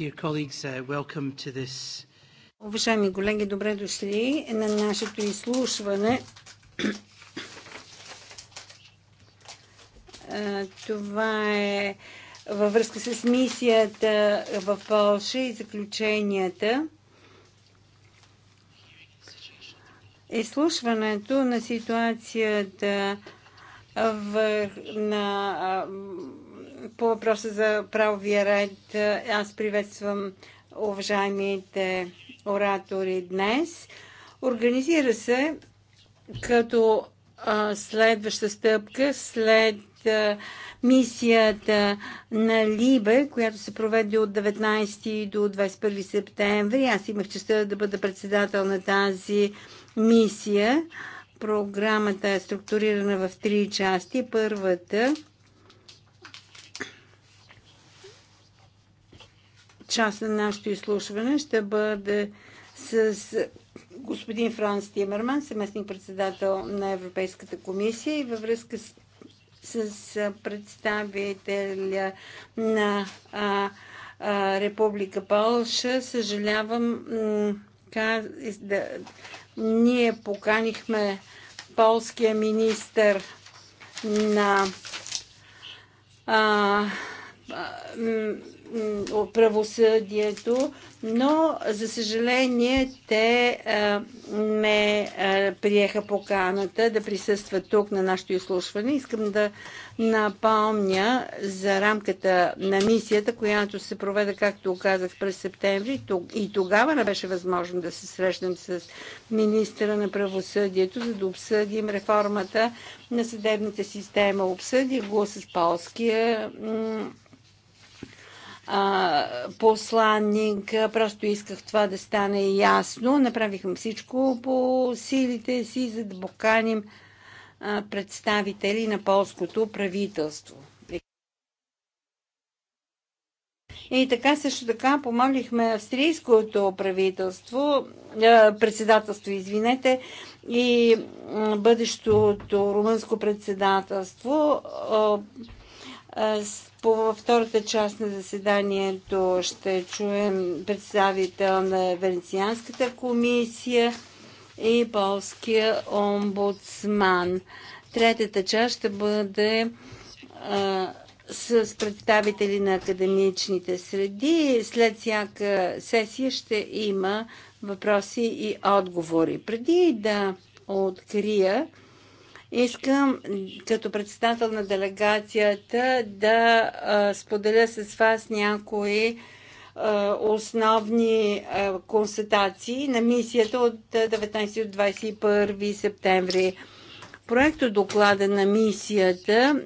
Uh, Уважаеми колеги, добре дошли на нашето изслушване. Това е във връзка с мисията в Польша и заключенията. Изслушването на ситуацията в, на по въпроса за правовия ред, аз приветствам уважаемите оратори днес. Организира се като а, следваща стъпка след а, мисията на Либе, която се проведе от 19 до 21 септември. Аз имах честа да бъда председател на тази мисия. Програмата е структурирана в три части. Първата част на нашето изслушване ще бъде с господин Франц Тимерман, съместник председател на Европейската комисия и във връзка с, с представителя на а, а, Република Полша. Съжалявам, каз, да, ние поканихме полския министр на а, правосъдието, но за съжаление те не приеха поканата да присъстват тук на нашето изслушване. Искам да напомня за рамката на мисията, която се проведе, както казах, през септември. И тогава не беше възможно да се срещнем с министра на правосъдието, за да обсъдим реформата на съдебната система. Обсъдих го с полския а, посланник. Просто исках това да стане ясно. Направихме всичко по силите си, за да поканим а, представители на полското правителство. И така също така помолихме австрийското правителство, председателство, извинете, и бъдещото румънско председателство по втората част на заседанието ще чуем представител на Венецианската комисия и полския омбудсман. Третата част ще бъде а, с представители на академичните среди. След всяка сесия ще има въпроси и отговори. Преди да открия Искам като председател на делегацията да споделя с вас някои основни констатации на мисията от 19 до 21 септември. Проекто доклада на мисията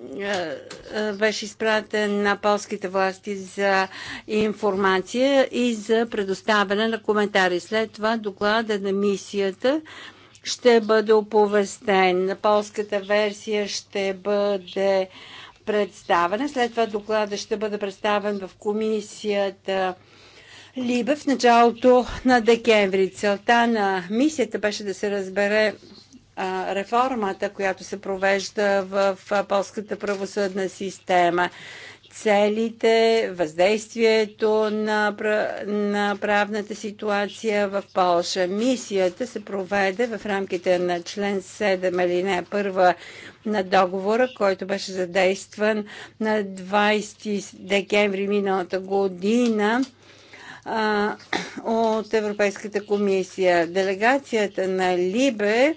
беше изпратен на полските власти за информация и за предоставяне на коментари. След това доклада на мисията ще бъде оповестен. Полската версия ще бъде представена. След това доклада ще бъде представен в комисията Либе в началото на декември. Целта на мисията беше да се разбере реформата, която се провежда в полската правосъдна система целите, въздействието на, на правната ситуация в Полша. Мисията се проведе в рамките на член 7 или не първа на договора, който беше задействан на 20 декември миналата година а, от Европейската комисия. Делегацията на Либе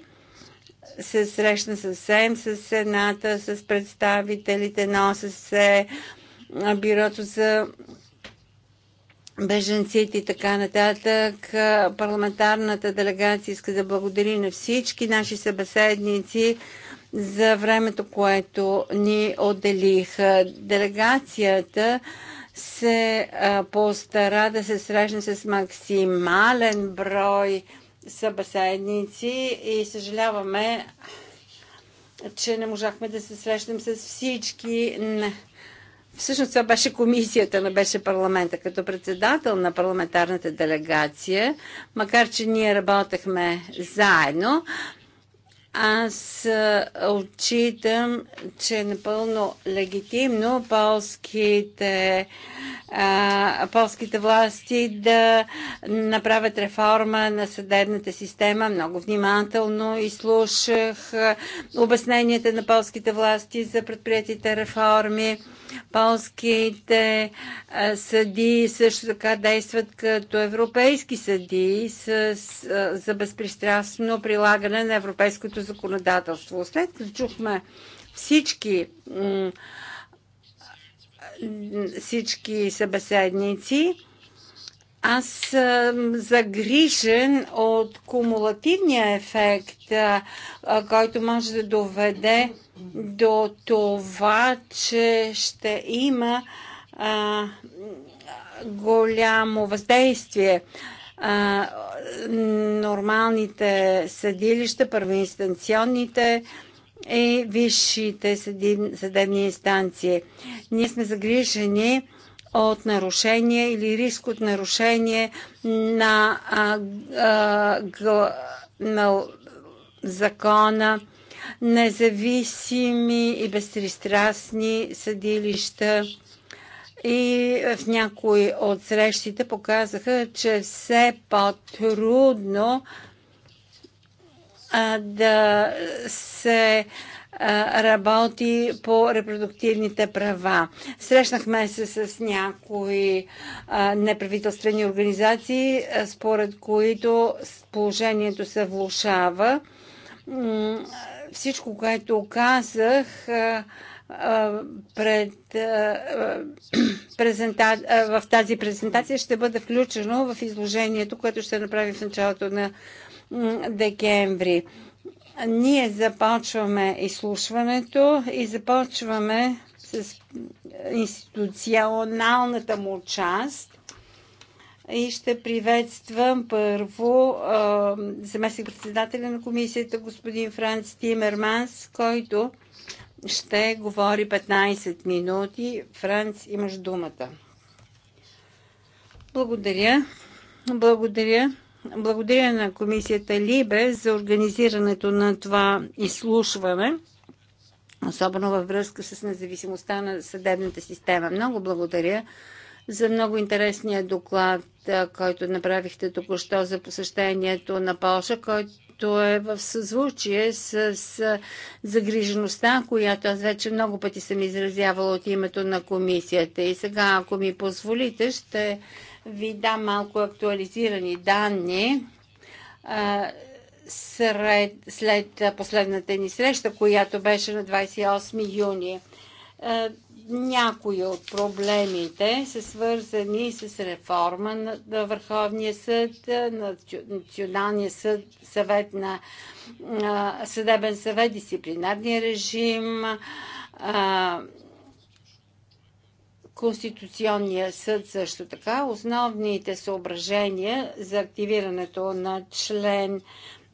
се срещна съвсем с Сената, с представителите на ОССЕ, бюрото за беженците и така нататък. Парламентарната делегация иска да благодари на всички наши събеседници за времето, което ни отделиха. Делегацията се постара да се срещне с максимален брой събеседници и съжаляваме, че не можахме да се срещнем с всички. Не Всъщност това беше комисията, не беше парламента. Като председател на парламентарната делегация, макар че ние работехме заедно, аз отчитам, че е напълно легитимно полските, а, полските власти да направят реформа на съдебната система. Много внимателно изслушах обясненията на полските власти за предприятите реформи. Полските съди също така действат като европейски съди с, а, за безпристрастно прилагане на европейското българското законодателство. След като чухме всички всички събеседници, аз съм загрижен от кумулативния ефект, който може да доведе до това, че ще има а, голямо въздействие а, нормалните съдилища, първоинстанционните и висшите съдебни, инстанции. Ние сме загрижени от нарушение или риск от нарушение на, а, а, на закона, независими и безпристрастни съдилища и в някои от срещите показаха, че все по-трудно да се а, работи по репродуктивните права. Срещнахме се с някои а, неправителствени организации, а, според които положението се влушава. Всичко, което казах, пред, презента... в тази презентация ще бъде включено в изложението, което ще направи в началото на декември. Ние започваме изслушването и започваме с институционалната му част и ще приветствам първо заместник-председателя на комисията господин Франц Тимерманс, който ще говори 15 минути. Франц, имаш думата. Благодаря. Благодаря. Благодаря на комисията Либе за организирането на това изслушване, особено във връзка с независимостта на съдебната система. Много благодаря за много интересния доклад, който направихте току-що за посещението на Польша, който което е в съзвучие с, с загрижеността, която аз вече много пъти съм изразявала от името на комисията. И сега, ако ми позволите, ще ви дам малко актуализирани данни сред, след последната ни среща, която беше на 28 юни. Някои от проблемите са свързани с реформа на Върховния съд, на Националния съд, съвет на Съдебен съвет, дисциплинарния режим, Конституционния съд също така. Основните съображения за активирането на член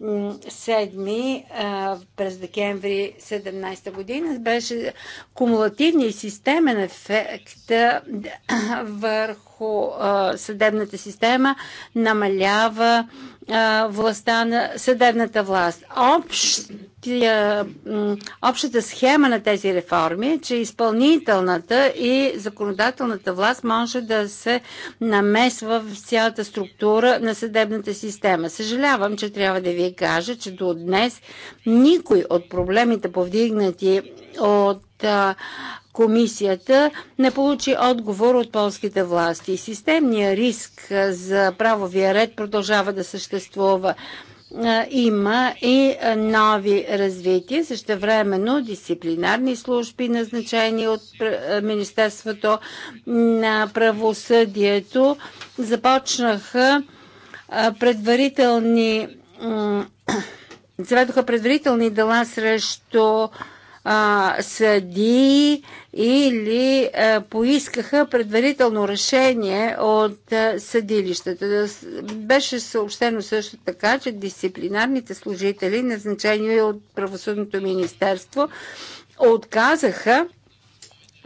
7 през декември 17 година беше кумулативния системен ефект върху върху а, съдебната система намалява а, властта на съдебната власт. Общия, общата схема на тези реформи е, че изпълнителната и законодателната власт може да се намесва в цялата структура на съдебната система. Съжалявам, че трябва да ви кажа, че до днес никой от проблемите повдигнати от комисията не получи отговор от полските власти. Системният риск за правовия ред продължава да съществува. Има и нови развития. Същевременно дисциплинарни служби, назначени от Министерството на правосъдието, започнаха предварителни заведоха предварителни дела срещу а, съдии или а, поискаха предварително решение от а, съдилищата. Беше съобщено също така, че дисциплинарните служители, назначени от Правосъдното министерство, отказаха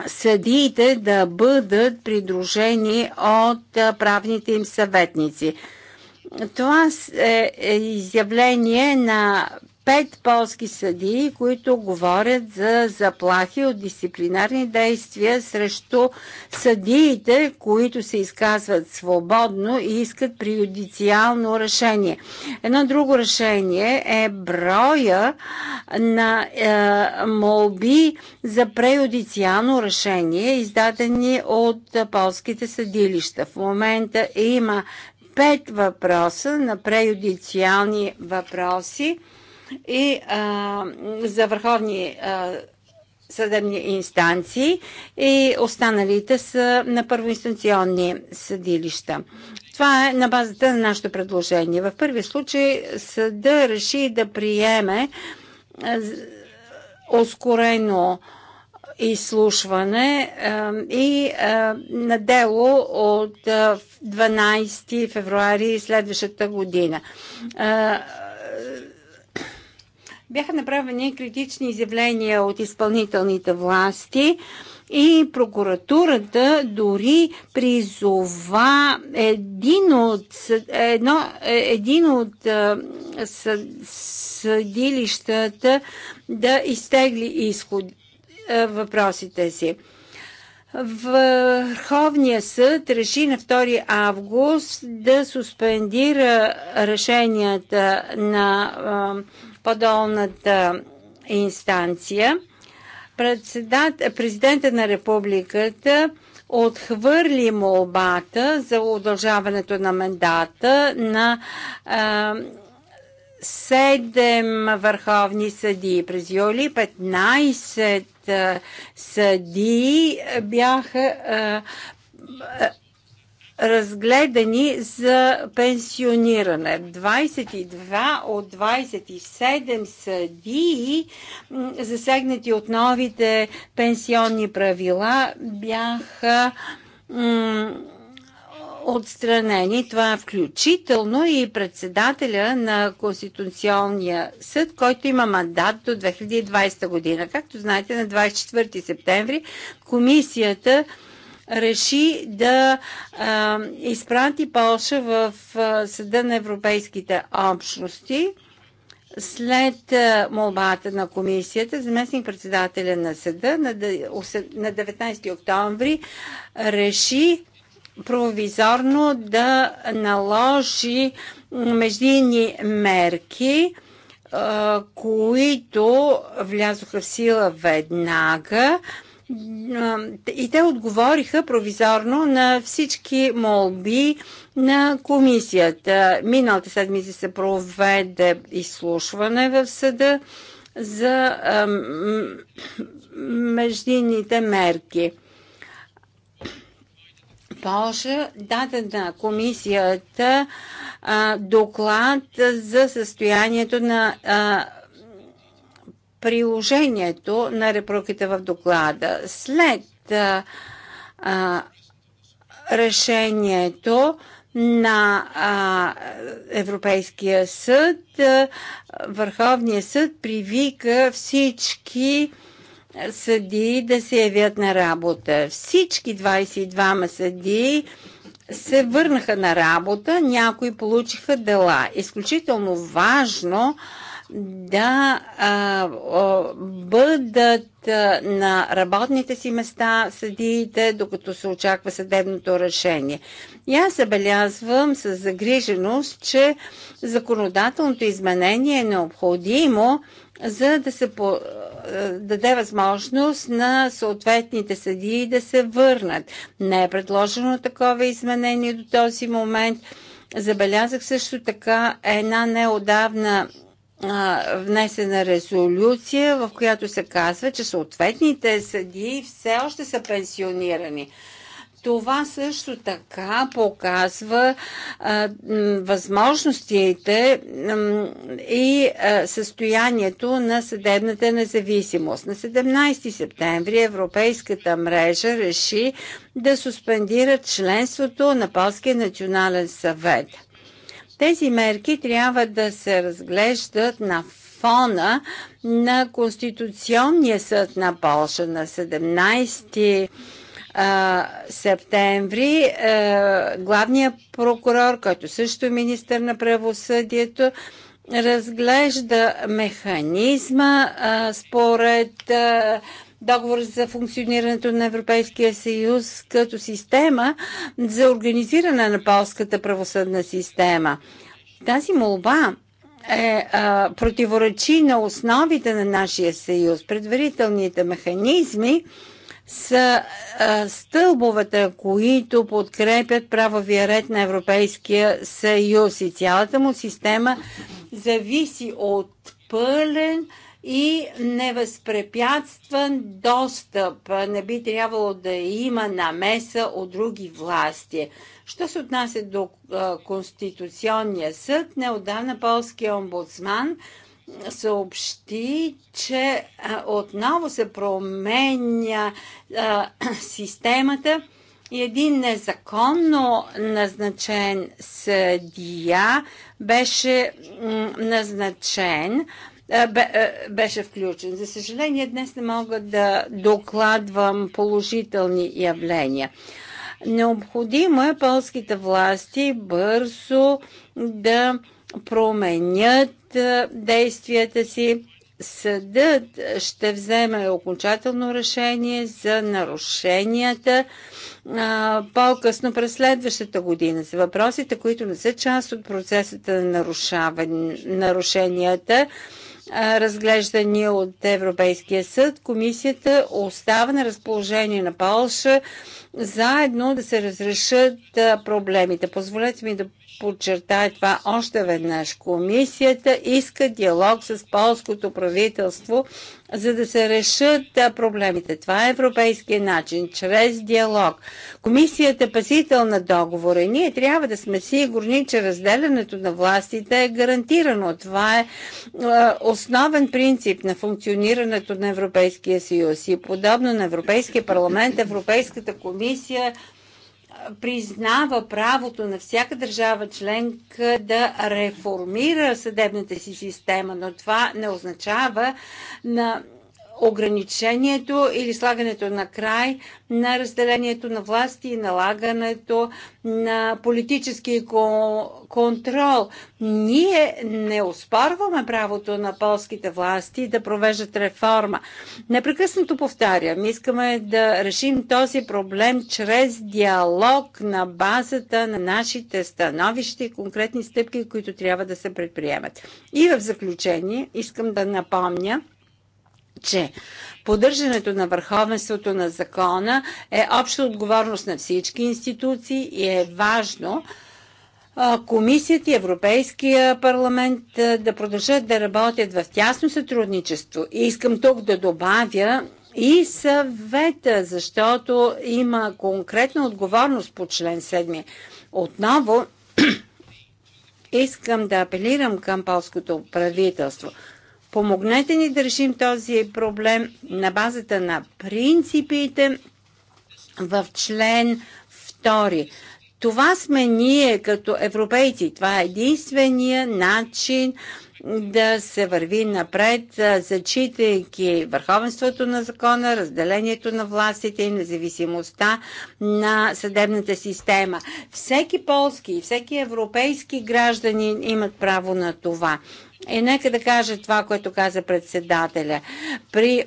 съдиите да бъдат придружени от правните им съветници. Това е, е изявление на пет полски съдии, които говорят за заплахи от дисциплинарни действия срещу съдиите, които се изказват свободно и искат приюдициално решение. Едно друго решение е броя на е, молби за преюдициално решение, издадени от полските съдилища. В момента има пет въпроса на преюдициални въпроси и а, за върховни а, съдебни инстанции и останалите са на първоинстанционни съдилища. Това е на базата на нашето предложение. В първи случай съда реши да приеме ускорено изслушване и на дело от 12 февруари следващата година. Бяха направени критични изявления от изпълнителните власти и прокуратурата дори призова един от, едно, е, един от е, съд, съдилищата да изтегли изход, е, въпросите си. Върховния съд реши на 2 август да суспендира решенията на по-долната инстанция. Президента на републиката отхвърли молбата за удължаването на мандата на седем върховни съдии. През юли 15 съдии бяха а, разгледани за пенсиониране. 22 от 27 съдии, засегнати от новите пенсионни правила, бяха отстранени. Това е включително и председателя на Конституционния съд, който има мандат до 2020 година. Както знаете, на 24 септември комисията реши да а, изпрати Полша в а, Съда на Европейските общности. След молбата на комисията, заместник председателя на съда на 19 октомври реши провизорно да наложи междинни мерки, които влязоха в сила веднага и те отговориха провизорно на всички молби на комисията. Миналата седмица се проведе изслушване в съда за междинните мерки. Польша даде на комисията а, доклад за състоянието на а, приложението на репроките в доклада. След а, а, решението на а, Европейския съд, а, Върховния съд привика всички съдии да се явят на работа. Всички 22 съдии се върнаха на работа, някои получиха дела. Изключително важно а, да а, о, бъдат а, на работните си места съдиите, докато се очаква съдебното решение. И аз забелязвам с загриженост, че законодателното изменение е необходимо, за да се по, даде възможност на съответните съдии да се върнат. Не е предложено такова изменение до този момент. Забелязах също така една неодавна внесена резолюция, в която се казва, че съответните съдии все още са пенсионирани. Това също така показва а, възможностите а, и а, състоянието на съдебната независимост. На 17 септември Европейската мрежа реши да суспендира членството на Полския национален съвет – тези мерки трябва да се разглеждат на фона на Конституционния съд на Польша на 17 септември главният прокурор, който също е министър на правосъдието, разглежда механизма според договор за функционирането на Европейския съюз като система за организиране на полската правосъдна система. Тази молба е, а, противоречи на основите на нашия съюз. Предварителните механизми са а, стълбовете, които подкрепят правовия ред на Европейския съюз и цялата му система зависи от пълен и невъзпрепятстван достъп. Не би трябвало да има намеса от други власти. Що се отнася до Конституционния съд, неодавна полския омбудсман съобщи, че отново се променя системата и един незаконно назначен съдия беше назначен е, е, беше включен. За съжаление, днес не мога да докладвам положителни явления. Необходимо е полските власти бързо да променят е, действията си. Съдът ще вземе окончателно решение за нарушенията по-късно през следващата година. За въпросите, които не са част от процесата на нарушенията, разглеждани от Европейския съд. Комисията остава на разположение на Полша заедно да се разрешат проблемите. Позволете ми да подчертая това още веднъж. Комисията иска диалог с полското правителство, за да се решат проблемите. Това е европейския начин, чрез диалог. Комисията е пазител на договора. Ние трябва да сме сигурни, че разделянето на властите е гарантирано. Това е основен принцип на функционирането на Европейския съюз. И подобно на Европейския парламент, Европейската комисия признава правото на всяка държава членка да реформира съдебната си система, но това не означава на ограничението или слагането на край на разделението на власти и налагането на политически контрол. Ние не оспорваме правото на полските власти да провеждат реформа. Непрекъснато повтарям, искаме да решим този проблем чрез диалог на базата на нашите становища и конкретни стъпки, които трябва да се предприемат. И в заключение искам да напомня, че поддържането на върховенството на закона е обща отговорност на всички институции и е важно Комисията и Европейския парламент да продължат да работят в тясно сътрудничество. И искам тук да добавя и съвета, защото има конкретна отговорност по член 7. Отново искам да апелирам към полското правителство. Помогнете ни да решим този проблем на базата на принципите в член 2. Това сме ние като европейци. Това е единствения начин да се върви напред, зачитайки върховенството на закона, разделението на властите и независимостта на съдебната система. Всеки полски и всеки европейски гражданин имат право на това. И нека да кажа това, което каза председателя. При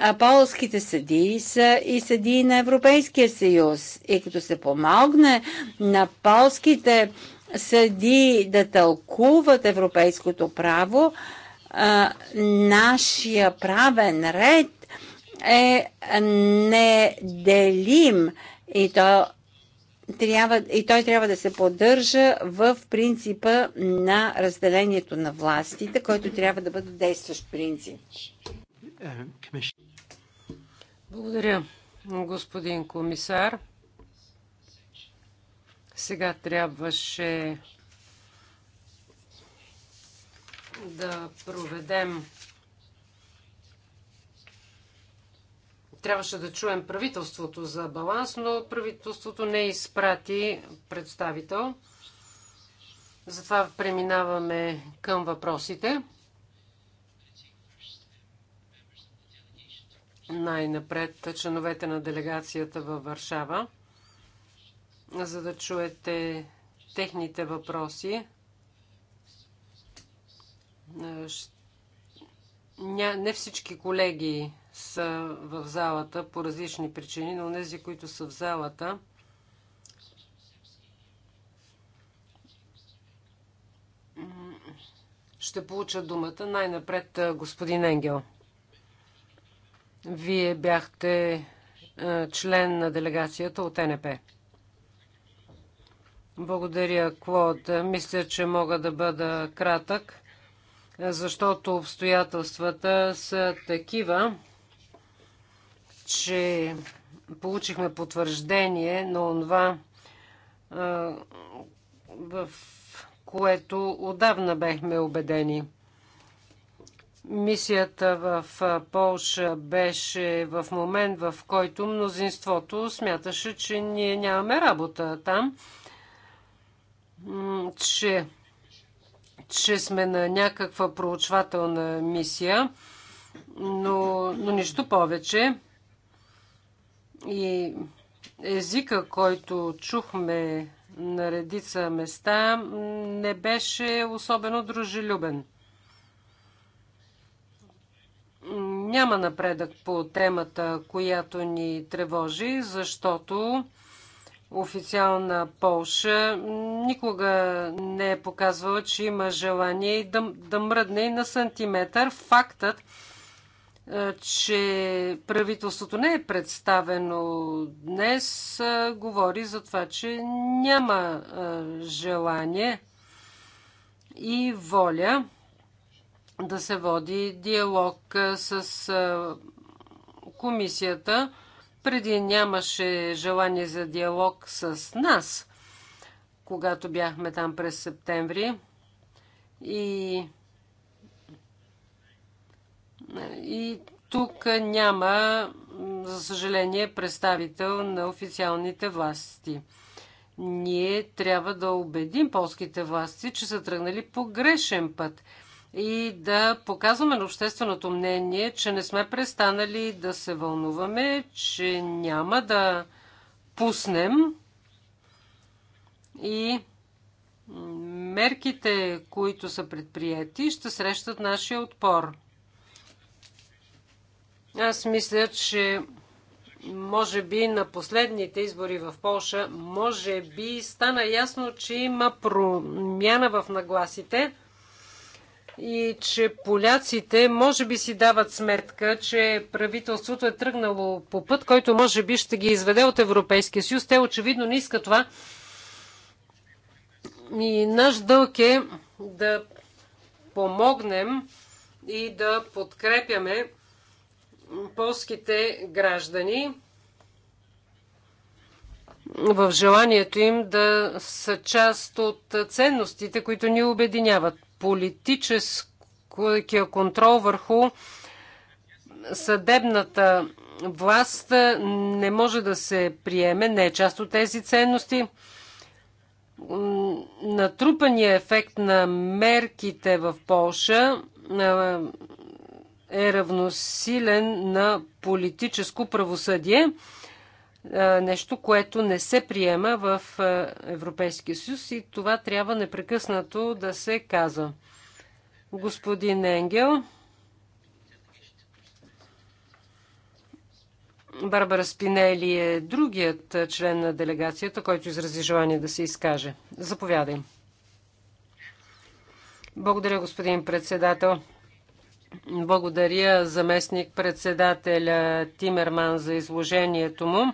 аполските съдии са и съдии на Европейския съюз. И като се помогне на полските съдии да тълкуват европейското право, а, нашия правен ред е неделим и то трябва, и той трябва да се поддържа в принципа на разделението на властите, който трябва да бъде действащ принцип. Благодаря, господин комисар. Сега трябваше да проведем трябваше да чуем правителството за баланс, но правителството не изпрати представител. Затова преминаваме към въпросите. Най-напред членовете на делегацията във Варшава, за да чуете техните въпроси. Не всички колеги са в залата по различни причини, но тези, които са в залата, ще получа думата. Най-напред господин Енгел. Вие бяхте член на делегацията от НП. Благодаря, Клод. Мисля, че мога да бъда кратък, защото обстоятелствата са такива, че получихме потвърждение на това, в което отдавна бехме убедени. Мисията в Полша беше в момент, в който мнозинството смяташе, че ние нямаме работа там, че, че сме на някаква проучвателна мисия, но, но нищо повече. И езика, който чухме на редица места, не беше особено дружелюбен. Няма напредък по темата, която ни тревожи, защото официална Полша никога не е показвала, че има желание да, да мръдне и на сантиметър. Фактът, е, че правителството не е представено днес, е, говори за това, че няма е, желание и воля да се води диалог с комисията. Преди нямаше желание за диалог с нас, когато бяхме там през септември. И и тук няма, за съжаление, представител на официалните власти. Ние трябва да убедим полските власти, че са тръгнали по грешен път и да показваме на общественото мнение, че не сме престанали да се вълнуваме, че няма да пуснем и мерките, които са предприяти, ще срещат нашия отпор. Аз мисля, че може би на последните избори в Польша, може би стана ясно, че има промяна в нагласите и че поляците може би си дават сметка, че правителството е тръгнало по път, който може би ще ги изведе от Европейския съюз. Те очевидно не искат това. И наш дълг е да помогнем и да подкрепяме полските граждани в желанието им да са част от ценностите, които ни обединяват. Политическия контрол върху съдебната власт не може да се приеме, не е част от тези ценности. Натрупания ефект на мерките в Полша е равносилен на политическо правосъдие, е, нещо, което не се приема в е, Европейския съюз и това трябва непрекъснато да се казва. Господин Енгел, Барбара Спинели е другият член на делегацията, който изрази желание да се изкаже. Заповядай. Благодаря, господин председател. Благодаря заместник председателя Тимерман за изложението му.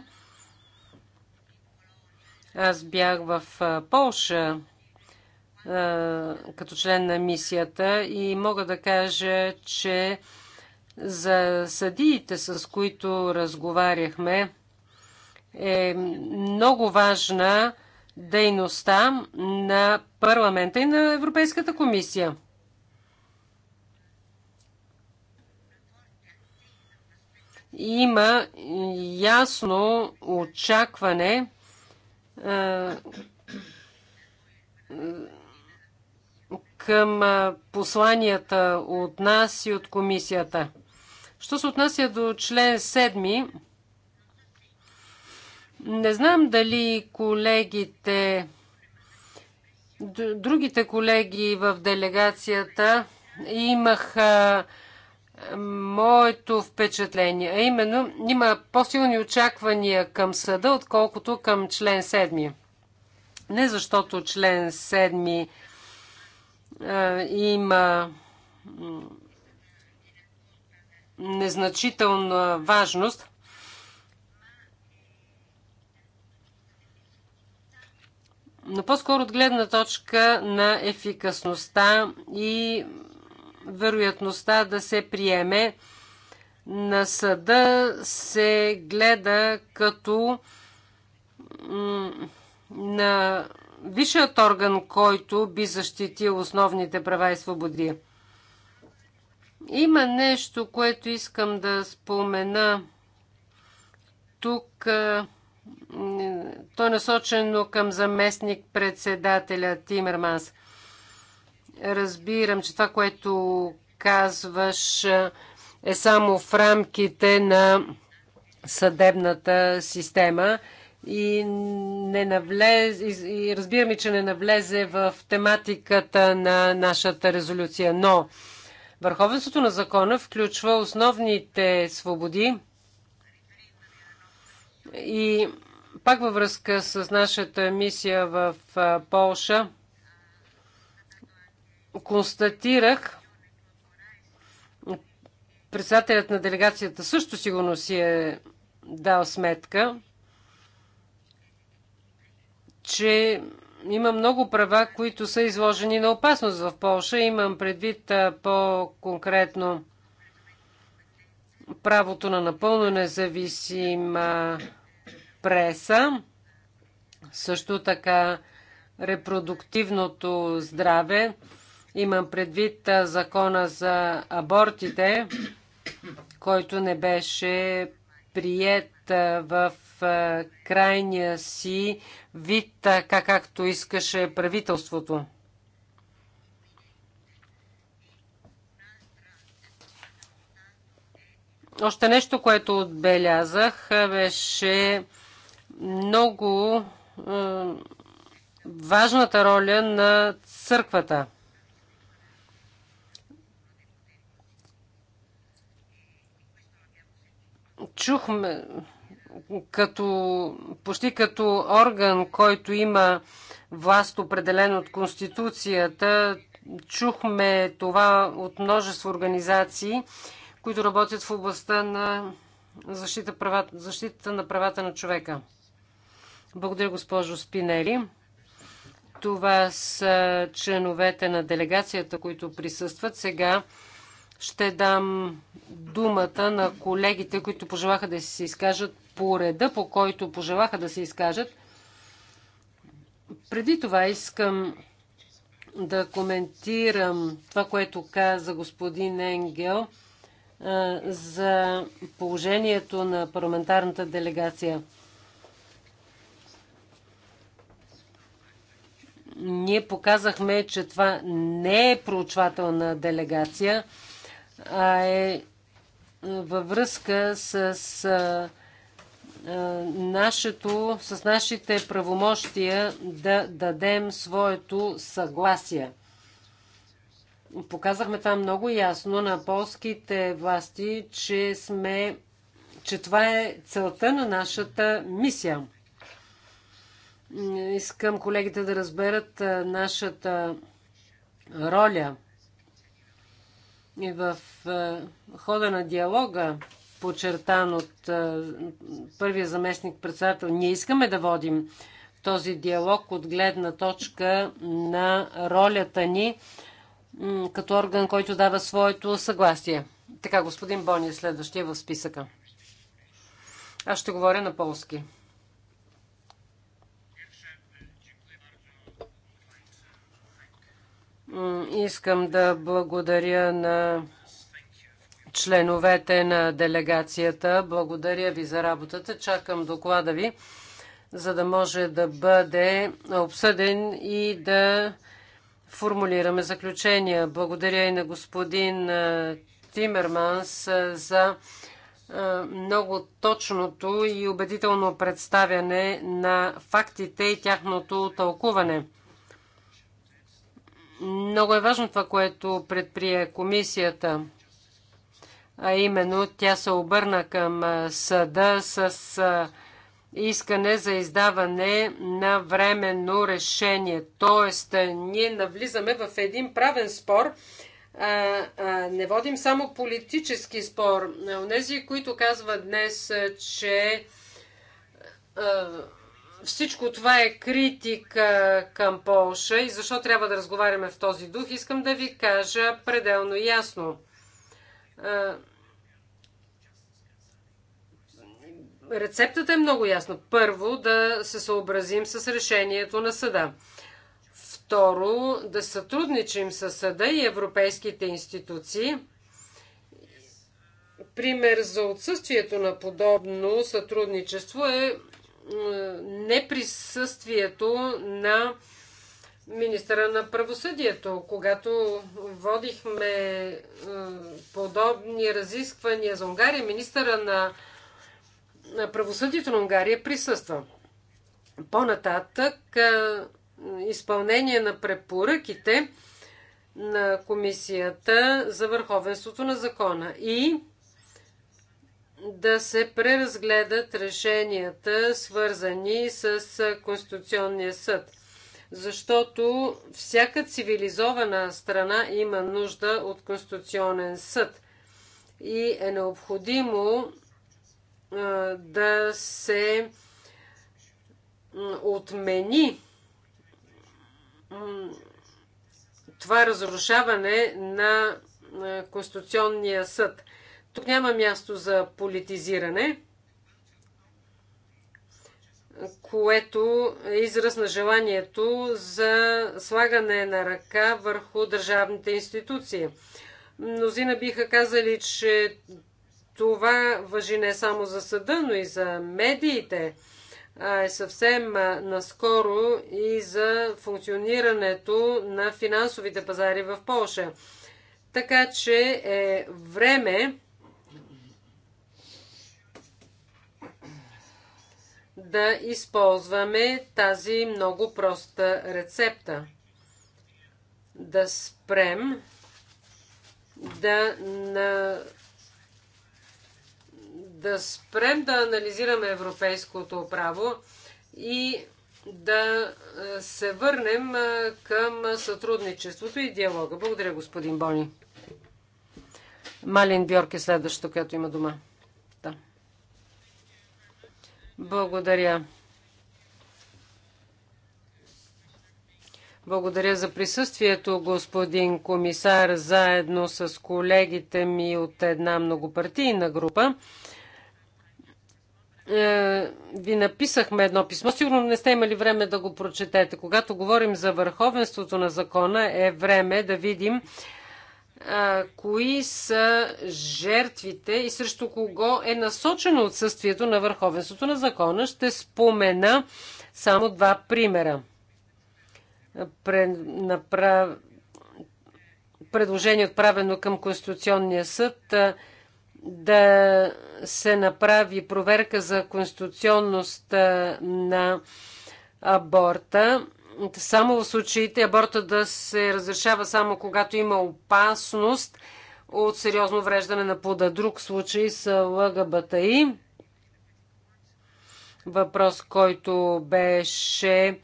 Аз бях в Полша като член на мисията и мога да кажа, че за съдиите, с които разговаряхме, е много важна дейността на парламента и на Европейската комисия. има ясно очакване е, към е, посланията от нас и от комисията. Що се отнася до член 7, не знам дали колегите, другите колеги в делегацията имаха моето впечатление. А именно, има по-силни очаквания към съда, отколкото към член 7. Не защото член 7 е, има незначителна важност, но по-скоро от гледна точка на ефикасността и вероятността да се приеме на съда се гледа като на висшият орган, който би защитил основните права и свободи. Има нещо, което искам да спомена тук. То е насочено към заместник председателя Тимерманс – Разбирам, че това, което казваш, е само в рамките на съдебната система и, не навлез... и разбираме, че не навлезе в тематиката на нашата резолюция. Но върховенството на закона включва основните свободи и пак във връзка с нашата мисия в Полша – констатирах, председателят на делегацията също сигурно си е дал сметка, че има много права, които са изложени на опасност в Польша. Имам предвид по-конкретно правото на напълно независима преса, също така репродуктивното здраве, Имам предвид закона за абортите, който не беше прият в крайния си вид, така както искаше правителството. Още нещо, което отбелязах, беше много важната роля на църквата. чухме като, почти като орган, който има власт определен от Конституцията, чухме това от множество организации, които работят в областта на защита, права, защита на правата на човека. Благодаря, госпожо Спинери, Това са членовете на делегацията, които присъстват. Сега ще дам думата на колегите, които пожелаха да се изкажат по реда, по който пожелаха да се изкажат. Преди това искам да коментирам това, което каза господин Енгел за положението на парламентарната делегация. Ние показахме, че това не е проучвателна делегация а е във връзка с нашето, с нашите правомощия да дадем своето съгласие. Показахме това много ясно на полските власти, че сме че това е целта на нашата мисия. Искам колегите да разберат нашата роля. И в е, хода на диалога, подчертан от е, първия заместник председател, ние искаме да водим този диалог от гледна точка на ролята ни като орган, който дава своето съгласие. Така, господин Бони е следващия в списъка. Аз ще говоря на полски. Искам да благодаря на членовете на делегацията. Благодаря ви за работата. Чакам доклада ви, за да може да бъде обсъден и да формулираме заключения. Благодаря и на господин Тимерманс за много точното и убедително представяне на фактите и тяхното тълкуване. Много е важно това, което предприе комисията, а именно тя се обърна към съда с искане за издаване на временно решение. Тоест, ние навлизаме в един правен спор, а, а, не водим само политически спор. Онези, които казват днес, че а, всичко това е критика към Полша и защо трябва да разговаряме в този дух, искам да ви кажа пределно ясно. Рецептата е много ясна. Първо, да се съобразим с решението на съда. Второ, да сътрудничим с съда и европейските институции. Пример за отсъствието на подобно сътрудничество е неприсъствието на министра на правосъдието. Когато водихме е, подобни разисквания за Унгария, министра на, на правосъдието на Унгария присъства. По-нататък е, изпълнение на препоръките на Комисията за върховенството на закона и да се преразгледат решенията, свързани с Конституционния съд. Защото всяка цивилизована страна има нужда от Конституционен съд и е необходимо да се отмени това разрушаване на Конституционния съд. Тук няма място за политизиране, което е израз на желанието за слагане на ръка върху държавните институции. Мнозина биха казали, че това въжи не само за съда, но и за медиите. А е съвсем наскоро и за функционирането на финансовите пазари в Польша. Така че е време да използваме тази много проста рецепта. Да спрем, да, на, да спрем да анализираме европейското право и да се върнем към сътрудничеството и диалога. Благодаря, господин Бони. Малин Бьорк е следващото, което има дома. Благодаря. Благодаря за присъствието, господин комисар, заедно с колегите ми от една многопартийна група. Е, ви написахме едно писмо. Сигурно не сте имали време да го прочетете. Когато говорим за върховенството на закона, е време да видим а, кои са жертвите и срещу кого е насочено отсъствието на върховенството на закона. Ще спомена само два примера. Предложение отправено към Конституционния съд да се направи проверка за конституционност на аборта само в случаите аборта да се разрешава само когато има опасност от сериозно вреждане на плода. Друг случай са ЛГБТИ. Въпрос, който беше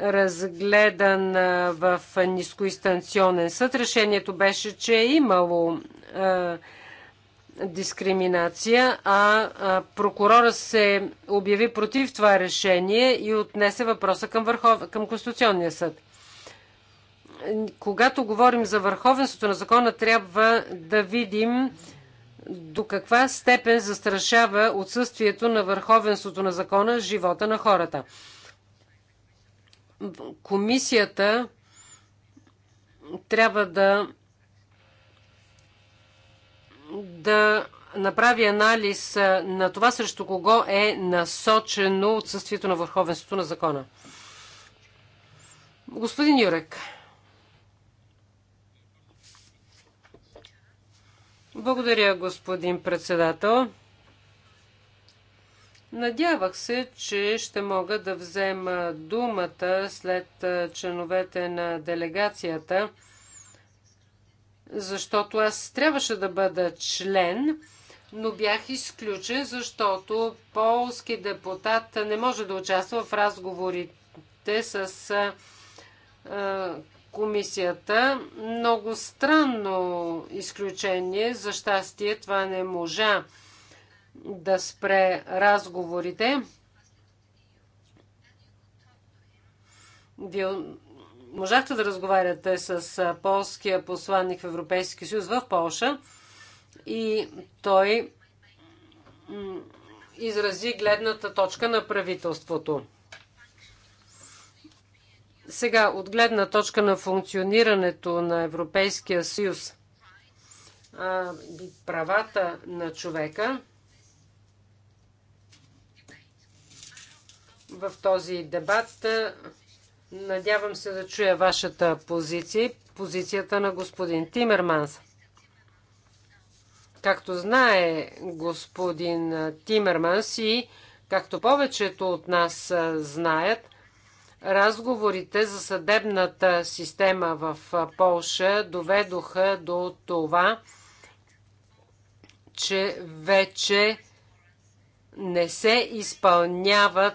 разгледан в нискоинстанционен съд. Решението беше, че е имало е, дискриминация, а прокурора се обяви против това решение и отнесе въпроса към, върхов... към Конституционния съд. Когато говорим за върховенството на закона, трябва да видим до каква степен застрашава отсъствието на върховенството на закона живота на хората. Комисията трябва да да направи анализ на това срещу кого е насочено отсъствието на върховенството на закона. Господин Юрек. Благодаря, господин председател. Надявах се, че ще мога да взема думата след членовете на делегацията – защото аз трябваше да бъда член, но бях изключен, защото полски депутат не може да участва в разговорите с комисията. Много странно изключение. За щастие това не можа да спре разговорите. Вие можахте да разговаряте с полския посланник в Европейския съюз в Полша и той изрази гледната точка на правителството. Сега, от гледна точка на функционирането на Европейския съюз и правата на човека, в този дебат Надявам се да чуя вашата позиция и позицията на господин Тимерманс. Както знае господин Тимерманс и както повечето от нас знаят, разговорите за съдебната система в Полша доведоха до това, че вече не се изпълняват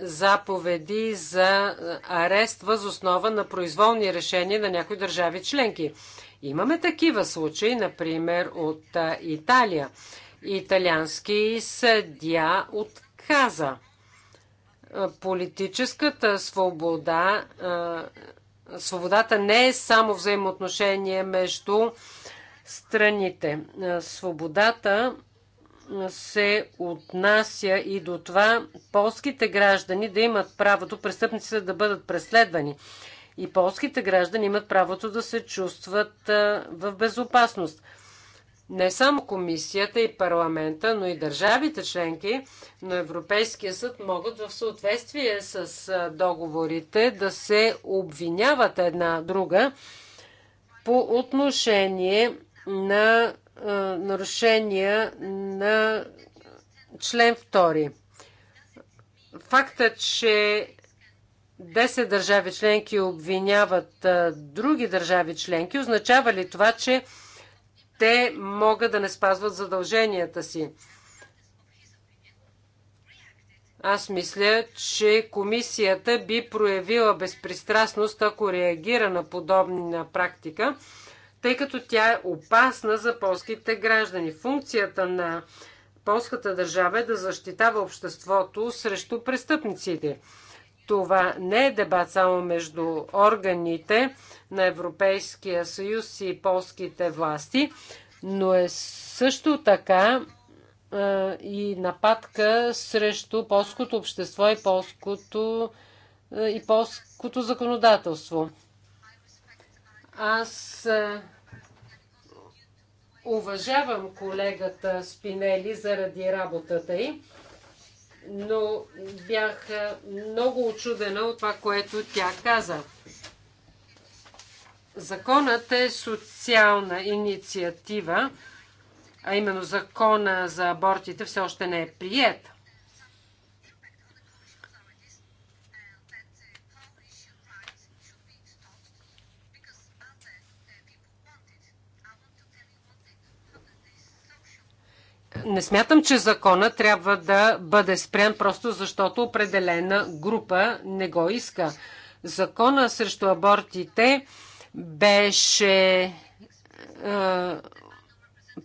заповеди за арест въз основа на произволни решения на някои държави членки. Имаме такива случаи, например от Италия. Италиански съдя отказа. Политическата свобода, свободата не е само взаимоотношение между страните. Свободата се отнася и до това полските граждани да имат правото, престъпниците да бъдат преследвани. И полските граждани имат правото да се чувстват в безопасност. Не само комисията и парламента, но и държавите членки на Европейския съд могат в съответствие с договорите да се обвиняват една друга по отношение на е, нарушения на член 2. Факта, че 10 държави членки обвиняват е, други държави членки, означава ли това, че те могат да не спазват задълженията си? Аз мисля, че комисията би проявила безпристрастност, ако реагира на подобна практика тъй като тя е опасна за полските граждани. Функцията на полската държава е да защитава обществото срещу престъпниците. Това не е дебат само между органите на Европейския съюз и полските власти, но е също така е, и нападка срещу полското общество и полското, е, и полското законодателство. Аз е, Уважавам колегата Спинели заради работата й, но бях много очудена от това, което тя каза. Законът е социална инициатива, а именно закона за абортите все още не е прият. Не смятам, че закона трябва да бъде спрян просто защото определена група не го иска. Закона срещу абортите беше е,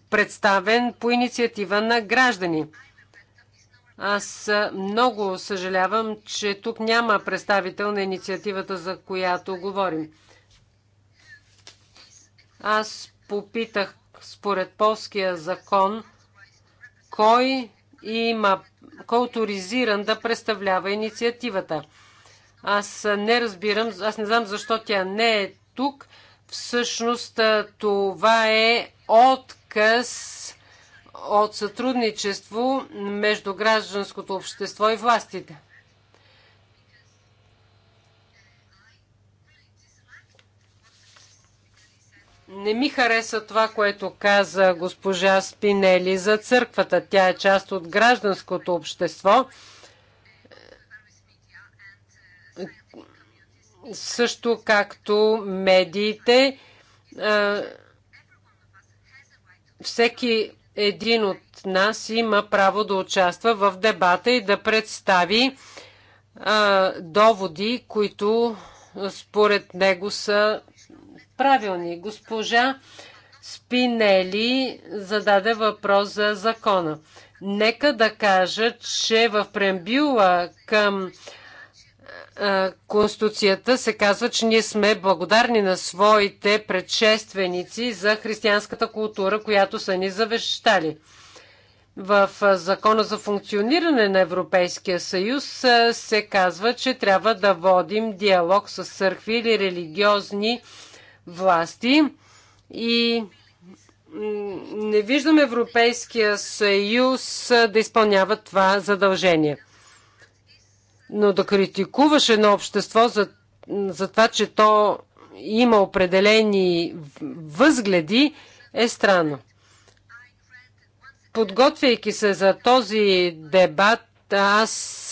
представен по инициатива на граждани. Аз много съжалявам, че тук няма представител на инициативата, за която говорим. Аз попитах според полския закон – кой има, кой е авторизиран да представлява инициативата. Аз не разбирам, аз не знам защо тя не е тук. Всъщност това е отказ от сътрудничество между гражданското общество и властите. Не ми хареса това, което каза госпожа Спинели за църквата. Тя е част от гражданското общество. Също както медиите. Всеки един от нас има право да участва в дебата и да представи доводи, които според него са правилни. Госпожа Спинели зададе въпрос за закона. Нека да кажа, че в преамбюла към Конституцията се казва, че ние сме благодарни на своите предшественици за християнската култура, която са ни завещали. В Закона за функциониране на Европейския съюз се казва, че трябва да водим диалог с църкви или религиозни власти и не виждам Европейския съюз да изпълнява това задължение. Но да критикуваш едно общество за, за това, че то има определени възгледи, е странно. Подготвяйки се за този дебат, аз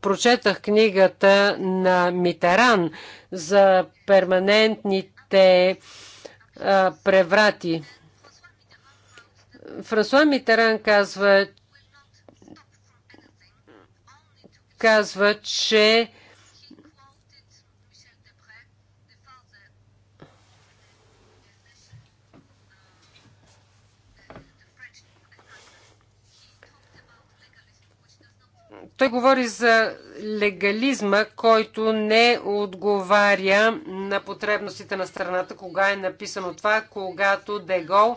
прочетах книгата на Митеран за перманентни те а, преврати. Франсуа Митеран казва, казва, че Той говори за легализма, който не отговаря на потребностите на страната. Кога е написано това? Когато Дегол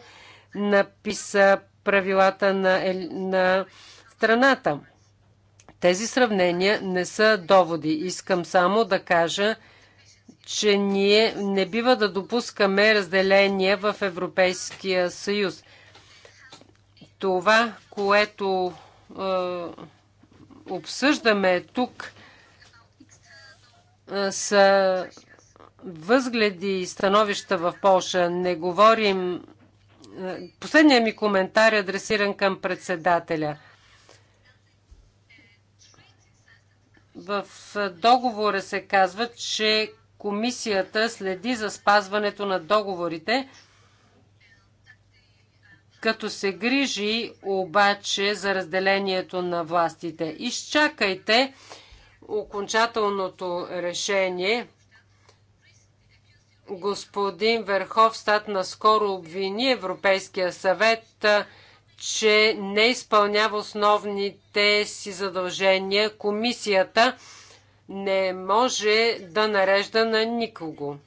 написа правилата на, на страната. Тези сравнения не са доводи. Искам само да кажа, че ние не бива да допускаме разделение в Европейския съюз. Това, което е, обсъждаме тук, са възгледи и становища в Польша. Не говорим. Последният ми коментар е адресиран към председателя. В договора се казва, че комисията следи за спазването на договорите като се грижи обаче за разделението на властите. Изчакайте окончателното решение. Господин Верховстат наскоро обвини Европейския съвет, че не изпълнява основните си задължения. Комисията не може да нарежда на никого.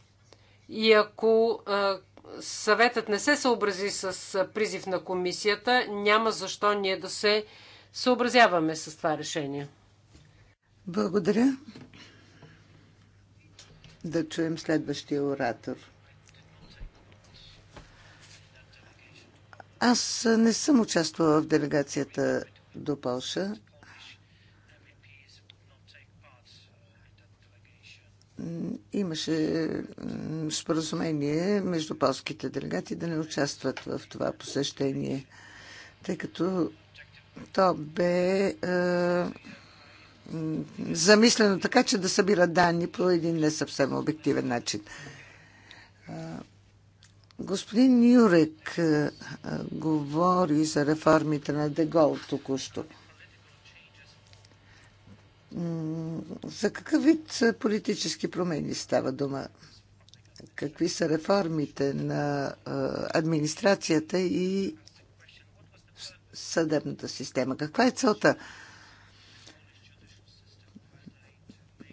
И ако съветът не се съобрази с призив на комисията, няма защо ние да се съобразяваме с това решение. Благодаря. Да чуем следващия оратор. Аз не съм участвала в делегацията до Полша, имаше споразумение между полските делегати да не участват в това посещение, тъй като то бе е, замислено така, че да събира данни по един не съвсем обективен начин. Е, господин Юрек е, говори за реформите на Дегол току-що. За какъв вид политически промени става дума? Какви са реформите на администрацията и съдебната система? Каква е целта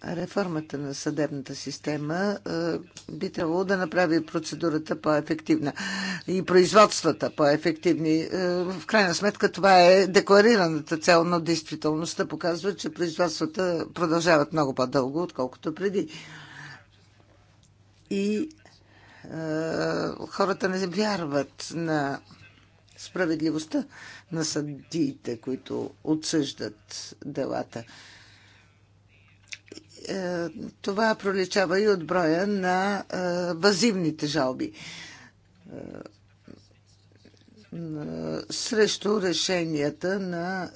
реформата на съдебната система е, би трябвало да направи процедурата по-ефективна и производствата по-ефективни. Е, в крайна сметка това е декларираната цел, но действителността показва, че производствата продължават много по-дълго, отколкото преди. И е, хората не вярват на справедливостта на съдиите, които отсъждат делата. Е, това проличава и от броя на базивните е, жалби е, срещу решенията на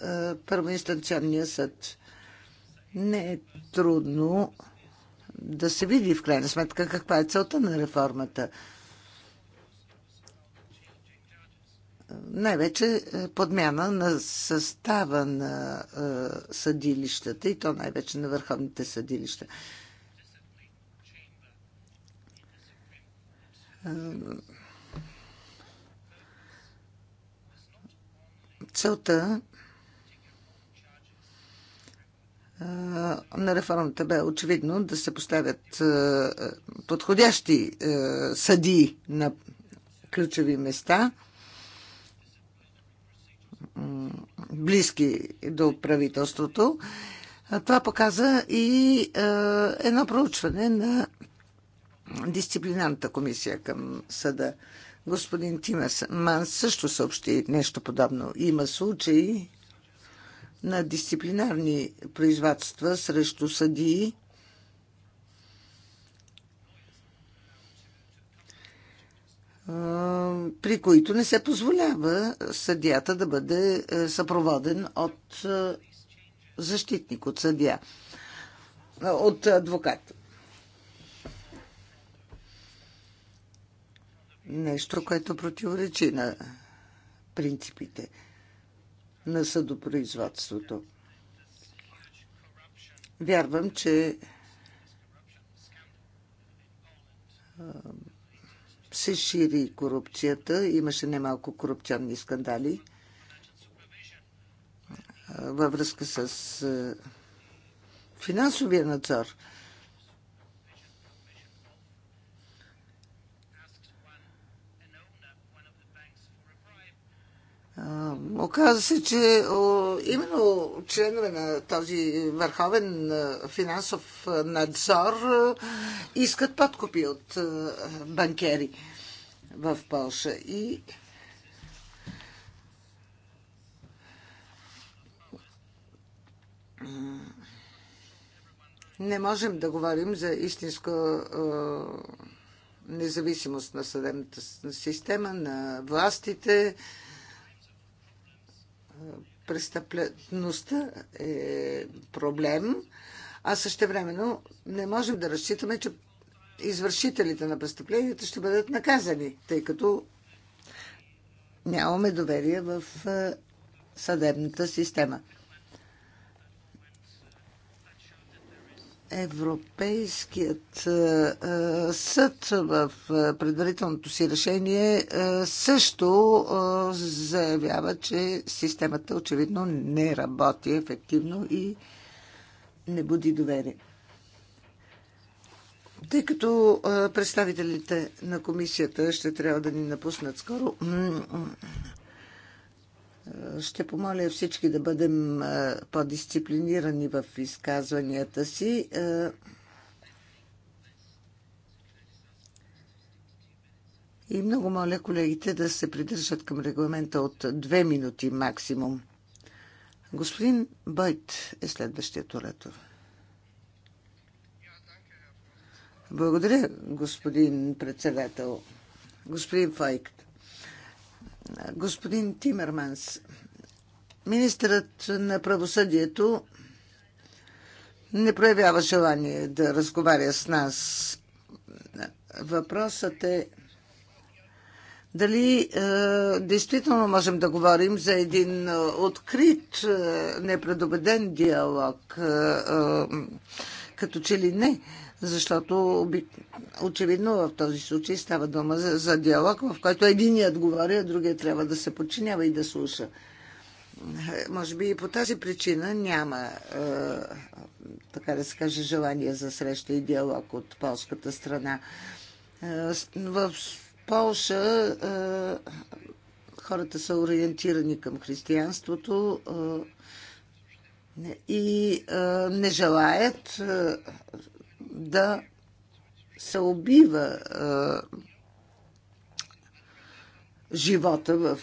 първоинстанционния съд. Не е трудно да се види в крайна сметка каква е целта на реформата – най-вече е, подмяна на състава на е, съдилищата и то най-вече на върховните съдилища. Е, целта на реформата бе очевидно да се поставят подходящи съдии на ключови места – близки до правителството. Това показа и едно проучване на дисциплинарната комисия към съда. Господин Тимас Ман също съобщи нещо подобно. Има случаи на дисциплинарни производства срещу съдии, при които не се позволява съдията да бъде съпроводен от защитник, от съдия, от адвокат. Нещо, което противоречи на принципите на съдопроизводството. Вярвам, че се шири корупцията. Имаше немалко корупционни скандали във връзка с финансовия надзор. Оказва се, че именно членове на този върховен финансов надзор искат подкупи от банкери в Польша. И не можем да говорим за истинско независимост на съдебната система, на властите, престъпността е проблем, а същевременно не можем да разчитаме, че извършителите на престъпленията ще бъдат наказани, тъй като нямаме доверие в е, съдебната система. Европейският е, е, съд в е, предварителното си решение също заявява, че системата очевидно не работи ефективно и не буди доверие. Тъй като представителите на комисията ще трябва да ни напуснат скоро, ще помоля всички да бъдем по-дисциплинирани в изказванията си. И много моля колегите да се придържат към регламента от две минути максимум. Господин Бойт е следващият оратор. Благодаря, господин председател. Господин Файкт господин Тимерманс, министърът на правосъдието не проявява желание да разговаря с нас. Въпросът е дали е, действително можем да говорим за един е, открит, е, непредобеден диалог. Е, е, като че ли не. Е, защото очевидно в този случай става дума за, за диалог, в който единият говори, а другият трябва да се подчинява и да слуша. Може би и по тази причина няма, е, така да се каже, желание за среща и диалог от полската страна. Е, в Полша е, хората са ориентирани към християнството е, и е, не желаят. Е, да се убива живота в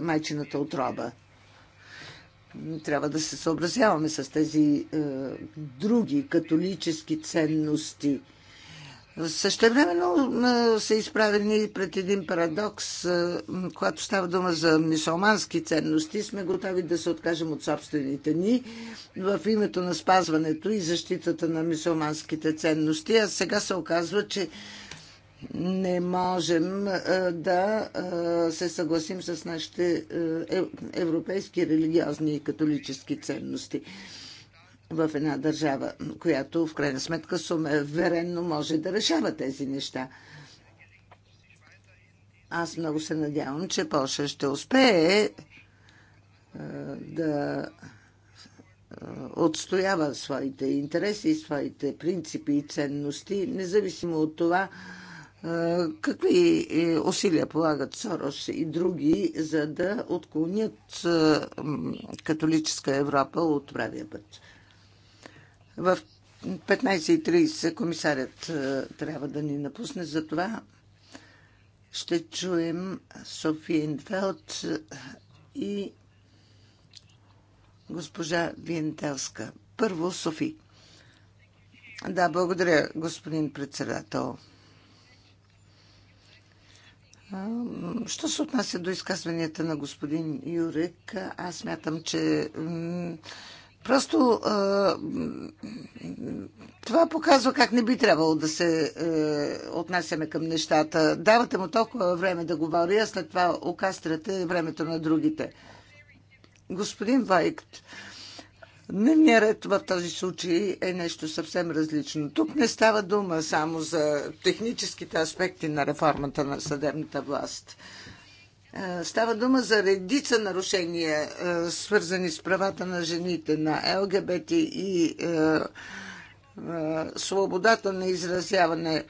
майчината отрова. Трябва да се съобразяваме с тези е, други католически ценности – Същевременно са изправени пред един парадокс, когато става дума за мисулмански ценности, сме готови да се откажем от собствените ни в името на спазването и защитата на мисулманските ценности. А сега се оказва, че не можем да се съгласим с нашите европейски религиозни и католически ценности в една държава, която в крайна сметка суверенно може да решава тези неща. Аз много се надявам, че Польша ще успее е, да е, отстоява своите интереси, своите принципи и ценности, независимо от това е, какви усилия полагат Сорос и други, за да отклонят католическа Европа от правия път. В 15.30 комисарят е, трябва да ни напусне, затова ще чуем София Инфелд е, и госпожа Виентелска. Първо Софи. Да, благодаря, господин председател. Е, що се отнася до изказванията на господин Юрик, аз мятам, че Просто това показва как не би трябвало да се отнасяме към нещата. Давате му толкова време да говори, а след това окастрате времето на другите. Господин Вайкт, Дневният ред в този случай е нещо съвсем различно. Тук не става дума само за техническите аспекти на реформата на съдебната власт. Е, става дума за редица нарушения, е, свързани с правата на жените, на ЛГБТ и е, свободата на изразяване,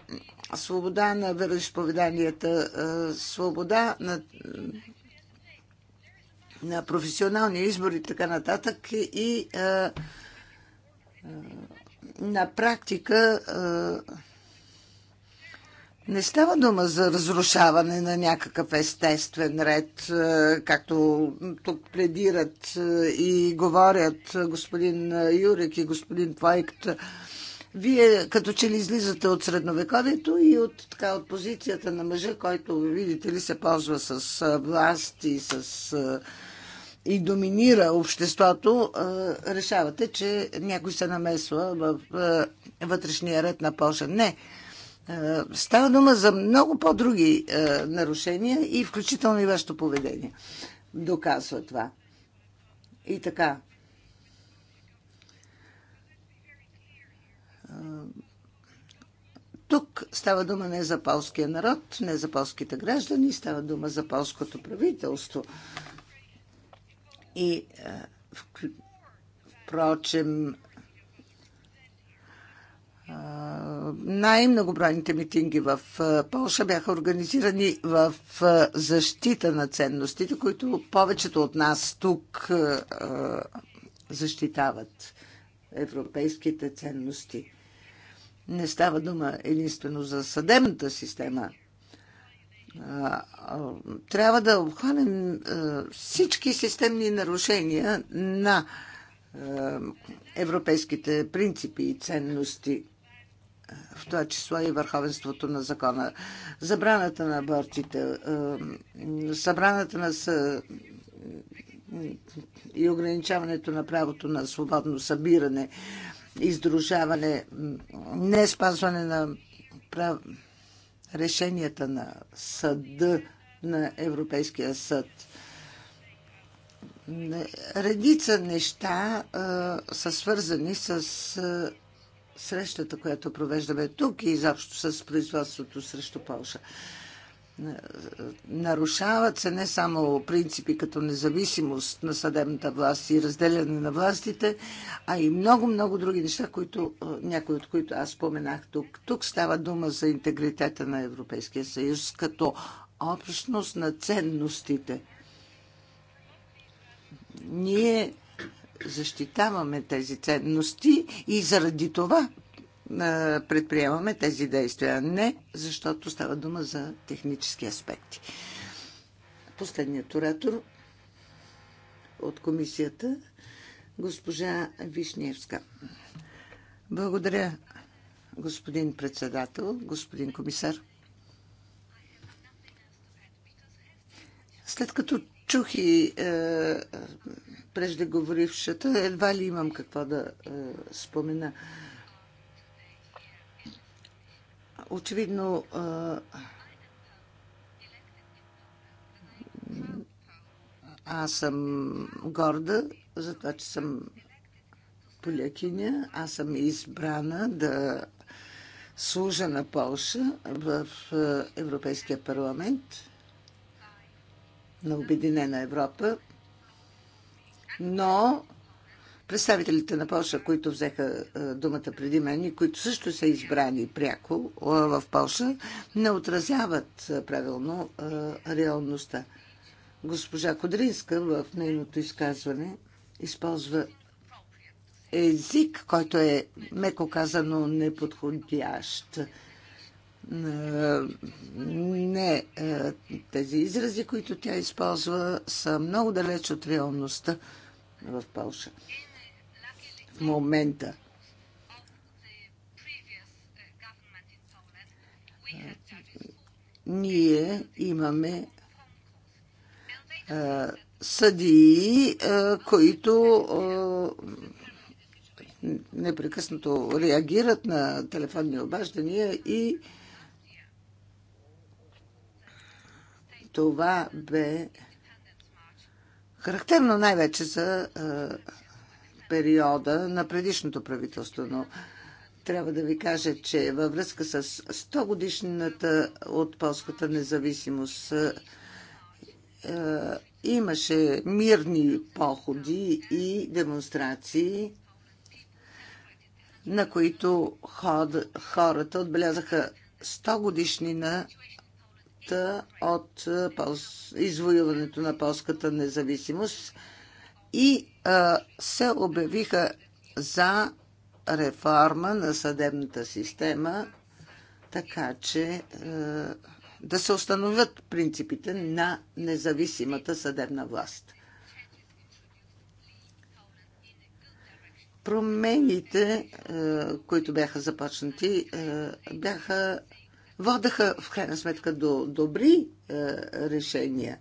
свобода на вероисповеданията, свобода на, на професионалния избор и така нататък. И на практика не става дума за разрушаване на някакъв естествен ред, е, както тук пледират е, и говорят е, господин Юрик и господин Пойкт. Вие като че ли излизате от средновековието и от, така, от позицията на мъжа, който, видите ли, се ползва с власт и, с, и доминира обществото, решавате, че някой се намесва в вътрешния ред на Польша. Не. Е, става дума за много по-други е, нарушения и включително и вашето поведение доказва това. И така. Е, тук става дума не за полския народ, не за полските граждани, става дума за полското правителство. И, впрочем, най-многобройните митинги в Польша бяха организирани в защита на ценностите, които повечето от нас тук защитават европейските ценности. Не става дума единствено за съдебната система. Трябва да обхванем всички системни нарушения на европейските принципи и ценности – в това число и върховенството на закона. Забраната на абортите, събраната на съ... и ограничаването на правото на свободно събиране, издружаване, не спазване на прав... решенията на съда, на Европейския съд редица неща а, са свързани с а, срещата, която провеждаме тук и изобщо с производството срещу Польша. Нарушават се не само принципи като независимост на съдебната власт и разделяне на властите, а и много-много други неща, които, е, някои от които аз споменах тук. Тук става дума за интегритета на Европейския съюз като общност на ценностите. Ние защитаваме тези ценности и заради това предприемаме тези действия. Не, защото става дума за технически аспекти. Последният оратор от комисията, госпожа Вишневска. Благодаря, господин председател, господин комисар. След като чух и е, преждеговорившата, едва ли имам какво да е, спомена. Очевидно, е, аз съм горда за това, че съм полякиня. Аз съм избрана да служа на Полша в е, Европейския парламент на Обединена Европа, но представителите на Польша, които взеха думата преди мен и които също са избрани пряко в Польша, не отразяват правилно реалността. Госпожа Кодринска в нейното изказване използва език, който е, меко казано, неподходящ. Е, не, е, тези изрази, които тя използва, са много далеч от реалността в Польша. В момента. Ние имаме е, съдии, които непрекъснато реагират на телефонни обаждания и Това бе характерно най-вече за периода на предишното правителство, но трябва да ви кажа, че във връзка с 100 годишната от полската независимост а, имаше мирни походи и демонстрации, на които ход, хората отбелязаха 100 годишнина от извоюването на полската независимост и се обявиха за реформа на съдебната система, така че да се установят принципите на независимата съдебна власт. промените, които бяха започнати, бяха водаха в крайна сметка до добри е, решения.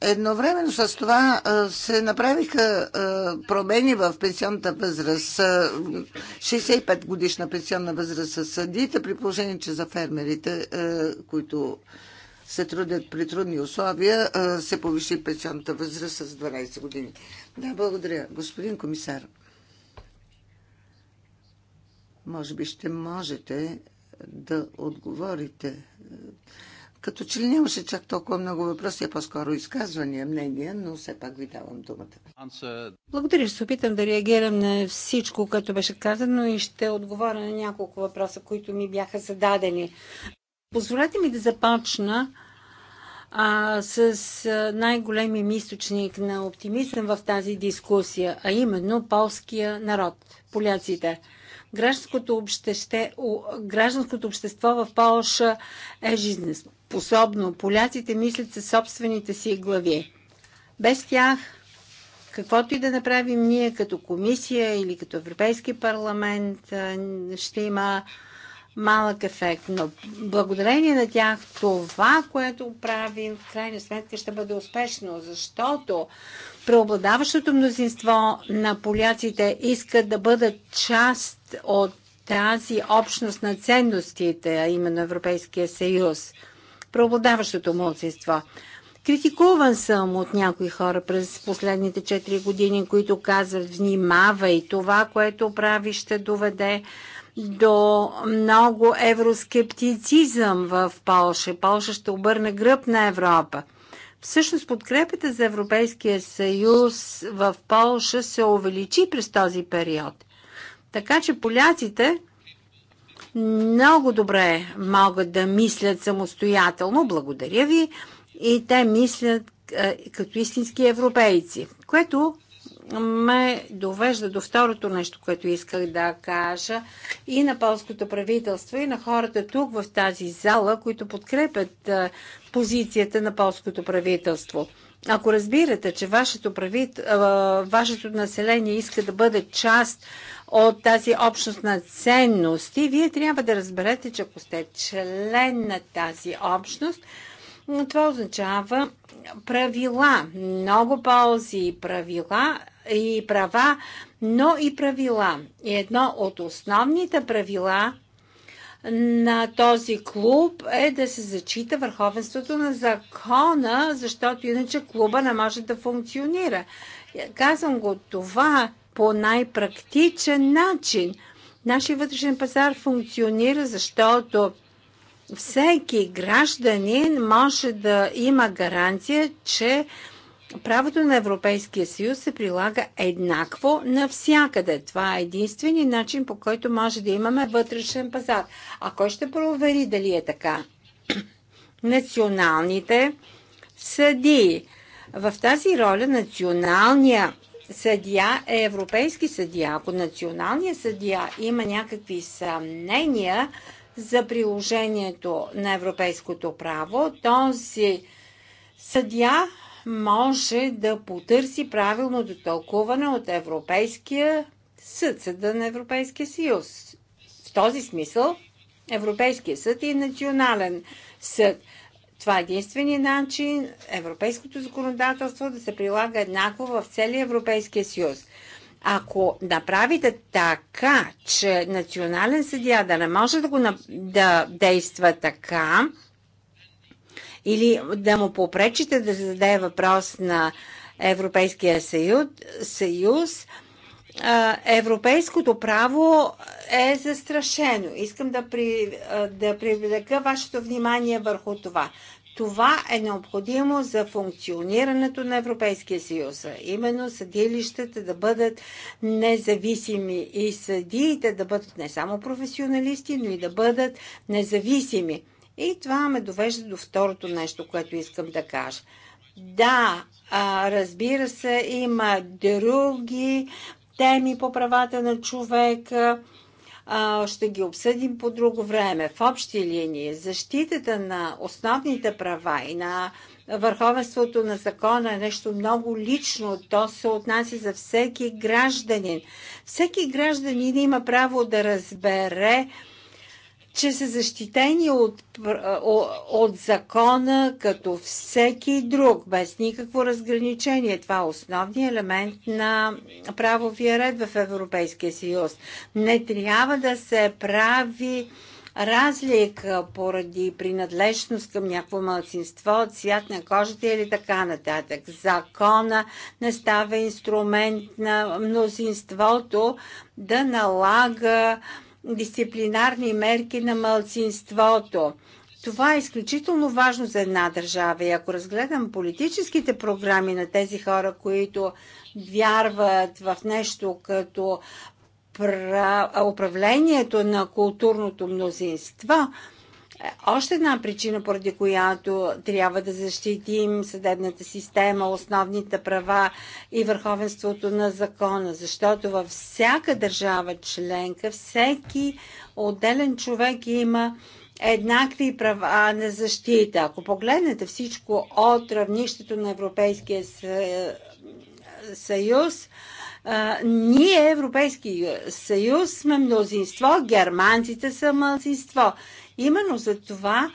Едновременно с това е, се направиха е, промени в пенсионната възраст. 65 е, годишна пенсионна възраст с съдиите, при положение, че за фермерите, които се трудят при трудни условия, се повиши пенсионната възраст с 12 години. Да, благодаря. Господин комисар, може би ще можете да отговорите. Като че ли нямаше чак толкова много въпроси, а по-скоро изказвания, мнения, но все пак ви давам думата. Благодаря, ще се опитам да реагирам на всичко, което беше казано и ще отговоря на няколко въпроса, които ми бяха зададени. Позволете ми да започна а, с най-големият източник на оптимизъм в тази дискусия, а именно полския народ, поляците. Гражданското, общеще, гражданското общество в Полша е жизнеспособно. Поляците мислят със собствените си глави. Без тях, каквото и да направим ние като комисия или като Европейски парламент, ще има малък ефект, но благодарение на тях това, което правим, в крайна сметка ще бъде успешно, защото преобладаващото мнозинство на поляците искат да бъдат част от тази общност на ценностите, а именно Европейския съюз. Преобладаващото мнозинство. Критикуван съм от някои хора през последните 4 години, които казват внимавай това, което прави ще доведе до много евроскептицизъм в Полша. Полша ще обърне гръб на Европа. Всъщност подкрепата за Европейския съюз в Полша се увеличи през този период. Така че поляците много добре могат да мислят самостоятелно, благодаря ви, и те мислят е, като истински европейци, което ме довежда до второто нещо, което исках да кажа и на полското правителство, и на хората тук в тази зала, които подкрепят позицията на полското правителство. Ако разбирате, че вашето, правит, вашето население иска да бъде част от тази общност на ценности, вие трябва да разберете, че ако сте член на тази общност, това означава правила, много ползи и правила, и права, но и правила. И едно от основните правила на този клуб е да се зачита върховенството на закона, защото иначе клуба не може да функционира. Казвам го това по най-практичен начин. Нашия вътрешен пазар функционира, защото всеки гражданин може да има гаранция, че правото на Европейския съюз се прилага еднакво навсякъде. Това е единственият начин, по който може да имаме вътрешен пазар. А кой ще провери дали е така? Националните съдии. В тази роля националния съдия е европейски съдия. Ако националният съдия има някакви съмнения за приложението на европейското право, този съдия може да потърси правилното тълкуване от Европейския съд, съда на Европейския съюз. В този смисъл Европейския съд и е Национален съд. Това е единствения начин европейското законодателство да се прилага еднакво в целия Европейския съюз. Ако направите така, че национален съдия да не може да, го, да действа така, или да му попречите да зададе въпрос на Европейския съюз, съюз европейското право е застрашено. Искам да, при, да привлека вашето внимание върху това. Това е необходимо за функционирането на Европейския съюз. Именно съдилищата да бъдат независими и съдиите да бъдат не само професионалисти, но и да бъдат независими. И това ме довежда до второто нещо, което искам да кажа. Да, а, разбира се, има други теми по правата на човека. А, ще ги обсъдим по друго време. В общи линии, защитата на основните права и на върховенството на закона е нещо много лично. То се отнася за всеки гражданин. Всеки гражданин има право да разбере, че са защитени от, от закона като всеки друг, без никакво разграничение. Това е основният елемент на правовия ред в Европейския съюз. Не трябва да се прави разлика поради принадлежност към някакво мълцинство, цвят на кожата или така нататък. Закона не става инструмент на мнозинството да налага дисциплинарни мерки на мълцинството. Това е изключително важно за една държава и ако разгледам политическите програми на тези хора, които вярват в нещо като управлението на културното мнозинство, още една причина, поради която трябва да защитим съдебната система, основните права и върховенството на закона, защото във всяка държава членка, всеки отделен човек има еднакви права на защита. Ако погледнете всичко от равнището на Европейския съюз, ние, Европейски съюз, сме мнозинство, германците са мълзинство. Именно за това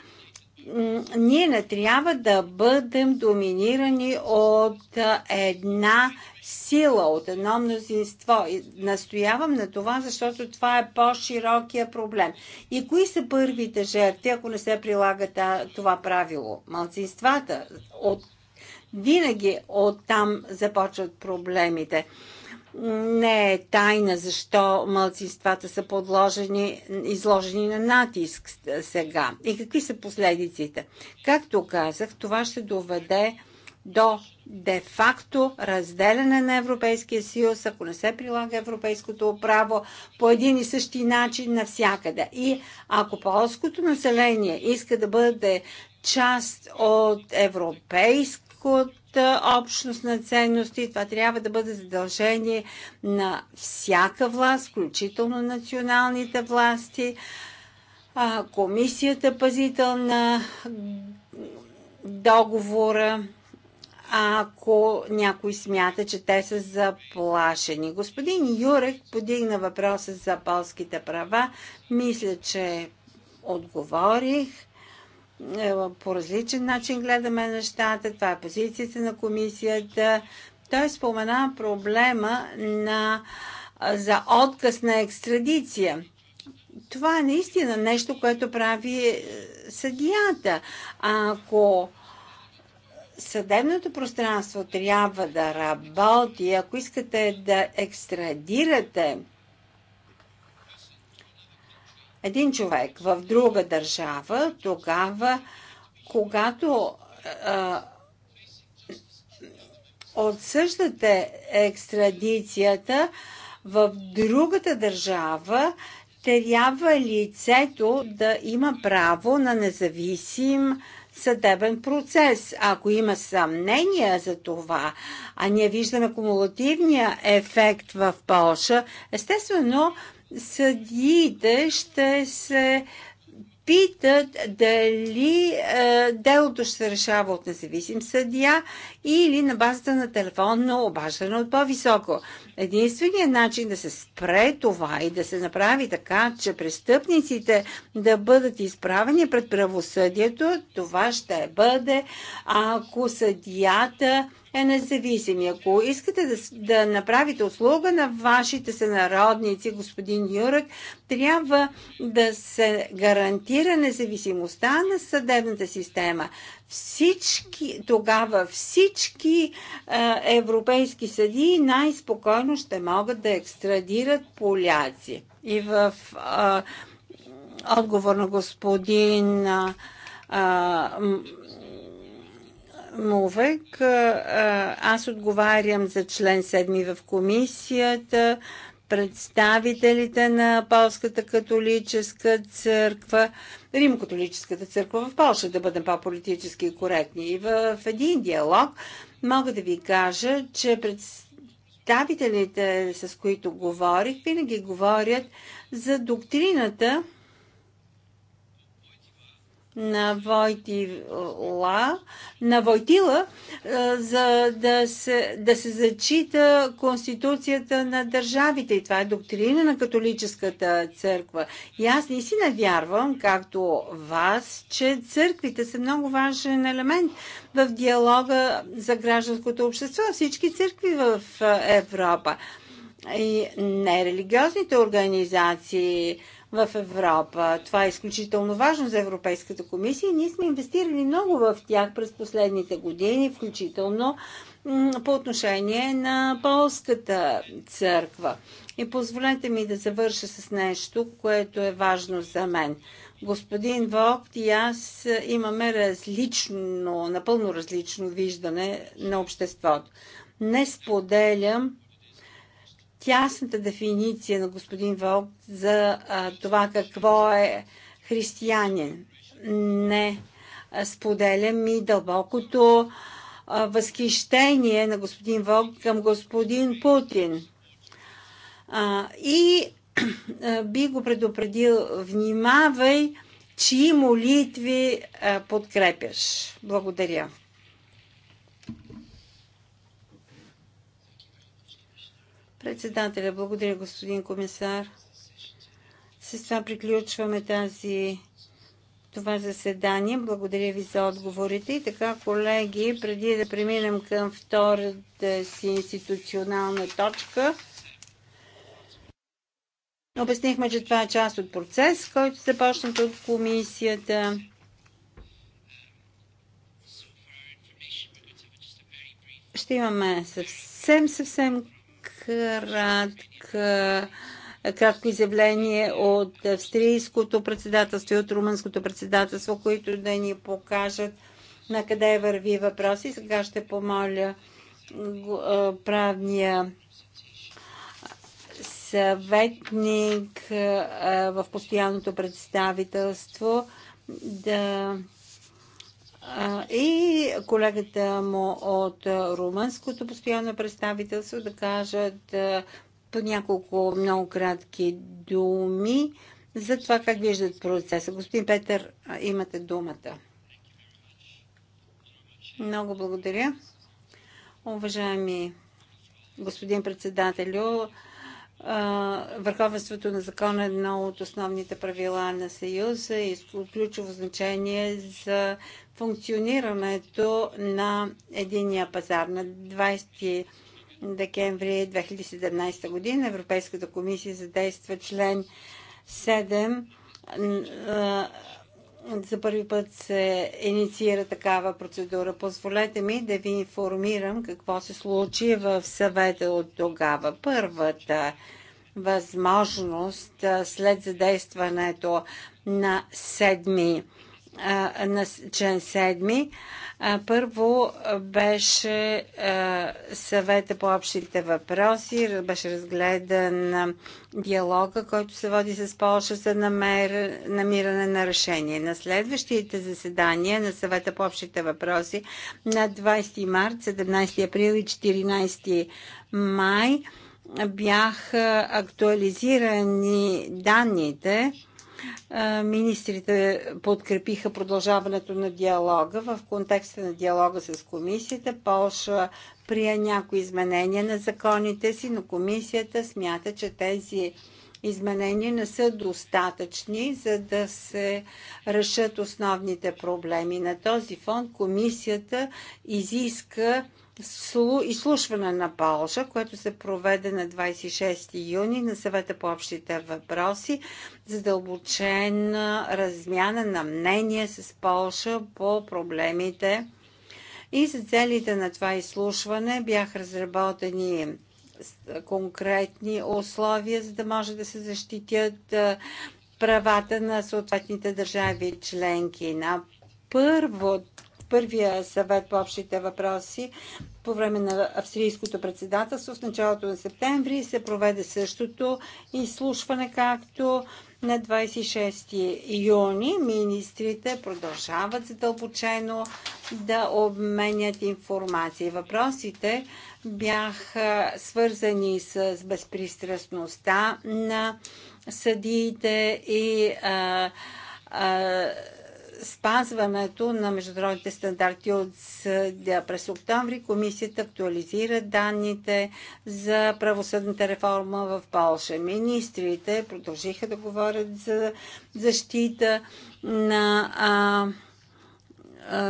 ние не трябва да бъдем доминирани от една сила, от едно мнозинство. И настоявам на това, защото това е по-широкия проблем. И кои са първите жертви, ако не се прилага това правило? Малцинствата. От, винаги оттам започват проблемите не е тайна защо мълцинствата са подложени, изложени на натиск е, сега. И какви са последиците? Както казах, това ще доведе до де-факто разделяне на Европейския съюз, ако не се прилага европейското право по един и същи начин навсякъде. И ако полското население иска да бъде част от европейско от общност на ценности. Това трябва да бъде задължение на всяка власт, включително националните власти. Комисията пазител на договора, ако някой смята, че те са заплашени. Господин Юрек подигна въпроса за полските права. Мисля, че отговорих. Е, по различен начин гледаме нещата. Това е позицията на комисията. Той спомена проблема на, за отказ на екстрадиция. Това е наистина нещо, което прави е, съдията. Ако съдебното пространство трябва да работи, ако искате да екстрадирате един човек в друга държава, тогава, когато а, отсъждате екстрадицията в другата държава, трябва лицето да има право на независим съдебен процес. Ако има съмнение за това, а ние виждаме кумулативния ефект в Польша, естествено съдиите ще се питат дали е, делото ще се решава от независим съдия или на базата на телефонно обаждане от по-високо. Единственият начин да се спре това и да се направи така, че престъпниците да бъдат изправени пред правосъдието, това ще бъде, ако съдията е независим. ако искате да, да направите услуга на вашите сънародници, господин Юрък, трябва да се гарантира независимостта на съдебната система всички, тогава всички а, европейски съди най-спокойно ще могат да екстрадират поляци. И в а, отговор на господин а, Мувек, а, аз отговарям за член 7 в комисията, представителите на Полската католическа църква. А, Римокатолическата църква в Польша, да бъдем по-политически коректни. И в един диалог мога да ви кажа, че представителите, с които говорих, винаги говорят за доктрината, на Войтила, на Войтила е, за да се, да се зачита конституцията на държавите. И това е доктрина на католическата църква. И аз не си навярвам, както вас, че църквите са много важен елемент в диалога за гражданското общество. Всички църкви в е, Европа. И нерелигиозните организации, в Европа. Това е изключително важно за Европейската комисия и ние сме инвестирали много в тях през последните години, включително по отношение на полската църква. И позволете ми да завърша с нещо, което е важно за мен. Господин Вогт и аз имаме различно, напълно различно виждане на обществото. Не споделям тясната дефиниция на господин Волк за а, това какво е християнин. Не споделям и дълбокото а, възхищение на господин Волк към господин Путин. А, и а, би го предупредил, внимавай, чии молитви а, подкрепяш. Благодаря. Председателя, благодаря, господин комисар. С това приключваме тази това заседание. Благодаря ви за отговорите. И така, колеги, преди да преминем към втората си институционална точка, обяснихме, че това е част от процес, който започнат от комисията. Ще имаме съвсем, съвсем кратка кратко изявление от австрийското председателство и от румънското председателство, които да ни покажат на къде върви въпроси. Сега ще помоля правния съветник в постоянното представителство да и колегата му от Румънското постоянно представителство да кажат по няколко много кратки думи за това как виждат процеса. Господин Петър, имате думата. Много благодаря. Уважаеми господин председателю, върховенството на закона е едно от основните правила на Съюза и ключово значение за функционирането на единия пазар. На 20 декември 2017 година Европейската комисия задейства член 7 за първи път се инициира такава процедура. Позволете ми да ви информирам какво се случи в съвета от тогава. Първата възможност след задействането на седми на член 7 първо беше съвета по общите въпроси, беше разгледан диалога, който се води с Польша за намер... намиране на решение. На следващите заседания на съвета по общите въпроси на 20 март, 17 април и 14 май бяха актуализирани данните Министрите подкрепиха продължаването на диалога. В контекста на диалога с комисията Полша прие някои изменения на законите си, но комисията смята, че тези изменения не са достатъчни, за да се решат основните проблеми. На този фон комисията изиска изслушване на Полша, което се проведе на 26 юни на съвета по общите въпроси, задълбочена размяна на мнение с Полша по проблемите. И за целите на това изслушване бяха разработени конкретни условия, за да може да се защитят правата на съответните държави членки. На първо първия съвет по общите въпроси по време на австрийското председателство в началото на септември се проведе същото изслушване, както на 26 юни министрите продължават задълбочено да обменят информация. Въпросите бяха свързани с безпристрастността на съдиите и а, а, спазването на международните стандарти от съдя. През октомври комисията актуализира данните за правосъдната реформа в Польша. Министрите продължиха да говорят за защита на а, а,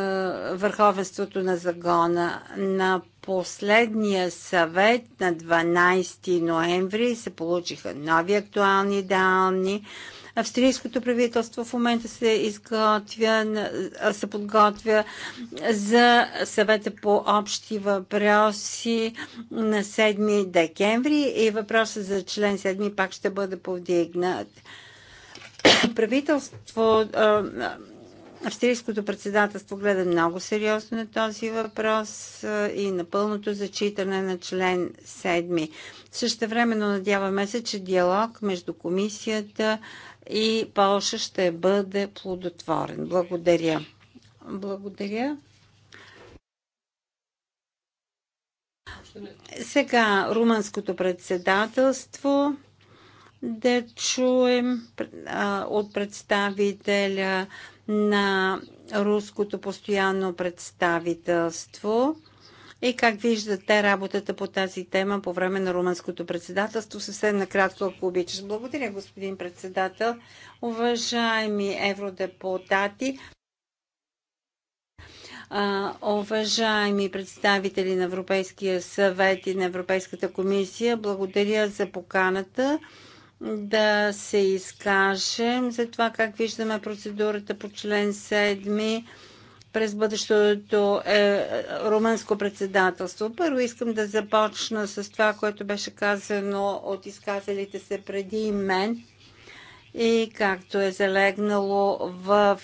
върховенството на загона. На последния съвет на 12 ноември се получиха нови актуални данни. Австрийското правителство в момента се изготвя, се подготвя за съвета по общи въпроси на 7 декември и въпросът за член 7 пак ще бъде повдигнат. Правителство Австрийското председателство гледа много сериозно на този въпрос и на пълното зачитане на член 7. Също времено надяваме се, че диалог между комисията, и Полша ще бъде плодотворен. Благодаря. Благодаря. Сега румънското председателство да чуем а, от представителя на руското постоянно представителство и как виждате работата по тази тема по време на румънското председателство? Съвсем накратко, ако обичаш. Благодаря, господин председател. Уважаеми евродепутати, уважаеми представители на Европейския съвет и на Европейската комисия, благодаря за поканата да се изкажем за това как виждаме процедурата по член 7 през бъдещото е, румънско председателство. Първо искам да започна с това, което беше казано от изказалите се преди мен и както е залегнало в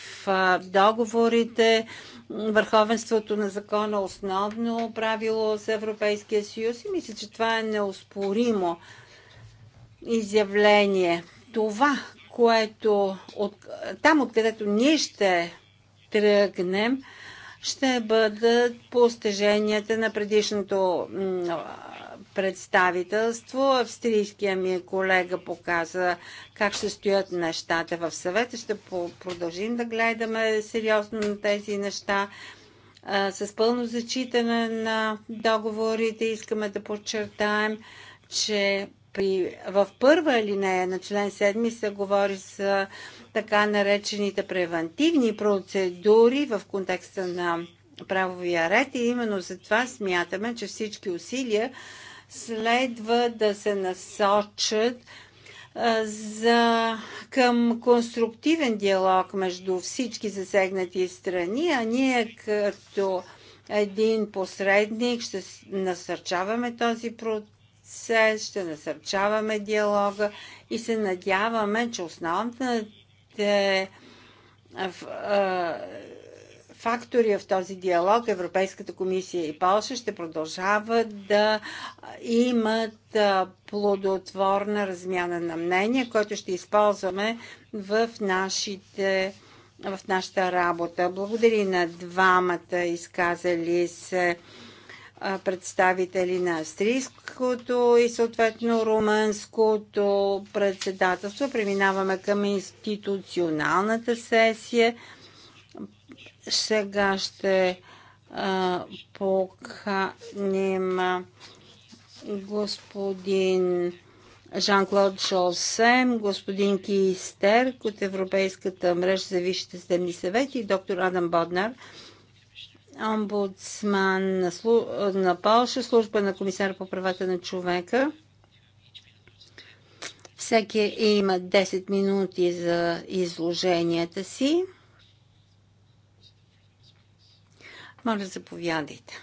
договорите, върховенството на закона основно правило с Европейския съюз и мисля, че това е неоспоримо изявление. Това, което от, там, откъдето ние ще тръгнем, ще бъдат постиженията на предишното представителство. Австрийския ми колега показа как ще стоят нещата в съвета. Ще продължим да гледаме сериозно на тези неща. С пълно зачитане на договорите искаме да подчертаем, че при, в първа линия на член 7 се говори за така наречените превентивни процедури в контекста на правовия ред и именно за това смятаме, че всички усилия следва да се насочат за, към конструктивен диалог между всички засегнати страни, а ние като един посредник ще насърчаваме този процес, ще насърчаваме диалога и се надяваме, че основната важните фактори в този диалог, Европейската комисия и Полша ще продължават да имат плодотворна размяна на мнения, който ще използваме в нашите в нашата работа. Благодаря на двамата изказали се представители на австрийското и съответно румънското председателство. Преминаваме към институционалната сесия. Сега ще а, поканим господин Жан-Клод Шолсем, господин Кистерк от Европейската мрежа за висшите съдебни съвети и доктор Адам Боднар – омбудсман на, слу... на Полша, служба на комисар по правата на човека. Всеки има 10 минути за изложенията си. Моля, заповядайте.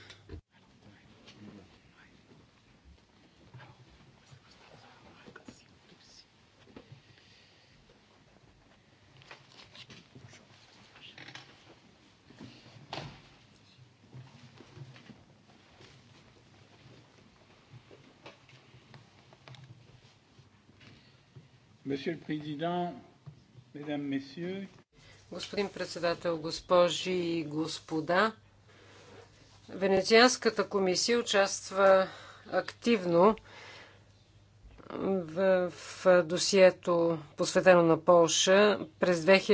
Господин председател, госпожи и господа, Венецианската комисия участва активно в, досието посветено на Полша през 2016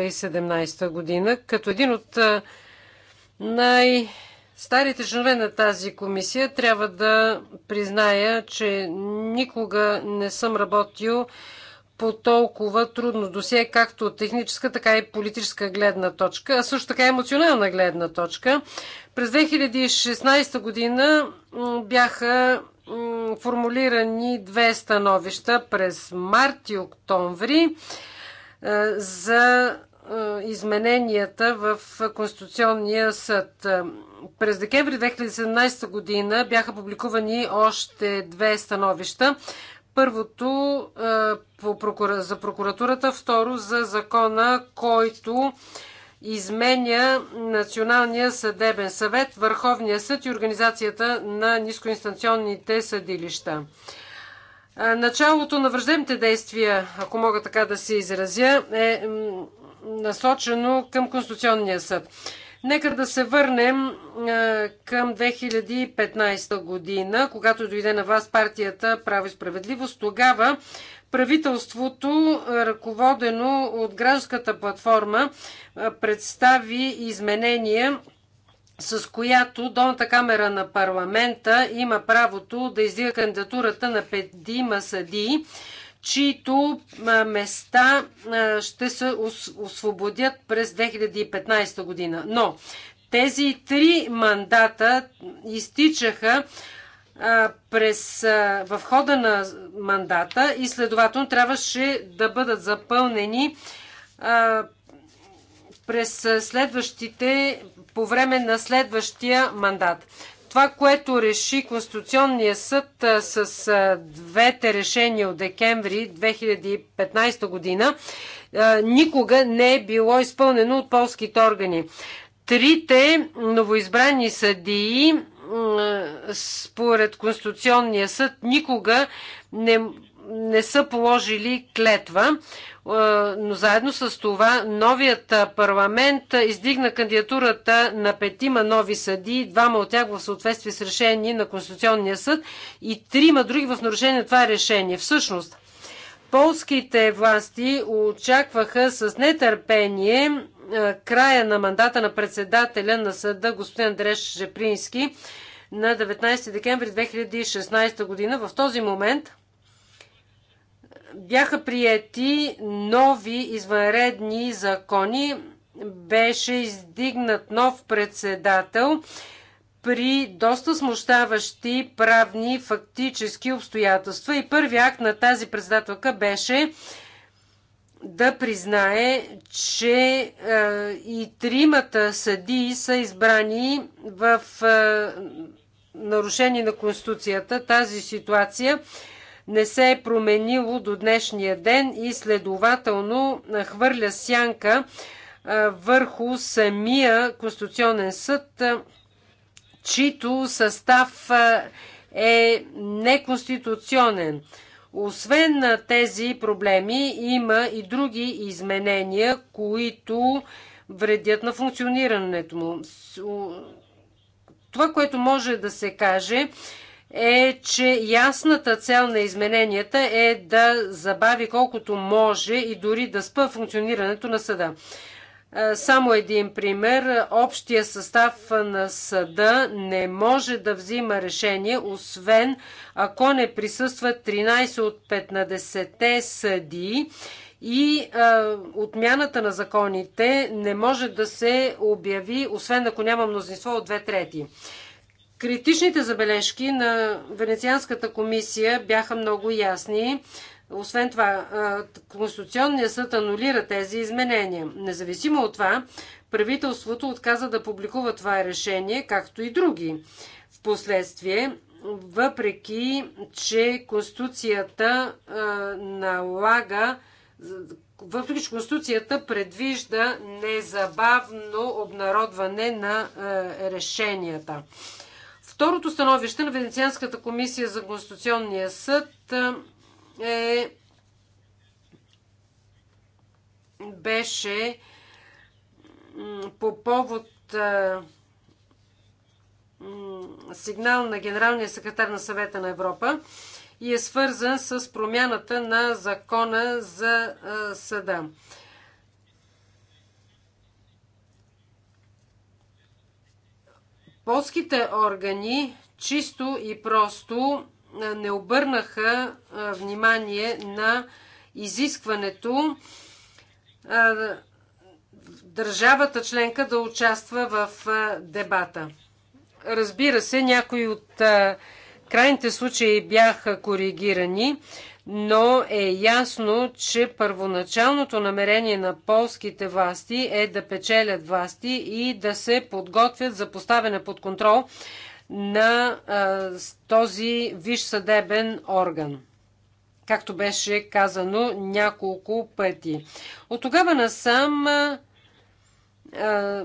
и 2017 година, като един от най- Старите членове на тази комисия трябва да призная, че никога не съм работил по толкова трудно досие, както от техническа, така и политическа гледна точка, а също така и емоционална гледна точка. През 2016 година бяха формулирани две становища през март и октомври за е, измененията в Конституционния съд. През декември 2017 година бяха публикувани още две становища. Първото е, за прокуратурата, второ за закона, който изменя Националния съдебен съвет, Върховния съд и Организацията на нискоинстанционните съдилища. Е, началото на враждебните действия, ако мога така да се изразя, е насочено към Конституционния съд. Нека да се върнем към 2015 година, когато дойде на вас партията Право и справедливост. Тогава правителството, ръководено от гражданската платформа, представи изменения с която долната камера на парламента има правото да издига кандидатурата на петима съдии, чието места ще се освободят през 2015 година. Но тези три мандата изтичаха през, в хода на мандата и следователно трябваше да бъдат запълнени през следващите, по време на следващия мандат. Това, което реши Конституционния съд с двете решения от декември 2015 година, никога не е било изпълнено от полските органи. Трите новоизбрани съдии според Конституционния съд никога не не са положили клетва, е, но заедно с това новият парламент издигна кандидатурата на петима нови съди, двама от тях в съответствие с решение на Конституционния съд и трима други в нарушение на това решение. Всъщност, полските власти очакваха с нетърпение е, края на мандата на председателя на съда господин Андреш Жепрински на 19 декември 2016 година. В този момент – бяха приети нови извънредни закони. Беше издигнат нов председател при доста смущаващи правни фактически обстоятелства. И първи акт на тази председателка беше да признае, че е, и тримата съдии са избрани в е, нарушение на Конституцията. Тази ситуация не се е променило до днешния ден и следователно хвърля сянка върху самия Конституционен съд, чийто състав е неконституционен. Освен на тези проблеми, има и други изменения, които вредят на функционирането му. Това, което може да се каже, е, че ясната цел на измененията е да забави колкото може и дори да спа функционирането на съда. Само един пример. Общия състав на съда не може да взима решение, освен ако не присъстват 13 от 15 съди и а, отмяната на законите не може да се обяви, освен ако няма мнозинство от две трети. Критичните забележки на Венецианската комисия бяха много ясни. Освен това, Конституционният съд анулира тези изменения. Независимо от това, правителството отказа да публикува това решение, както и други. Впоследствие, въпреки че Конституцията налага въпреки че Конституцията предвижда незабавно обнародване на решенията. Второто становище на Венецианската комисия за Конституционния съд е беше по повод сигнал на генералния секретар на съвета на Европа и е свързан с промяната на закона за съда. Полските органи чисто и просто не обърнаха внимание на изискването държавата членка да участва в дебата. Разбира се, някои от крайните случаи бяха коригирани, но е ясно, че първоначалното намерение на полските власти е да печелят власти и да се подготвят за поставяне под контрол на а, този виш съдебен орган както беше казано няколко пъти. От тогава насам а, а,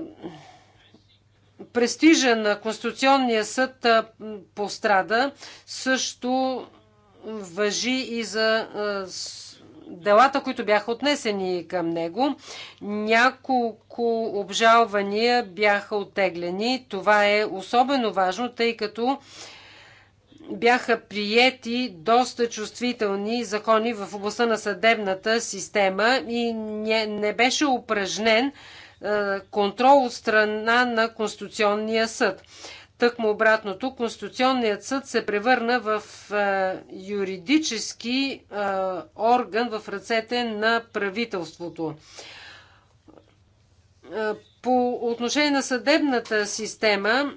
престижа на Конституционния съд а, пострада също въжи и за делата, които бяха отнесени към него. Няколко обжалвания бяха оттеглени. Това е особено важно, тъй като бяха приети доста чувствителни закони в областта на съдебната система и не, не беше упражнен контрол от страна на Конституционния съд. Тъкмо обратното, Конституционният съд се превърна в е, юридически е, орган в ръцете на правителството. Е, по отношение на съдебната система,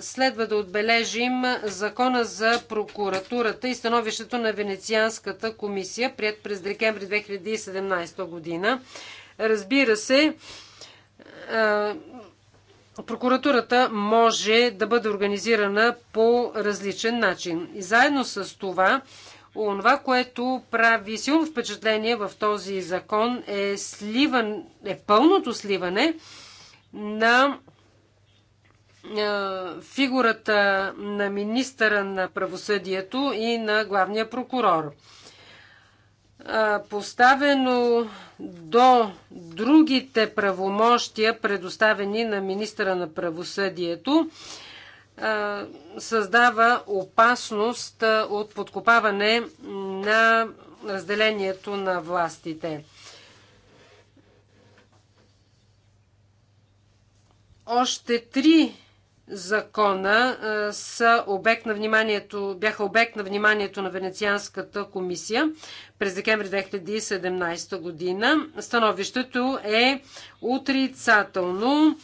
следва да отбележим закона за прокуратурата и становището на Венецианската комисия, прият през декември 2017 година. Разбира се, прокуратурата може да бъде организирана по различен начин. И заедно с това, онова, което прави силно впечатление в този закон е, сливан, е пълното сливане на фигурата на министъра на правосъдието и на главния прокурор поставено до другите правомощия, предоставени на министра на правосъдието, създава опасност от подкопаване на разделението на властите. Още три закона са обект на вниманието, бяха обект на вниманието на Венецианската комисия през декември 2017 година. Становището е отрицателно.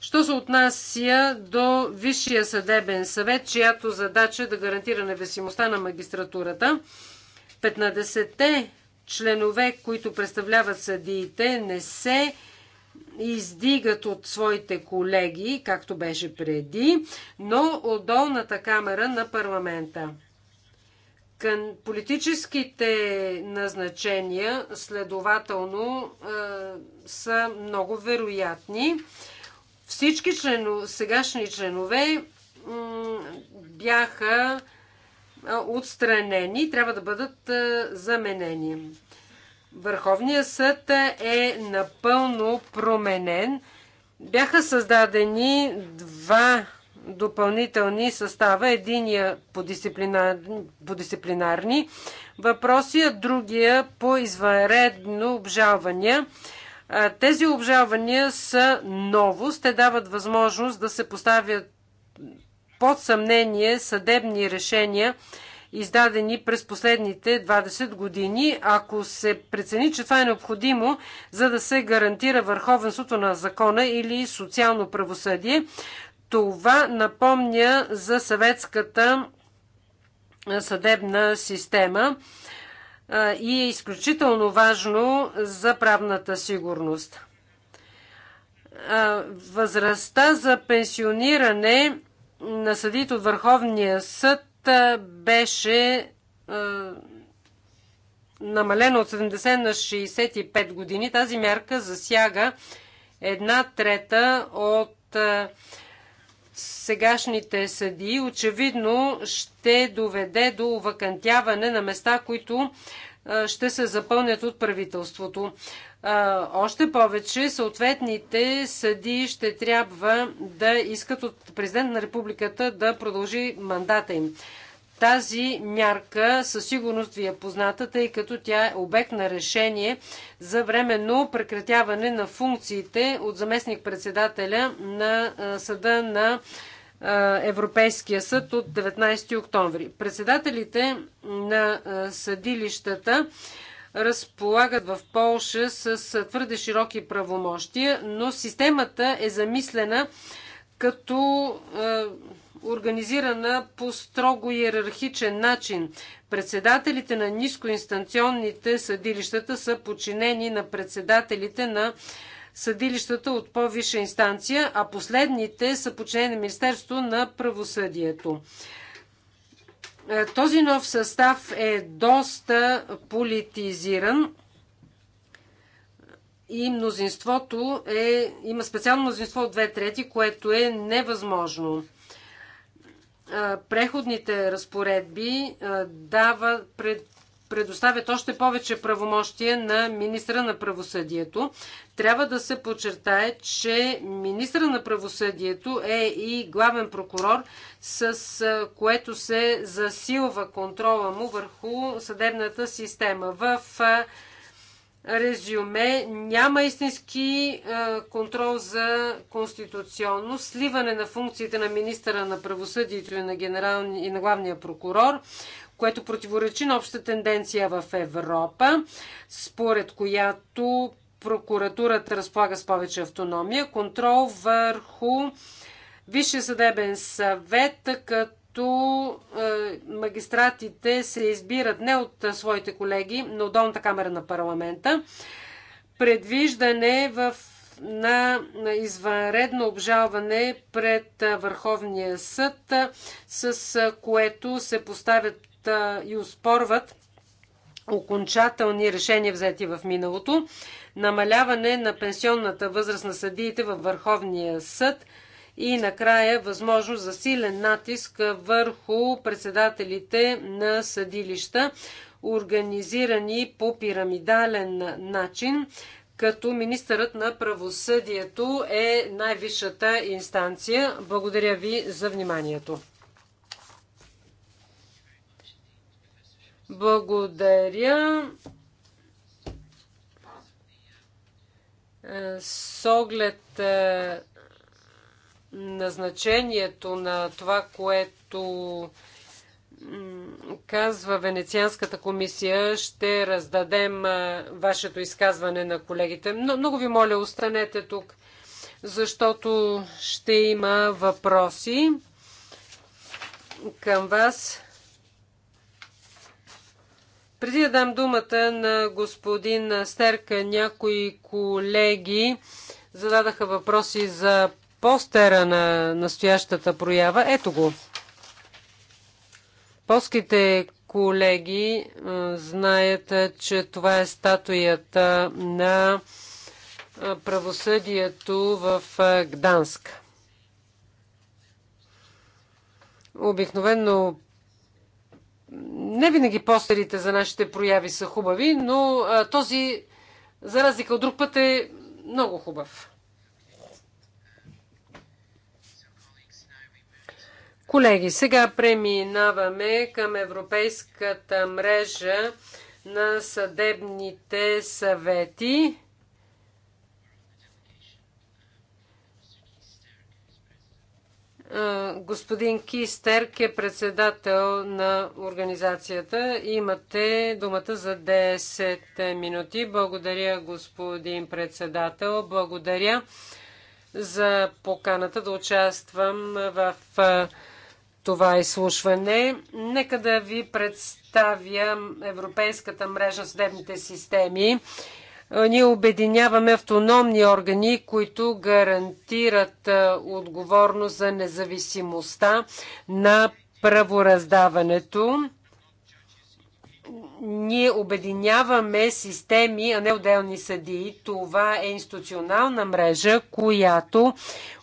Що се отнася до Висшия съдебен съвет, чиято задача е да гарантира невесимостта на магистратурата, 15-те членове, които представляват съдиите, не се издигат от своите колеги, както беше преди, но от долната камера на парламента. Кън политическите назначения, следователно, е, са много вероятни. Всички члено, сегашни членове бяха отстранени и трябва да бъдат е, заменени. Върховният съд е напълно променен. Бяха създадени два допълнителни състава. Единия по, дисциплинар... по дисциплинарни въпроси, а другия по извънредно обжалвания. Тези обжалвания са новост. Те дават възможност да се поставят под съмнение съдебни решения издадени през последните 20 години, ако се прецени, че това е необходимо, за да се гарантира върховенството на закона или социално правосъдие. Това напомня за съветската съдебна система и е изключително важно за правната сигурност. Възрастта за пенсиониране на съдите от Върховния съд беше е, намалена от 70 на 65 години. Тази мярка засяга една трета от е, сегашните съдии. Очевидно ще доведе до вакантяване на места, които ще се запълнят от правителството. Още повече съответните съди ще трябва да искат от президент на републиката да продължи мандата им. Тази мярка със сигурност ви е позната, тъй като тя е обект на решение за временно прекратяване на функциите от заместник-председателя на съда на Европейския съд от 19 октомври. Председателите на съдилищата разполагат в Полша с твърде широки правомощия, но системата е замислена като организирана по строго иерархичен начин. Председателите на нискоинстанционните съдилищата са подчинени на председателите на съдилищата от по-висша инстанция, а последните са подчинени на Министерство на правосъдието. Е, този нов състав е доста политизиран и мнозинството е, има специално мнозинство от две трети, което е невъзможно. Е, преходните разпоредби е, дава пред, предоставят още повече правомощия на министра на правосъдието. Трябва да се подчертае, че министра на правосъдието е и главен прокурор, с което се засилва контрола му върху съдебната система. В резюме няма истински контрол за конституционно сливане на функциите на министра на правосъдието и на, генерал... и на главния прокурор, което противоречи на обща тенденция в Европа, според която прокуратурата разполага с повече автономия, контрол върху Висше съдебен съвет, като е, магистратите се избират не от е, своите колеги, но от долната камера на парламента. Предвиждане в на извънредно обжалване пред е, Върховния съд, с което се поставят и успорват окончателни решения взети в миналото, намаляване на пенсионната възраст на съдиите във Върховния съд и накрая възможност за силен натиск върху председателите на съдилища, организирани по пирамидален начин, като министърът на правосъдието е най-висшата инстанция. Благодаря ви за вниманието. Благодаря. Е, с оглед е, на значението на това, което казва Венецианската комисия, ще раздадем е, вашето изказване на колегите. Много ви моля, останете тук, защото ще има въпроси към вас. Преди да дам думата на господин Стерка, някои колеги зададаха въпроси за постера на настоящата проява. Ето го. Полските колеги знаят, че това е статуята на правосъдието в Гданск. Обикновено не винаги постерите за нашите прояви са хубави, но а, този, за разлика от друг път, е много хубав. Колеги, сега преминаваме към Европейската мрежа на съдебните съвети. Господин Кистер е председател на организацията. Имате думата за 10 минути. Благодаря, господин председател. Благодаря за поканата да участвам в това изслушване. Нека да ви представя Европейската мрежа на съдебните системи ние обединяваме автономни органи, които гарантират отговорност за независимостта на правораздаването ние обединяваме системи, а не отделни съдии. Това е институционална мрежа, която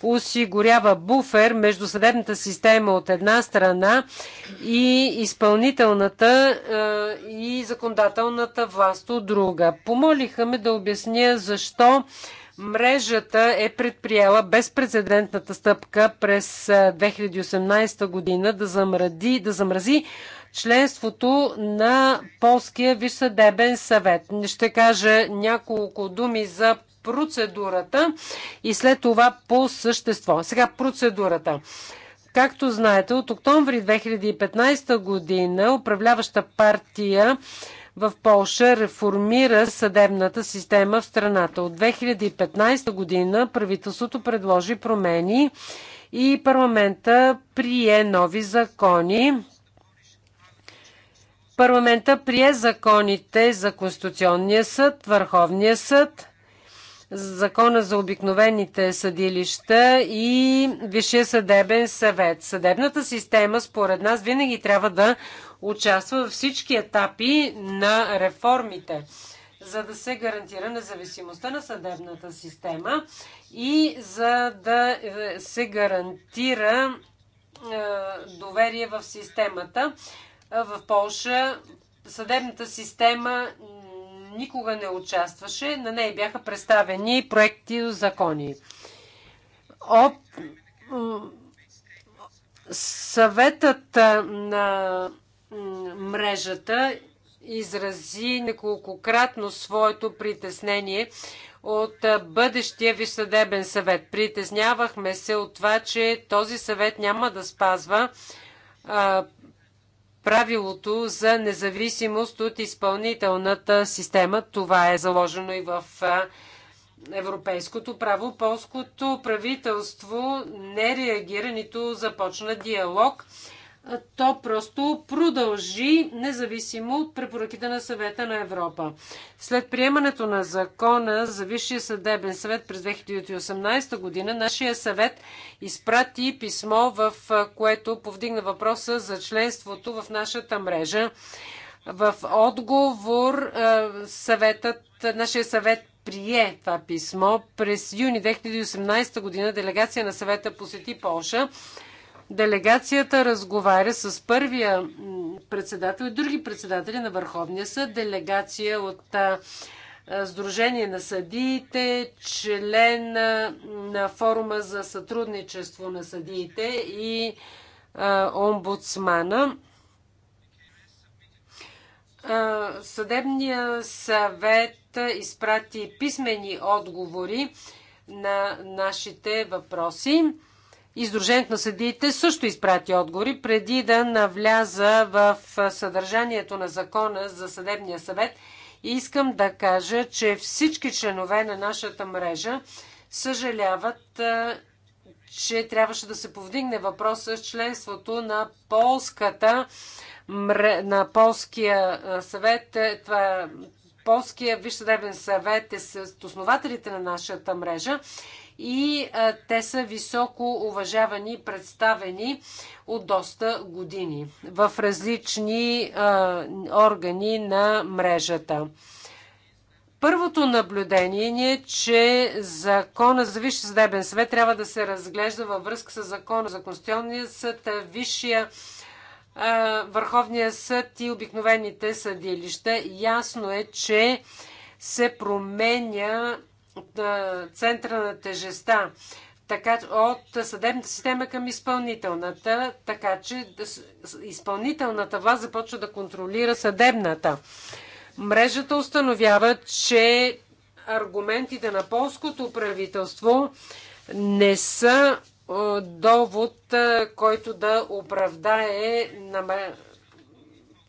осигурява буфер между съдебната система от една страна и изпълнителната и законодателната власт от друга. Помолиха ме да обясня защо Мрежата е предприела безпредседентната стъпка през 2018 година да, замрази, да замрази членството на Полския висъдебен съвет. Ще кажа няколко думи за процедурата и след това по същество. Сега процедурата. Както знаете, от октомври 2015 година управляваща партия в Полша реформира съдебната система в страната. От 2015 година правителството предложи промени и парламента прие нови закони. Парламента прие законите за Конституционния съд, Върховния съд, Закона за обикновените съдилища и Висшия съдебен съвет. Съдебната система, според нас, винаги трябва да участва във всички етапи на реформите, за да се гарантира независимостта на съдебната система и за да е, се гарантира е, доверие в системата. Е, в Польша съдебната система никога не участваше. На нея бяха представени проекти и закони. Съветът на мрежата изрази неколкократно своето притеснение от бъдещия ви съдебен съвет. Притеснявахме се от това, че този съвет няма да спазва правилото за независимост от изпълнителната система. Това е заложено и в европейското право. Полското правителство не реагира, нито започна диалог то просто продължи независимо от препоръките на съвета на Европа. След приемането на закона за Висшия съдебен съвет през 2018 година, нашия съвет изпрати писмо, в което повдигна въпроса за членството в нашата мрежа. В отговор съветът, нашия съвет прие това писмо. През юни 2018 година делегация на съвета посети Полша Делегацията разговаря с първия председател и други председатели на Върховния съд. Делегация от Сдружение на съдиите, член на форума за сътрудничество на съдиите и омбудсмана. Съдебния съвет изпрати писмени отговори на нашите въпроси. Издружението на съдиите също изпрати отговори преди да навляза в съдържанието на закона за съдебния съвет. И искам да кажа, че всички членове на нашата мрежа съжаляват, че трябваше да се повдигне въпроса с членството на полската на полския съвет. Е, това, полския висшедебен съвет е с основателите на нашата мрежа и а, те са високо уважавани, представени от доста години в различни а, органи на мрежата. Първото наблюдение ни е, че закона за Висшия съдебен съвет трябва да се разглежда във връзка с закона за Конституционния съд, Висшия Върховния съд и обикновените съдилища. Ясно е, че се променя от центъра на тежеста, така, от съдебната система към изпълнителната, така че изпълнителната власт започва да контролира съдебната. Мрежата установява, че аргументите на полското правителство не са довод, който да оправдае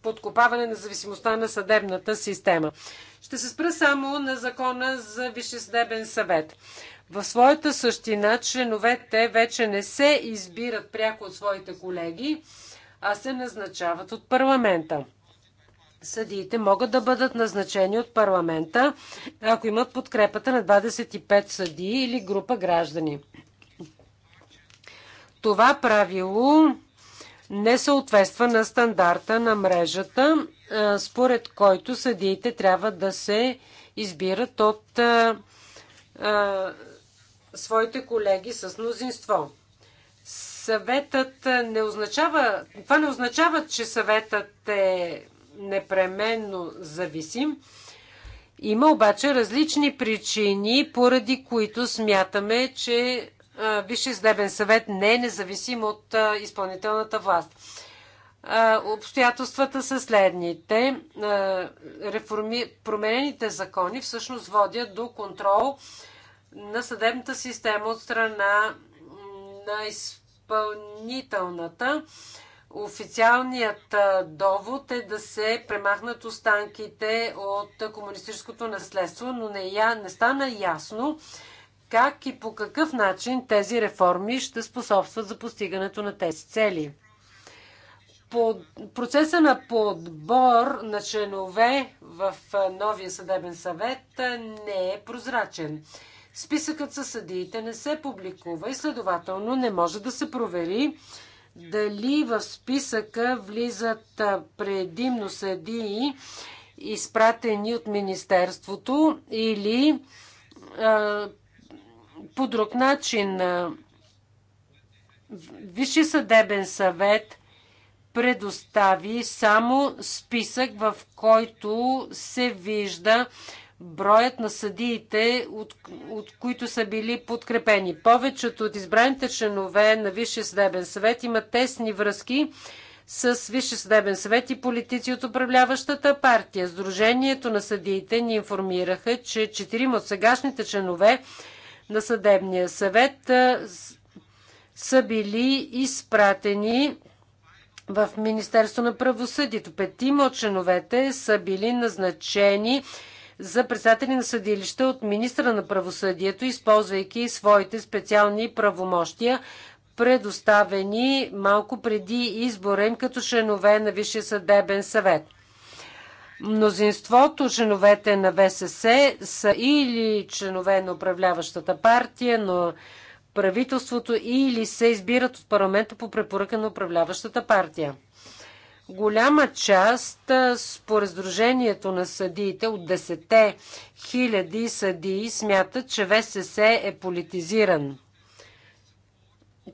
подкопаване на зависимостта на съдебната система. Ще се спра само на закона за Висшеседебен съвет. В своята същина членовете вече не се избират пряко от своите колеги, а се назначават от парламента. Съдиите могат да бъдат назначени от парламента, ако имат подкрепата на 25 съдии или група граждани. Това правило не съответства на стандарта на мрежата, според който съдиите трябва да се избират от а, а, своите колеги с мнозинство. Съветът не означава, това не означава, че съветът е непременно зависим. Има обаче различни причини, поради които смятаме, че Висши издебен съвет не е независим от изпълнителната власт. Обстоятелствата са следните. Реформи... Променените закони всъщност водят до контрол на съдебната система от страна на изпълнителната. Официалният довод е да се премахнат останките от комунистическото наследство, но не, я... не стана ясно как и по какъв начин тези реформи ще способстват за постигането на тези цели. По процеса на подбор на членове в новия съдебен съвет не е прозрачен. Списъкът със съдиите не се публикува и следователно не може да се провери дали в списъка влизат предимно съдии, изпратени от Министерството или по друг начин. Висши съдебен съвет предостави само списък, в който се вижда броят на съдиите, от, от които са били подкрепени. Повечето от избраните членове на Висшия съдебен съвет имат тесни връзки с Висшия съдебен съвет и политици от управляващата партия. Сдружението на съдиите ни информираха, че четирима от сегашните членове на съдебния съвет са били изпратени в Министерство на правосъдието. Петима от членовете са били назначени за председатели на съдилища от министра на правосъдието, използвайки своите специални правомощия, предоставени малко преди избора им като членове на Висшия съдебен съвет. Мнозинството членовете на ВСС са или членове на управляващата партия, но правителството или се избират от парламента по препоръка на управляващата партия. Голяма част според Сдружението на съдиите от 10 хиляди съдии смятат, че ВСС е политизиран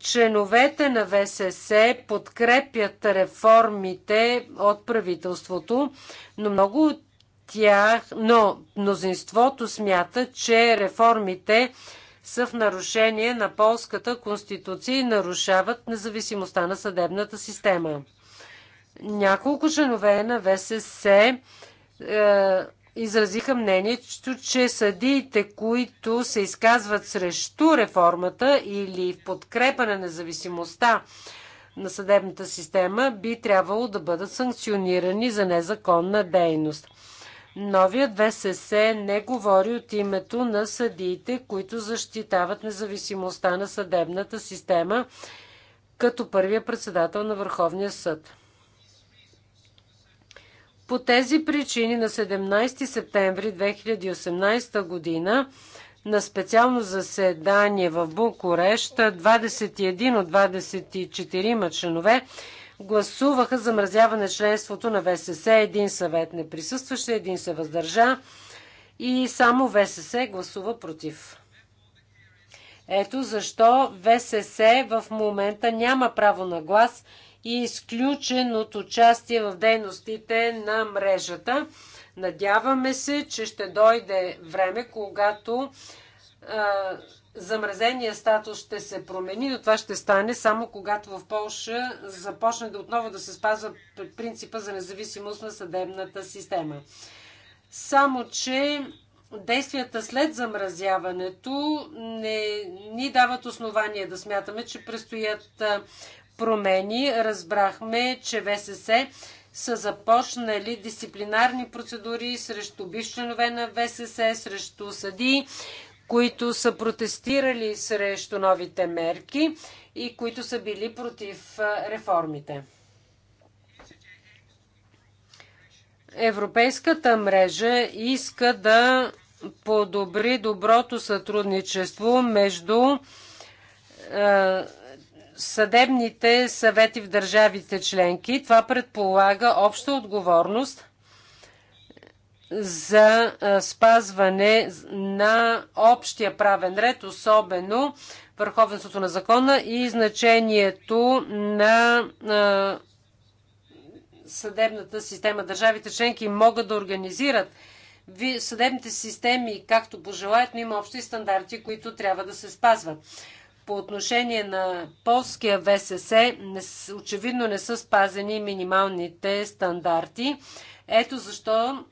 Членовете на ВСС подкрепят реформите от правителството, но много от тях, но мнозинството смята, че реформите са в нарушение на полската конституция и нарушават независимостта на съдебната система. Няколко членове на ВСС е, изразиха мнението, че съдиите, които се изказват срещу реформата или в подкрепа на независимостта на съдебната система, би трябвало да бъдат санкционирани за незаконна дейност. Новият ВСС не говори от името на съдиите, които защитават независимостта на съдебната система, като първия председател на Върховния съд. По тези причини на 17 септември 2018 година на специално заседание в Букурещ 21 от 24 членове гласуваха замразяване членството на ВСС. Един съвет не присъстваше, един се въздържа и само ВСС гласува против. Ето защо ВСС в момента няма право на глас – и изключен от участие в дейностите на мрежата. Надяваме се, че ще дойде време, когато а, замразения статус ще се промени, но това ще стане само когато в Польша започне да отново да се спазва принципа за независимост на съдебната система. Само, че действията след замразяването не ни дават основание да смятаме, че предстоят промени. Разбрахме, че ВСС са започнали дисциплинарни процедури срещу бивши членове на ВСС, срещу съдии, които са протестирали срещу новите мерки и които са били против реформите. Европейската мрежа иска да подобри доброто сътрудничество между съдебните съвети в държавите членки. Това предполага обща отговорност за спазване на общия правен ред, особено върховенството на закона и значението на съдебната система. Държавите членки могат да организират съдебните системи както пожелаят, но има общи стандарти, които трябва да се спазват по отношение на полския ВСС не, очевидно не са спазени минималните стандарти. Ето защо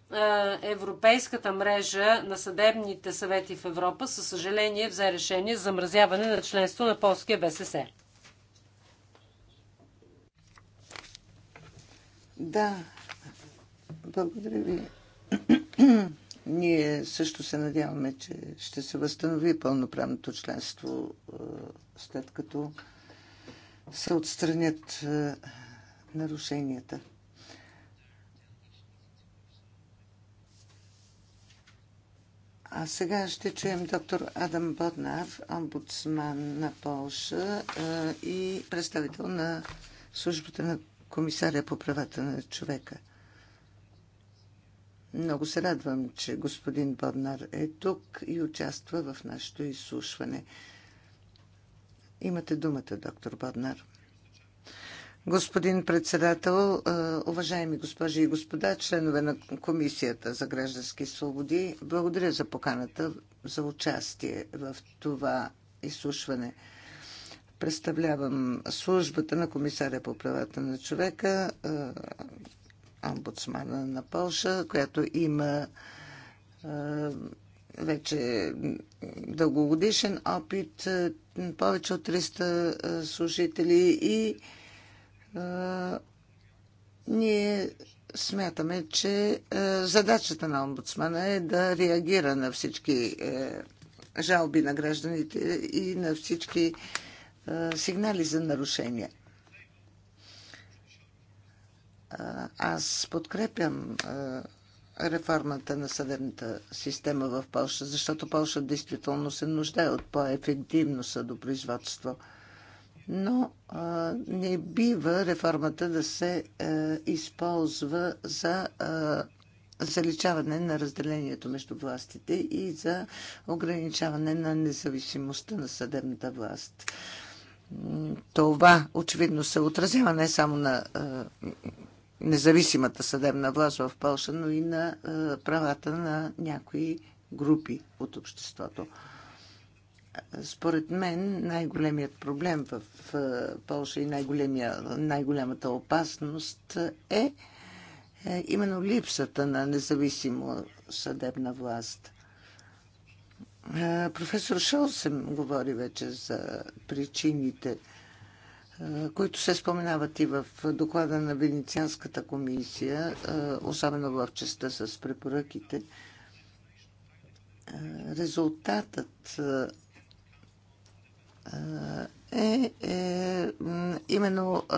Европейската мрежа на съдебните съвети в Европа със съжаление взе решение за замразяване на членство на полския ВСС. Да, благодаря ви. Ние също се надяваме, че ще се възстанови пълноправното членство, е, след като се отстранят е, нарушенията. А сега ще чуем доктор Адам Боднар, омбудсман на Полша е, и представител на службата на комисаря по правата на човека. Много се радвам, че господин Боднар е тук и участва в нашето изслушване. Имате думата, доктор Боднар. Господин председател, е, уважаеми госпожи и господа, членове на Комисията за граждански свободи, благодаря за поканата за участие в това изслушване. Представлявам службата на комисаря по правата на човека, е, омбудсмана на Польша, която има вече дългогодишен опит, повече от 300 служители и а, ние смятаме, че а, задачата на омбудсмана е да реагира на всички а, жалби на гражданите и на всички а, сигнали за нарушения. Аз подкрепям реформата на съдебната система в Польша, защото Польша действително се нуждае от по-ефективно съдопроизводство. Но а, не бива реформата да се а, е, използва за а, заличаване на разделението между властите и за ограничаване на независимостта на съдебната власт. Това очевидно се отразява не само на е, независимата съдебна власт в Пълша, но и на е, правата на някои групи от обществото. Според мен най-големият проблем в е, Польша и най-голямата опасност е, е именно липсата на независимо съдебна власт. Професор Шолсен говори вече за причините – които се споменават и в доклада на Венецианската комисия, особено в частта с препоръките, резултатът е, е именно е,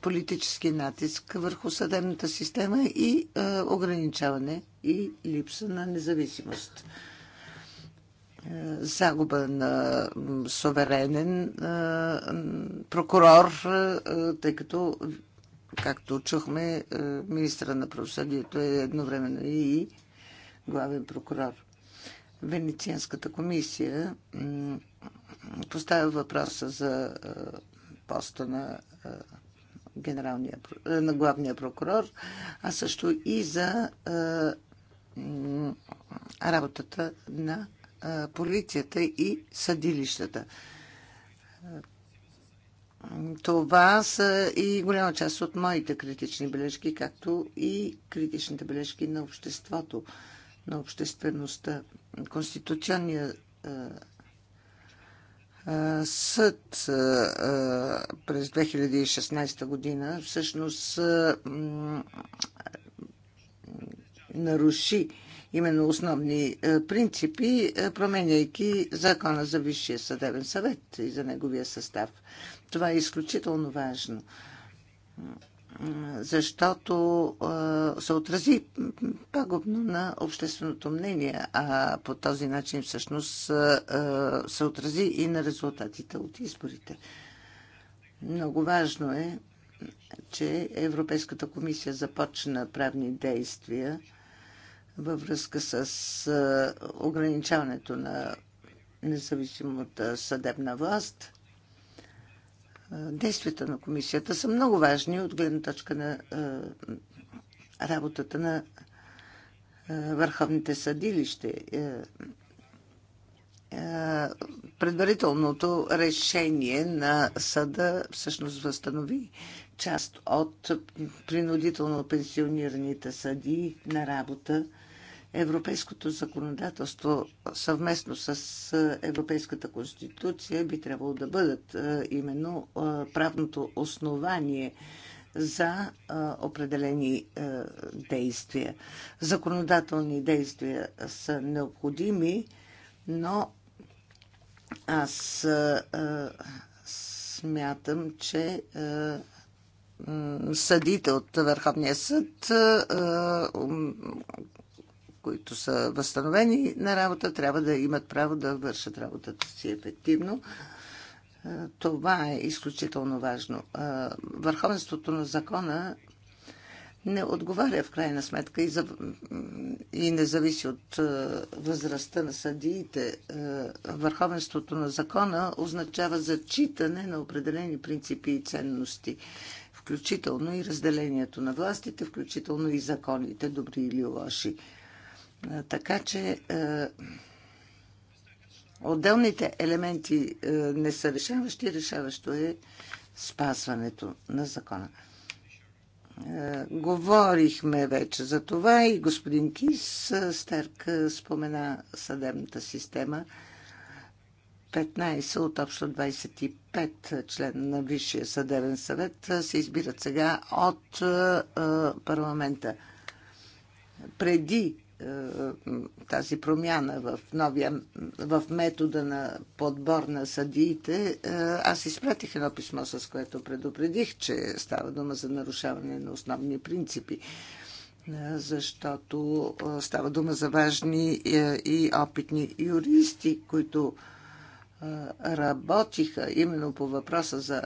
политически натиск върху съдебната система и е, ограничаване и липса на независимост загуба на суверенен прокурор, тъй като, както чухме, министра на правосъдието е едновременно и главен прокурор. Венецианската комисия поставя въпроса за поста на генералния, на главния прокурор, а също и за работата на полицията и съдилищата. Това са и голяма част от моите критични бележки, както и критичните бележки на обществото, на обществеността. Конституционният съд през 2016 година всъщност наруши именно основни е, принципи, е, променяйки закона за Висшия съдебен съвет и за неговия състав. Това е изключително важно, защото е, се отрази пагубно на общественото мнение, а по този начин всъщност се отрази и на резултатите от изборите. Много важно е че Европейската комисия започна правни действия във връзка с ограничаването на независимата съдебна власт. Действията на комисията са много важни от гледна точка на работата на върховните съдилища. Предварителното решение на съда всъщност възстанови част от принудително пенсионираните съди на работа европейското законодателство съвместно с Европейската конституция би трябвало да бъдат именно правното основание за определени действия. Законодателни действия са необходими, но аз смятам, че съдите от Върховния съд които са възстановени на работа, трябва да имат право да вършат работата си ефективно. Е, това е изключително важно. Е, върховенството на закона не отговаря в крайна сметка и, за, и не зависи от е, възрастта на съдиите. Върховенството на закона означава зачитане на определени принципи и ценности, включително и разделението на властите, включително и законите, добри или лоши. Така че е, отделните елементи е, не са решаващи, решаващо е спазването на закона. Е, говорихме вече за това и господин Кис Стерк спомена съдебната система. 15 от общо 25 член на Висшия съдебен съвет се избират сега от парламента. Преди е, тази промяна в, новия, в метода на подбор на съдиите, е, аз изпратих едно писмо, с което предупредих, че става дума за нарушаване на основни принципи е, защото става дума за важни и опитни юристи, които работиха именно по въпроса за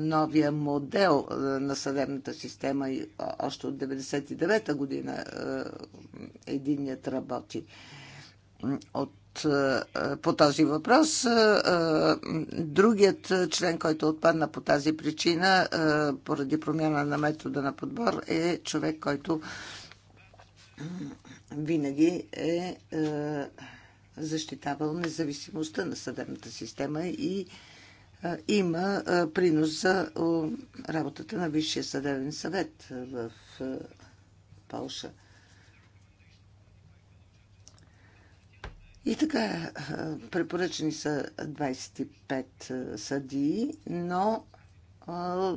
новия модел на съдебната система и още от 1999 година единият работи от по този въпрос. Другият член, който отпадна по тази причина, поради промяна на метода на подбор, е човек, който винаги е, е защитавал независимостта на съдебната система и има принос за работата на Висшия съдебен съвет в Полша. И така, препоръчени са 25 съдии, но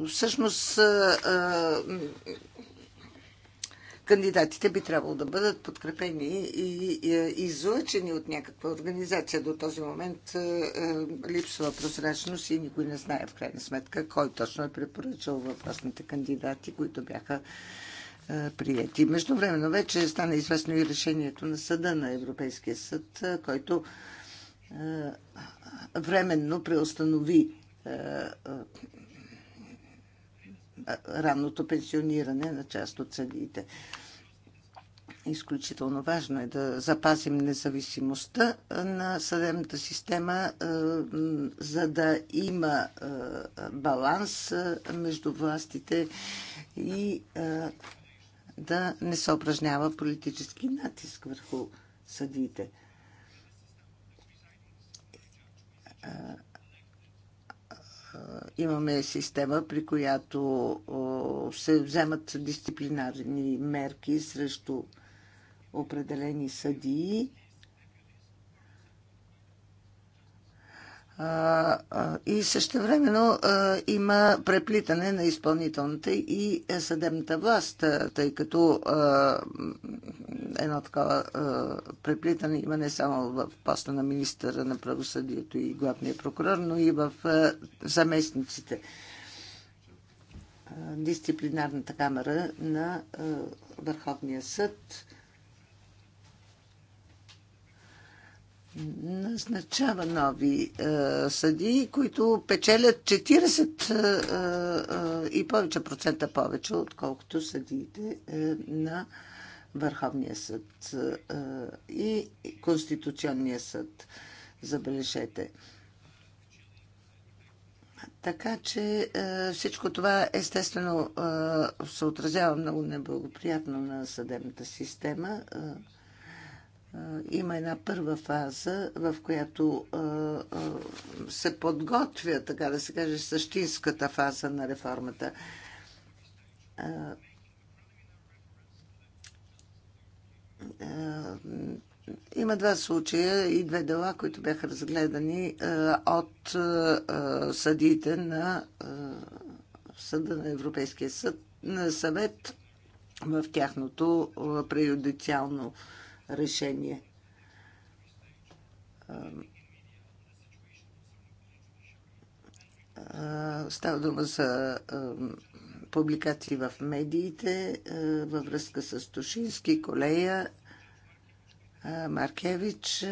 всъщност кандидатите би трябвало да бъдат подкрепени и излъчени от някаква организация. До този момент е, е, липсва прозрачност и никой не знае в крайна сметка кой точно е препоръчал въпросните кандидати, които бяха е, прияти. Между времено вече стана известно и решението на съда на Европейския съд, който временно преустанови ранното пенсиониране на част от съдиите. Изключително важно е да запазим независимостта на съдебната система, е, за да има е, баланс е, между властите и да не се упражнява политически натиск върху съдиите имаме система, при която се вземат дисциплинарни мерки срещу определени съдии и същевременно има преплитане на изпълнителната и съдебната власт, тъй като едно такова преплитане има не само в поста на министъра на правосъдието и главния прокурор, но и в заместниците. Дисциплинарната камера на Върховния съд назначава нови е, съдии, които печелят 40 е, е, и повече процента повече, отколкото съдиите е, на Върховния съд е, и Конституционния съд. Забележете. Така че е, всичко това естествено е, се отразява много неблагоприятно на съдебната система. Е, има една първа фаза, в която се подготвя, така да се каже, същинската фаза на реформата. Има два случая и две дела, които бяха разгледани от съдиите на Съда на Европейския съд, на съвет в тяхното преюдициално решение. Става дума за публикации в медиите във връзка с Тушински, Колея, Маркевич.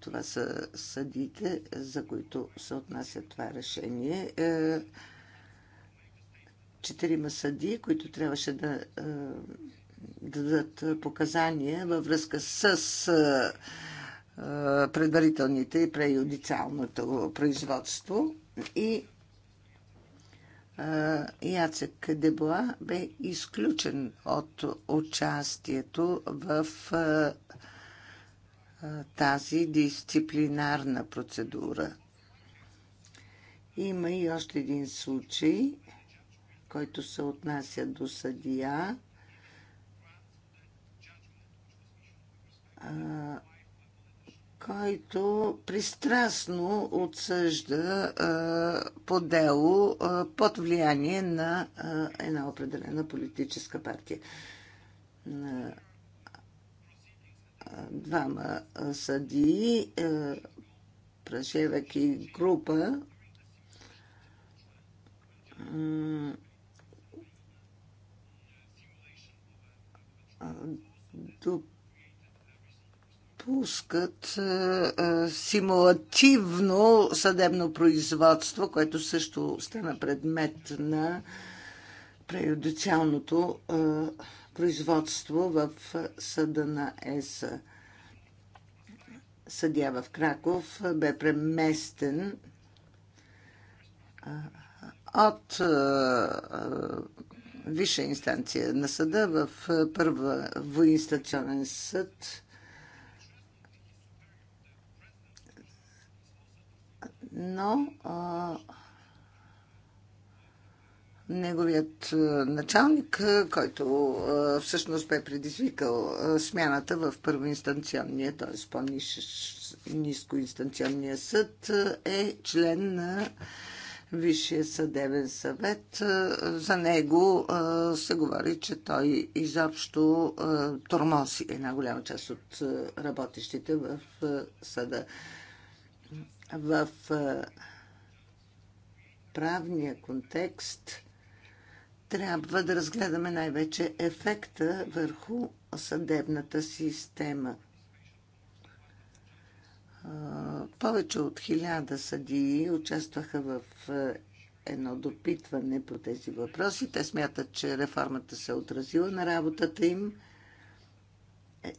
Това са съдите, за които се отнася това решение. Е, четирима съдии, които трябваше да дадат показания във връзка с предварителните и преюдициалното производство и Яцек Дебоа бе изключен от участието в тази дисциплинарна процедура. Има и още един случай, който се отнася до съдия който пристрастно отсъжда по дело под влияние на една определена политическа партия. Двама съдии, Прашевек и група, допускат допускат е, е, симулативно съдебно производство, което също стана предмет на преюдициалното е, производство в съда на ЕС. Съдя в Краков бе преместен от висша инстанция на съда в първа воинстационен съд но а, неговият началник, който а, всъщност бе предизвикал а, смяната в първоинстанционния, т.е. по-низкоинстанционния съд, е член на Висшия съдебен съвет. За него а, се говори, че той изобщо а, тормози една голяма част от а, работещите в а, съда в правния контекст трябва да разгледаме най-вече ефекта върху съдебната система. Повече от хиляда съдии участваха в едно допитване по тези въпроси. Те смятат, че реформата се е отразила на работата им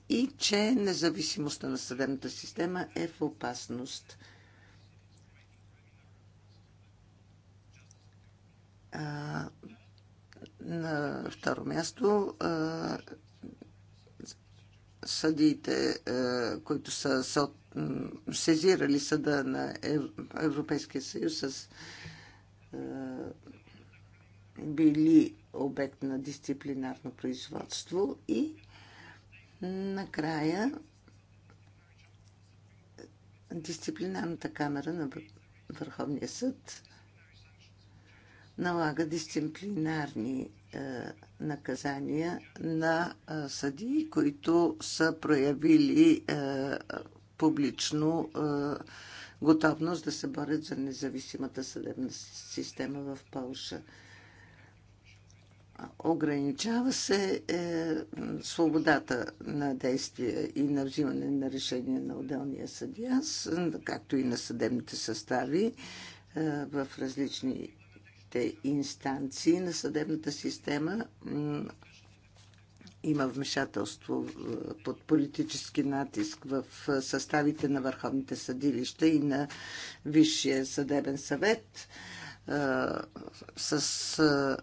и че независимостта на съдебната система е в опасност – На второ място съдиите, които са сезирали съда на Европейския съюз с били обект на дисциплинарно производство и накрая дисциплинарната камера на Върховния съд налага дисциплинарни е, наказания на е, съдии, които са проявили е, публично е, готовност да се борят за независимата съдебна система в Польша. Ограничава се е, свободата на действие и на взимане на решение на отделния съдия, както и на съдебните състави е, в различни най-високите инстанции на съдебната система има вмешателство е, под политически натиск в е, съставите на върховните съдилища и на Висшия съдебен съвет е, с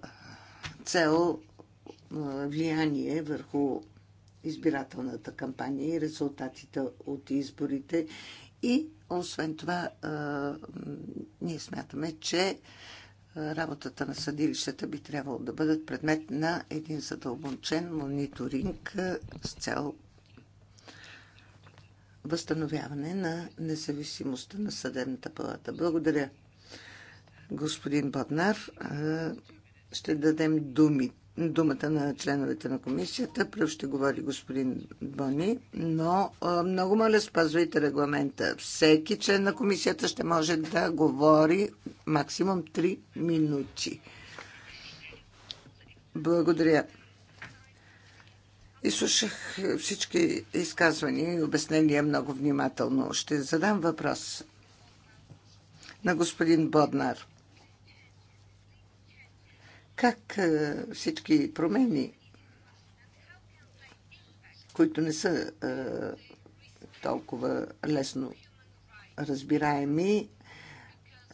цел влияние върху избирателната кампания и резултатите от изборите. И освен това, ние смятаме, че работата на съдилищата би трябвало да бъдат предмет на един задълбочен мониторинг с цел възстановяване на независимостта на съдебната палата. Благодаря, господин Боднар. Ще дадем думите думата на членовете на комисията. Пръв ще говори господин Бони, но много моля спазвайте регламента. Всеки член на комисията ще може да говори максимум 3 минути. Благодаря. Изслушах всички изказвания и обяснения много внимателно. Ще задам въпрос на господин Боднар. Как е, всички промени, които не са е, толкова лесно разбираеми,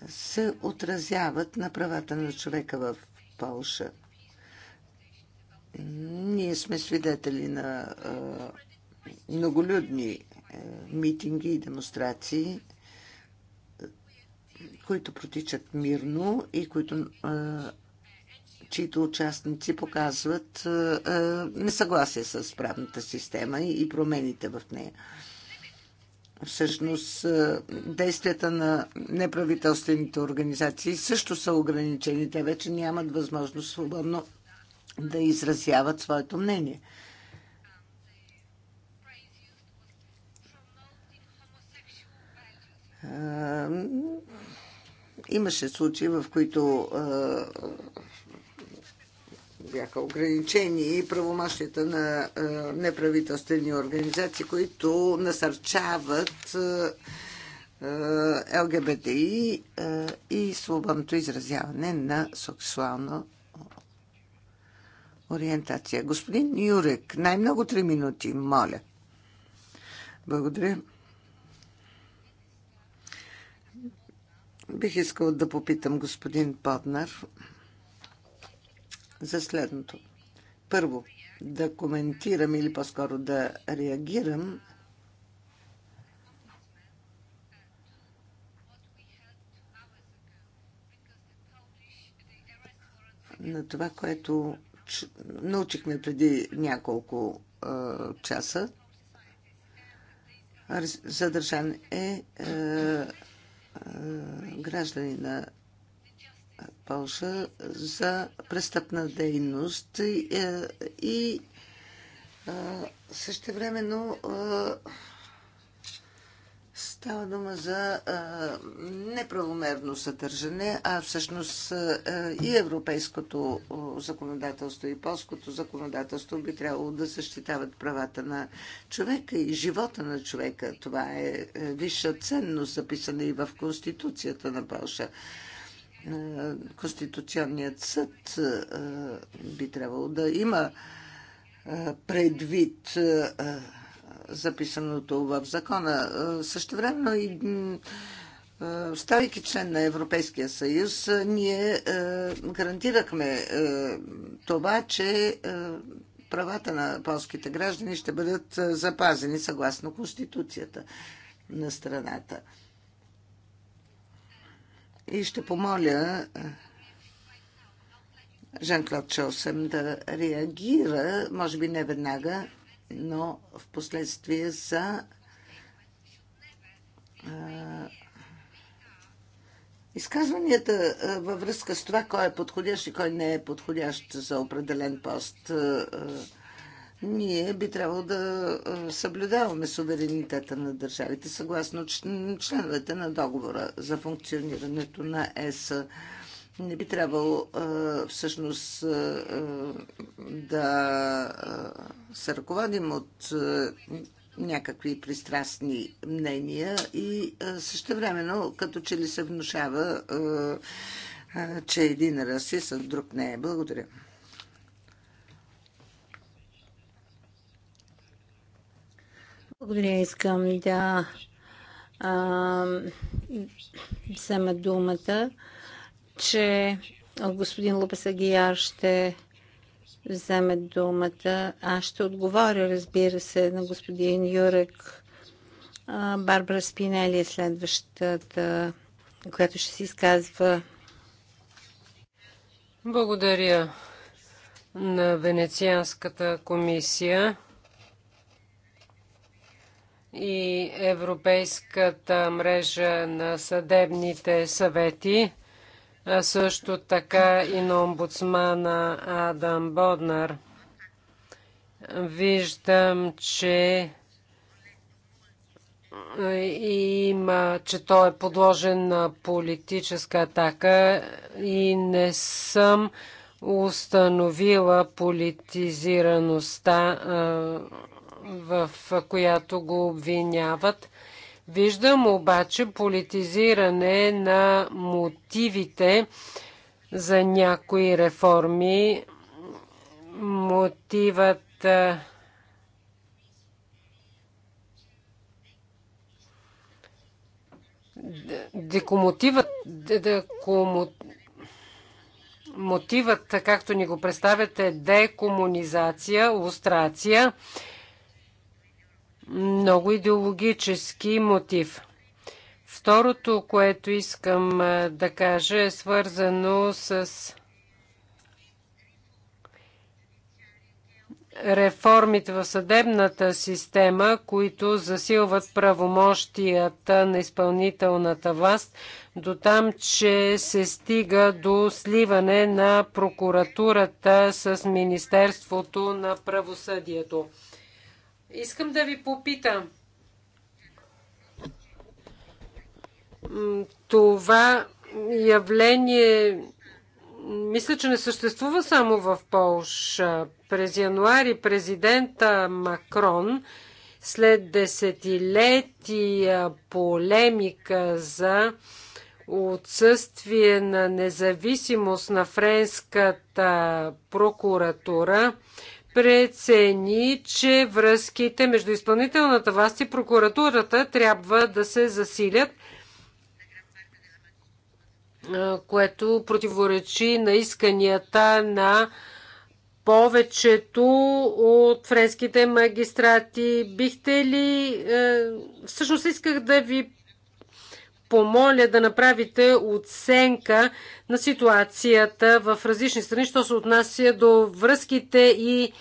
се отразяват на правата на човека в Полша. Ние сме свидетели на е, многолюдни митинги и демонстрации, които протичат мирно и които чието участници показват е, е, несъгласие с правната система и промените в нея. Всъщност, е, действията на неправителствените организации също са ограничени. Те вече нямат възможност свободно да изразяват своето мнение. имаше случаи, в които бяха ограничени и правомощията на неправителствени организации, които насърчават ЛГБТИ и свободното изразяване на сексуална ориентация. Господин Юрек, най-много три минути, моля. Благодаря. Бих искал да попитам господин Поднар за следното. Първо, да коментирам или по-скоро да реагирам на това, което научихме преди няколко е, часа. Задържан е е, е граждани на полза за престъпна дейност и, е, и е, същевременно е, Става дума за а, неправомерно съдържане, а всъщност а, и европейското законодателство, и полското законодателство би трябвало да защитават правата на човека и живота на човека. Това е висша ценност, записана и в Конституцията на Польша. Е, Конституционният съд е, би трябвало да има е, предвид записаното в закона. също Същевременно и ставайки член на Европейския съюз, ние гарантирахме това, че правата на полските граждани ще бъдат запазени съгласно Конституцията на страната. И ще помоля Жан-Клод Чосем да реагира, може би не веднага, но в последствие за Изказванията във връзка с това, кой е подходящ и кой не е подходящ за определен пост ние би трябвало да съблюдаваме суверенитета на държавите, съгласно членовете на договора за функционирането на ЕС. Не би трябвало всъщност да се ръководим от някакви пристрастни мнения и същевременно като че ли се внушава, че един расист, а друг не е. Благодаря. Благодаря, искам да а, взема думата, че господин Лупес Агияр ще вземе думата. Аз ще отговоря, разбира се, на господин Юрек. А, Барбара Спинели е следващата, която ще се изказва. Благодаря на Венецианската комисия и Европейската мрежа на съдебните съвети, а също така и на омбудсмана Адам Боднар. Виждам, че е, има, че той е подложен на политическа атака и не съм установила политизираността в която го обвиняват. Виждам обаче политизиране на мотивите за някои реформи. Мотивът декомотивът, декомо, мотивът, както ни го представяте, декомунизация, лустрация много идеологически мотив. Второто, което искам да кажа, е свързано с реформите в съдебната система, които засилват правомощията на изпълнителната власт, до там, че се стига до сливане на прокуратурата с Министерството на правосъдието. Искам да ви попитам. Това явление мисля, че не съществува само в Полша. През януари президента Макрон след десетилетия полемика за отсъствие на независимост на френската прокуратура прецени, че връзките между изпълнителната власт и прокуратурата трябва да се засилят, което противоречи на исканията на повечето от френските магистрати. Бихте ли... Е, всъщност исках да ви помоля да направите оценка на ситуацията в различни страни, що се отнася до връзките и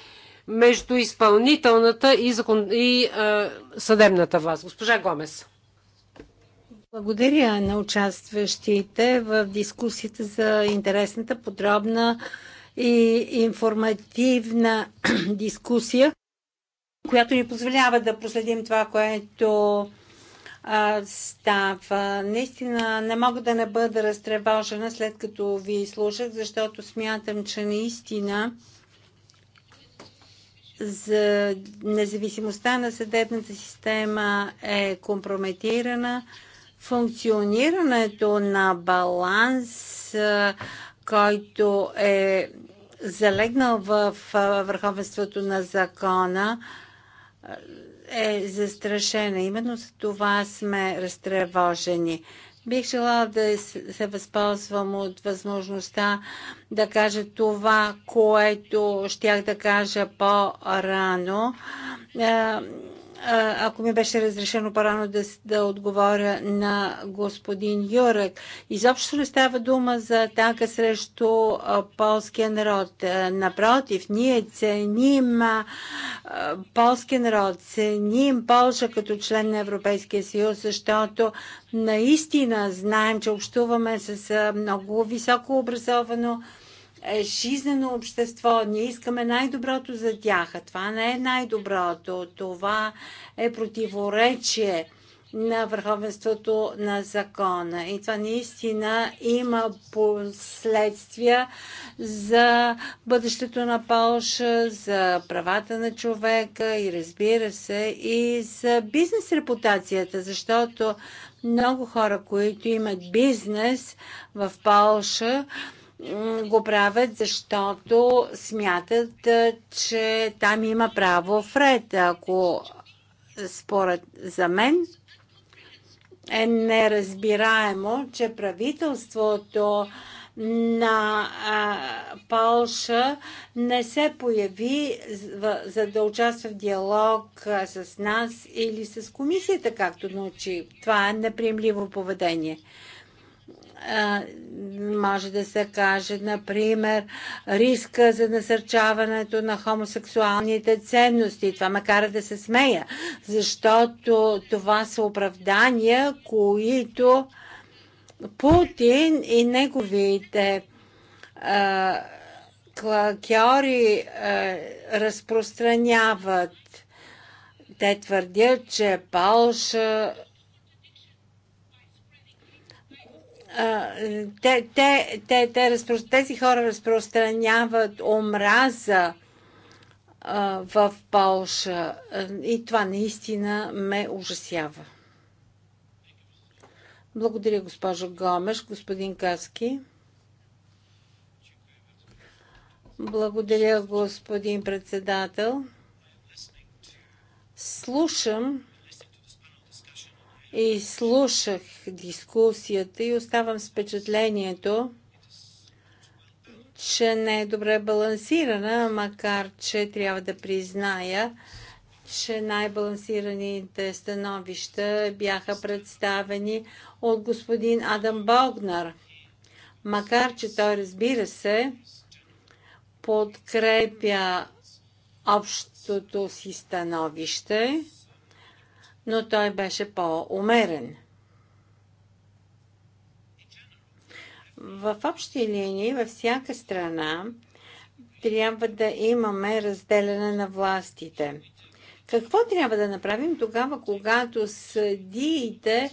между изпълнителната и, закон... и а, съдебната власт. Госпожа Гомес. Благодаря на участващите в дискусията за интересната, подробна и информативна дискусия, която ни позволява да проследим това, което а, става. Наистина не мога да не бъда разтревожена след като ви слушах, защото смятам, че наистина за независимостта на съдебната система е компрометирана. Функционирането на баланс, който е залегнал в върховенството на закона, е застрашена. Именно за това сме разтревожени. Бих желала да се възползвам от възможността да кажа това, което щях да кажа по-рано. Е, ако ми беше разрешено по-рано да, да отговоря на господин Юрек, изобщо не става дума за атака срещу полския народ. Напротив, ние ценим полския народ, ценим Полша като член на Европейския съюз, защото наистина знаем, че общуваме с много високо образовано е жизнено общество. Ние искаме най-доброто за тях. А това не е най-доброто. Това е противоречие на върховенството на закона. И това наистина има последствия за бъдещето на Полша, за правата на човека и разбира се и за бизнес репутацията, защото много хора, които имат бизнес в Полша, го правят, защото смятат, че там има право ред. Ако според за мен е неразбираемо, че правителството на а, Полша не се появи за да участва в диалог а, с нас или с комисията, както научи. Това е неприемливо поведение може да се каже, например, риска за насърчаването на хомосексуалните ценности. Това ме кара да се смея, защото това са оправдания, които Путин и неговите а, клакьори а, разпространяват. Те твърдят, че Полша те, те, те, те, тези хора разпространяват омраза в Полша и това наистина ме ужасява. Благодаря, госпожо Гомеш. Господин Каски. Благодаря, господин председател. Слушам и слушах дискусията и оставам с впечатлението, че не е добре балансирана, макар че трябва да призная, че най-балансираните становища бяха представени от господин Адам Богнар. Макар че той, разбира се, подкрепя общото си становище, но той беше по-умерен. В общи линии, във всяка страна, трябва да имаме разделяне на властите. Какво трябва да направим тогава, когато съдиите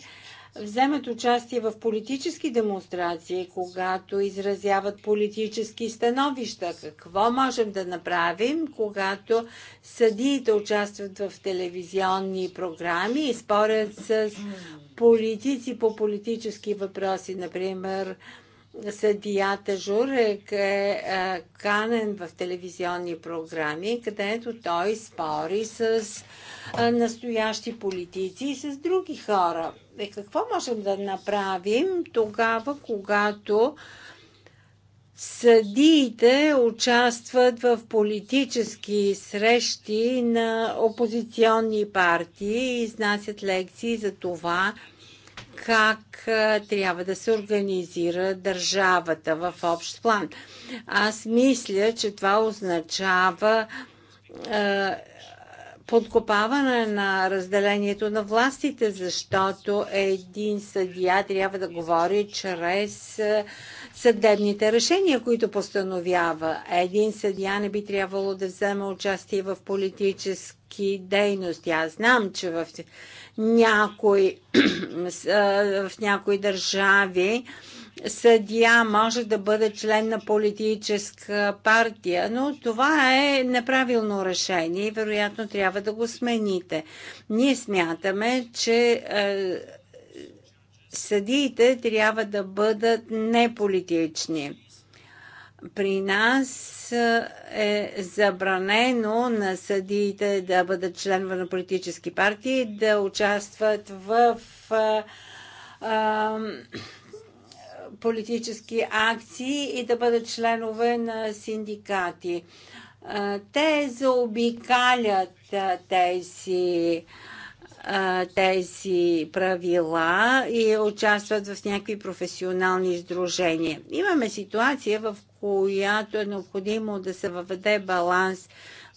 вземат участие в политически демонстрации, когато изразяват политически становища. Какво можем да направим, когато съдиите участват в телевизионни програми и спорят с политици по политически въпроси, например, съдията Журек е, е канен в телевизионни програми, където той спори с е, настоящи политици и с други хора. И е, какво можем да направим тогава, когато съдиите участват в политически срещи на опозиционни партии и изнасят лекции за това, как трябва да се организира държавата в общ план. Аз мисля, че това означава подкопаване на разделението на властите, защото един съдия трябва да говори чрез съдебните решения, които постановява. Един съдия не би трябвало да взема участие в политически дейности. Аз знам, че в някои, в някои държави съдия може да бъде член на политическа партия, но това е неправилно решение и вероятно трябва да го смените. Ние смятаме, че е, съдиите трябва да бъдат неполитични. При нас е забранено на съдиите да бъдат членове на политически партии, да участват в а, а, политически акции и да бъдат членове на синдикати. Те заобикалят тези тези правила и участват в някакви професионални издружения. Имаме ситуация, в която е необходимо да се въведе баланс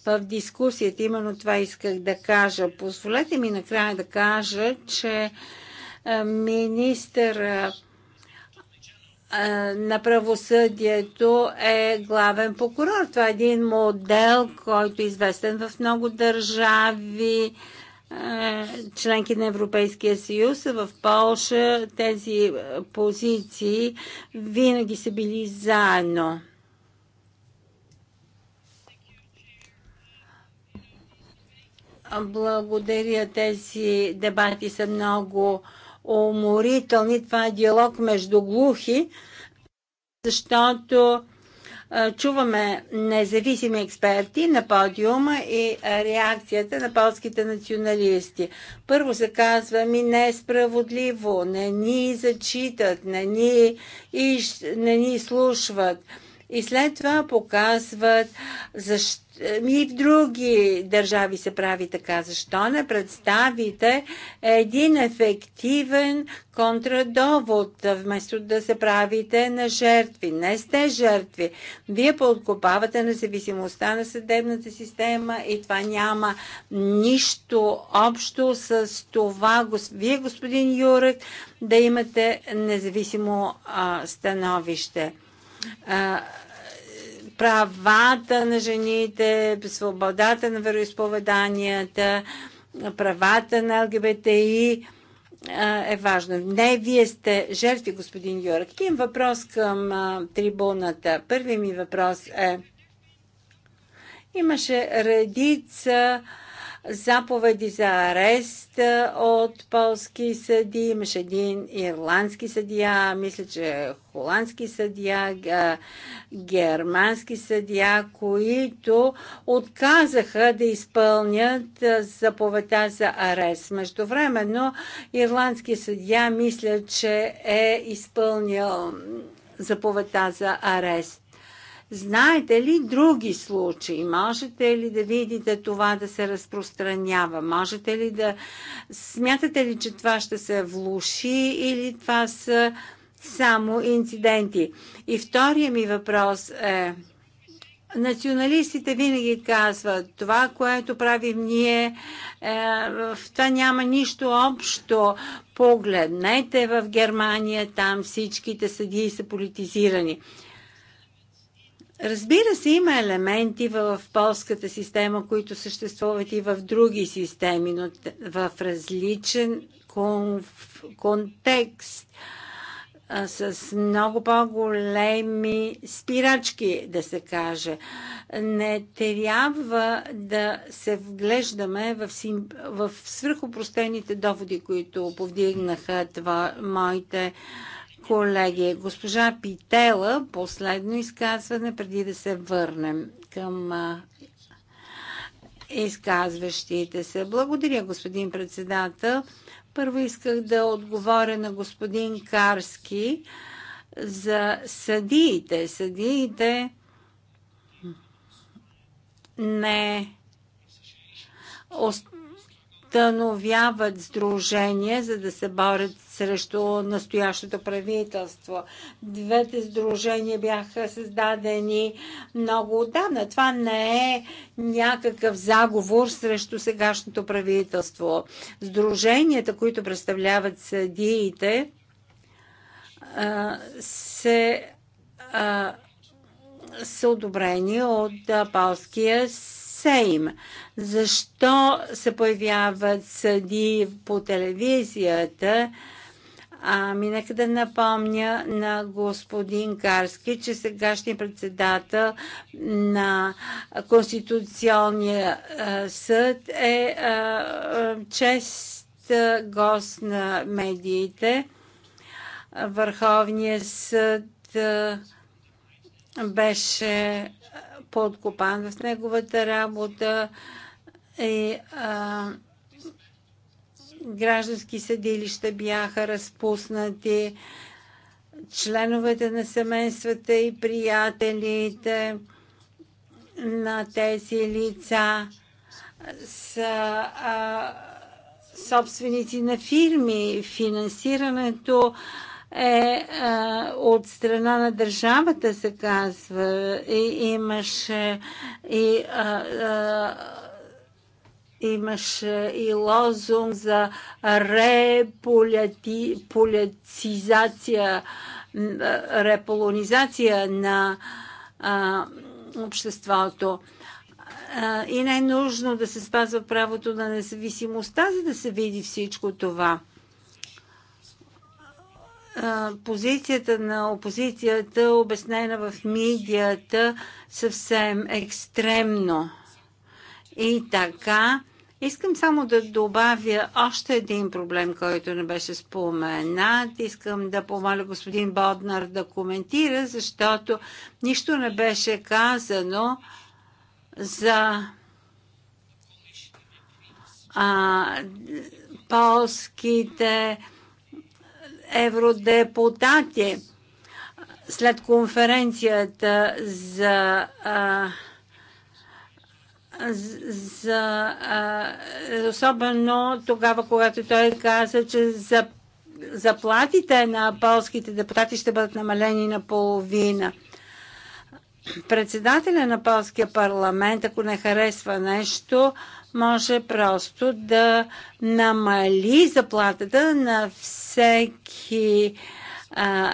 в дискусията. Именно това исках да кажа. Позволете ми накрая да кажа, че министър на правосъдието е главен прокурор. Това е един модел, който е известен в много държави членки на Европейския съюз. В Полша тези позиции винаги са били заедно. Благодаря. Тези дебати са много уморителни. Това е диалог между глухи, защото чуваме независими експерти на подиума и реакцията на полските националисти. Първо се казва ми не е справедливо, не ни зачитат, не ни, не ни слушват и след това показват защо и в други държави се прави така. Защо не представите един ефективен контрадовод, вместо да се правите на жертви? Не сте жертви. Вие подкопавате независимостта на съдебната система и това няма нищо общо с това. Вие, господин Юрек, да имате независимо а, становище правата на жените, свободата на вероисповеданията, правата на ЛГБТИ е важно. Не, вие сте жертви, господин Йорк. Имам въпрос към трибуната. Първи ми въпрос е. Имаше редица заповеди за арест е, от полски съди. Имаше един ирландски съдия, мисля, че холандски съдия, германски съдия, които отказаха да изпълнят е, заповедта за арест. Междувременно ирландски съдия мисля, че е изпълнил заповедта за арест. Знаете ли други случаи? Можете ли да видите това да се разпространява? Можете ли да... Смятате ли, че това ще се влуши или това са само инциденти? И втория ми въпрос е... Националистите винаги казват, това, което правим ние, е, в това няма нищо общо. Погледнете в Германия, там всичките съдии са политизирани. Разбира се, има елементи в полската система, които съществуват и в други системи, но в различен контекст с много по-големи спирачки, да се каже. Не трябва да се вглеждаме в, сим... в свръхопростените доводи, които повдигнаха това, моите колеги. Госпожа Питела, последно изказване, преди да се върнем към изказващите се. Благодаря, господин председател. Първо исках да отговоря на господин Карски за съдиите. Съдиите не установяват сдружение, за да се борят срещу настоящото правителство. Двете сдружения бяха създадени много отдавна. Това не е някакъв заговор срещу сегашното правителство. Сдруженията, които представляват съдиите, се са одобрени от Палския Сейм. Защо се появяват съди по телевизията? Ами нека да напомня на господин Карски, че сегашният председател на Конституционния съд е чест гост на медиите. Върховният съд беше подкопан в неговата работа и а, граждански съдилища бяха разпуснати, членовете на семействата и приятелите на тези лица са а, собственици на фирми. Финансирането е а, от страна на държавата, се казва. И, имаше и а, а, Имаше и лозунг за реполитизация, реполонизация на а, обществото и не е нужно да се спазва правото на независимостта, за да се види всичко това. Позицията на опозицията, обяснена в медията, съвсем екстремно. И така Искам само да добавя още един проблем, който не беше споменат. Искам да помоля господин Боднар да коментира, защото нищо не беше казано за а, полските евродепутати след конференцията за а, за, а, особено тогава, когато той каза, че за заплатите на полските депутати ще бъдат намалени на половина. Председателя на полския парламент, ако не харесва нещо, може просто да намали заплатата на всеки а,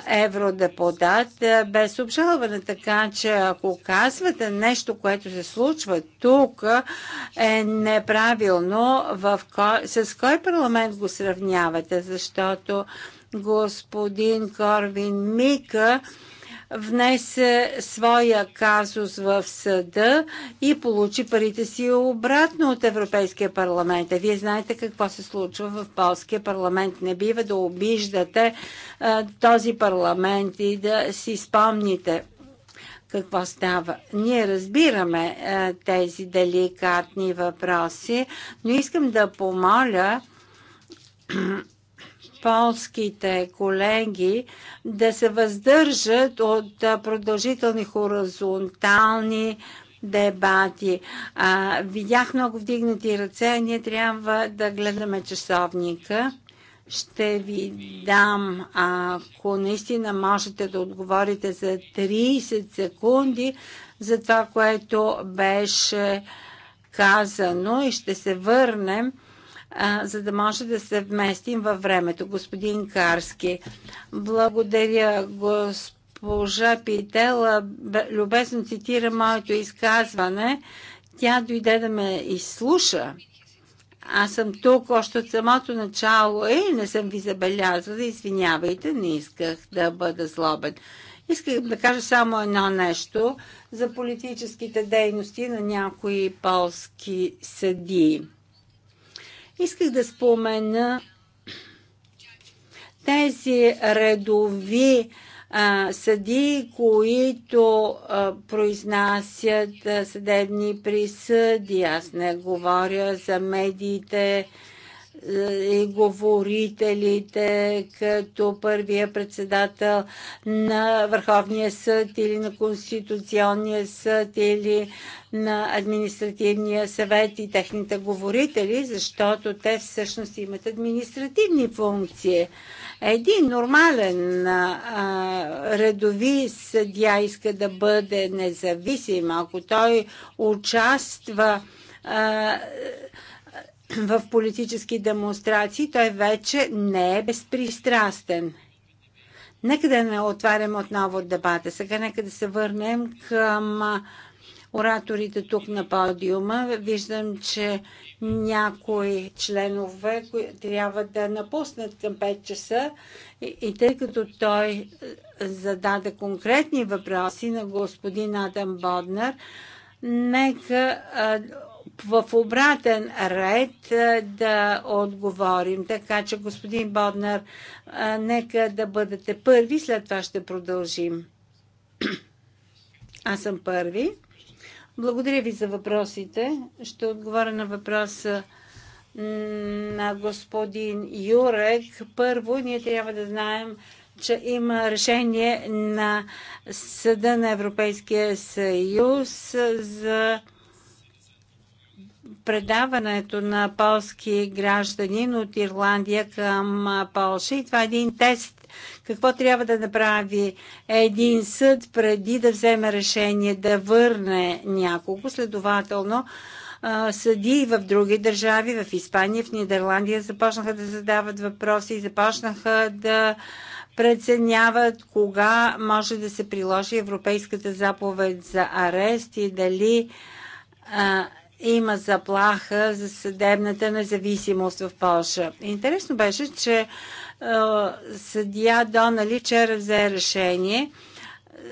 евродепутат без обжалване. Така че ако казвате нещо, което се случва тук е неправилно, в кой, с кой парламент го сравнявате, защото господин Корвин Мика внесе своя казус в съда и получи парите си обратно от Европейския парламент. А вие знаете какво се случва в полския парламент. Не бива да обиждате а, този парламент и да си спомните какво става. Ние разбираме а, тези деликатни въпроси, но искам да помоля полските колеги да се въздържат от продължителни хоризонтални дебати. А, видях много вдигнати ръце, а ние трябва да гледаме часовника. Ще ви дам, ако наистина можете да отговорите за 30 секунди за това, което беше казано и ще се върнем а, за да може да се вместим във времето. Господин Карски, благодаря госпожа Питела, любезно цитира моето изказване. Тя дойде да ме изслуша. Аз съм тук още от самото начало. и е, не съм ви забелязала, извинявайте, не исках да бъда злобен. Исках да кажа само едно нещо за политическите дейности на някои полски съдии. Исках да спомена тези редови а, съди, които а, произнасят а, съдебни присъди. Аз не говоря за медиите, и говорителите, като първия председател на Върховния съд или на Конституционния съд или на административния съвет и техните говорители, защото те всъщност имат административни функции. Един нормален а, редови съдя иска да бъде независим, ако той участва а, в политически демонстрации, той вече не е безпристрастен. Нека да не отварям отново от дебата. Сега нека да се върнем към ораторите тук на подиума. Виждам, че някои членове трябва да напуснат към 5 часа и, тъй като той е, зададе конкретни въпроси на господин Адам Боднар, нека е, в обратен ред да отговорим. Така че, господин Боднар, нека да бъдете първи, след това ще продължим. Аз съм първи. Благодаря ви за въпросите. Ще отговоря на въпроса на господин Юрек. Първо, ние трябва да знаем, че има решение на Съда на Европейския съюз за предаването на полски гражданин от Ирландия към Полша. И това е един тест. Какво трябва да направи един съд преди да вземе решение да върне някого? Следователно, съди в други държави, в Испания, в Нидерландия, започнаха да задават въпроси и започнаха да преценяват кога може да се приложи Европейската заповед за арест и дали а, има заплаха за съдебната независимост в Польша. Интересно беше, че е, съдия Донали вчера взе решение,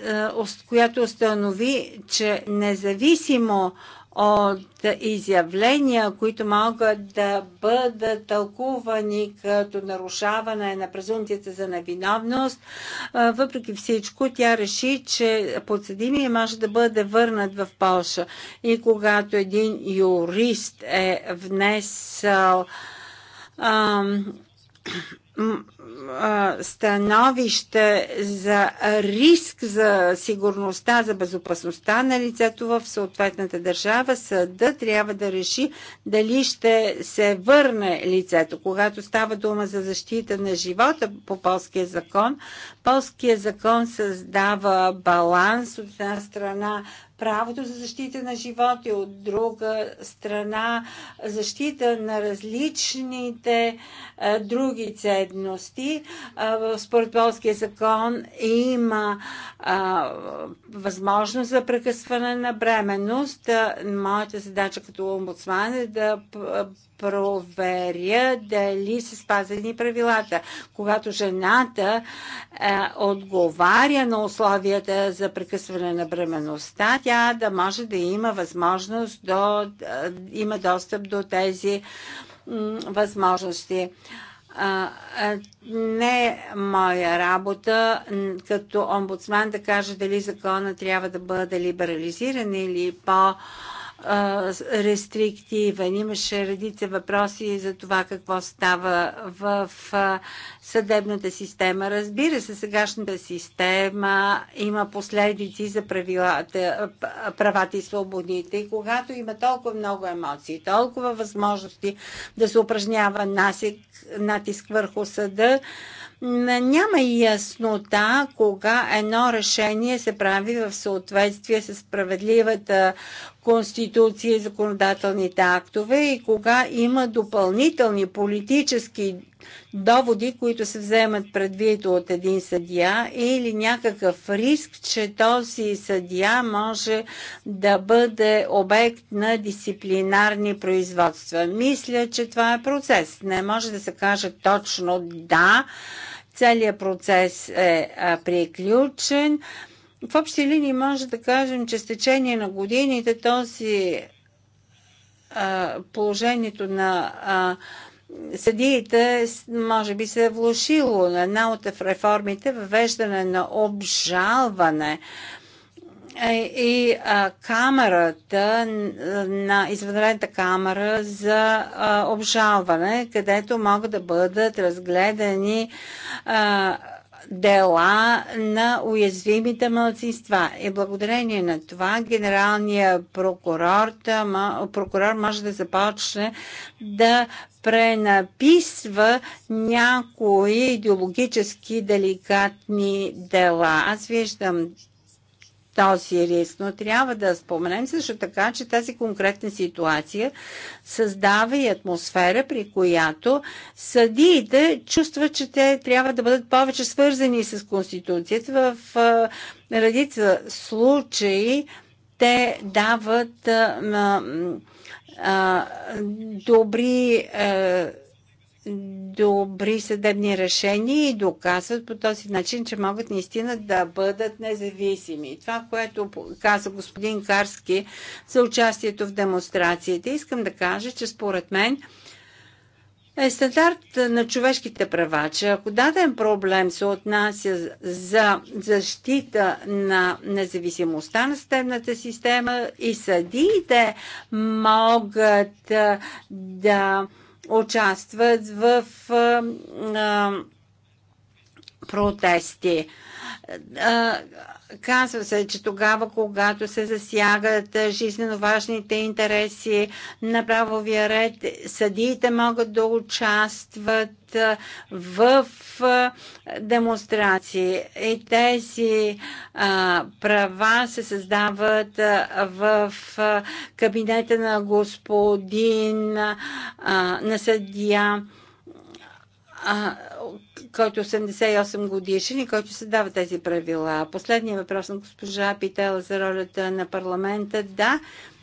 е, която установи, че независимо от изявления, които могат да бъдат тълкувани като нарушаване на презумпцията за невиновност. Въпреки всичко, тя реши, че подсъдимия може да бъде върнат в Польша. И когато един юрист е внесъл ам, становище за риск за сигурността, за безопасността на лицето в съответната държава, съда трябва да реши дали ще се върне лицето. Когато става дума за защита на живота по полския закон, полския закон създава баланс от една страна правото за защита на живота и от друга страна защита на различните а, други ценности. А, според полския закон има а, възможност за прекъсване на бременност. Моята задача като омбудсман е да проверя дали са спазени правилата. Когато жената е, отговаря на условията за прекъсване на бременността, тя да може да има възможност до, да е, има достъп до тези възможности е, е, не е моя работа като омбудсман да кажа дали закона трябва да бъде либерализиран или по- рестриктивен. Имаше редица въпроси за това какво става в съдебната система. Разбира се, сегашната система има последици за правилата, правата и свободите. И когато има толкова много емоции, толкова възможности да се упражнява натиск върху съда, няма яснота кога едно решение се прави в съответствие с справедливата конституция и законодателните актове и кога има допълнителни политически доводи, които се вземат предвид от един съдия или някакъв риск, че този съдия може да бъде обект на дисциплинарни производства. Мисля, че това е процес. Не може да се каже точно да, целият процес е приключен. В общи линии може да кажем, че с течение на годините този положението на съдиите може би се е влушило на една от реформите въвеждане на обжалване е, и а, камерата на извънредната камера за а, обжалване, където могат да бъдат разгледани а, дела на уязвимите младсинства. И благодарение на това генералният прокурор, прокурор може да започне да пренаписва някои идеологически деликатни дела. Аз виждам този риск. Но трябва да споменем също така, че тази конкретна ситуация създава и атмосфера, при която съдиите чувстват, че те трябва да бъдат повече свързани с Конституцията. В редица случаи те дават а, а, добри а, е, добри съдебни решения и доказват по този начин, че могат наистина да бъдат независими. Това, което каза господин Карски за участието в демонстрациите, искам да кажа, че според мен е стандарт на човешките права, че ако даден проблем се отнася за защита на независимостта на съдебната система и съдиите могат да участват в а, а, протести. А, Казва се, че тогава, когато се засягат жизненно важните интереси на правовия ред, съдиите могат да участват в демонстрации. И тези а, права се създават в кабинета на господин а, на съдия който 88 е годишен и който се дава тези правила. Последният въпрос на госпожа Питала за ролята на парламента. Да,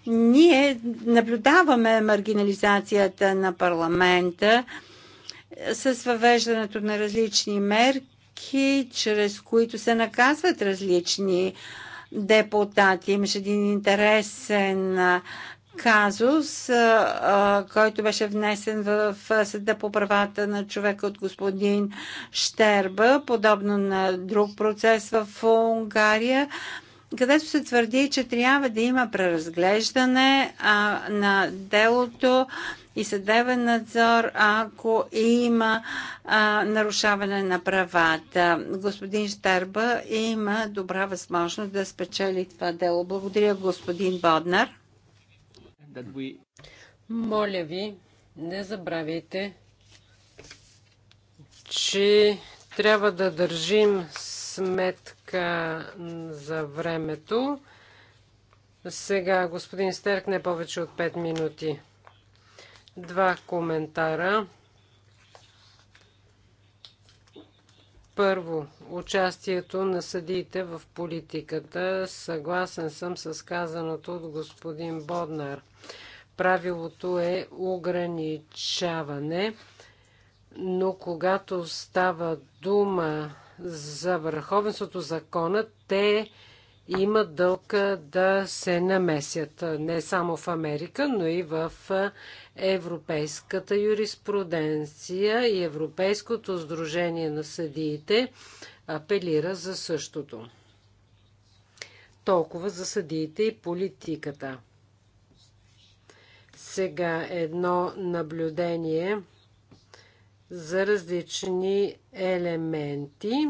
ние наблюдаваме маргинализацията на парламента с въвеждането на различни мерки, чрез които се наказват различни депутати. Имаше един интересен казус, който беше внесен в Съда по правата на човека от господин Штерба, подобно на друг процес в Унгария, където се твърди, че трябва да има преразглеждане на делото и съдебен надзор, ако има а, нарушаване на правата. Господин Штерба има добра възможност да спечели това дело. Благодаря, господин Боднар. Моля ви, не забравяйте, че трябва да държим сметка за времето. Сега господин Стерк не повече от 5 минути. Два коментара. Първо, участието на съдиите в политиката. Съгласен съм с казаното от господин Боднар. Правилото е ограничаване, но когато става дума за върховенството закона, те има дълг да се намесят не само в Америка, но и в европейската юриспруденция и Европейското сдружение на съдиите апелира за същото. Толкова за съдиите и политиката. Сега едно наблюдение за различни елементи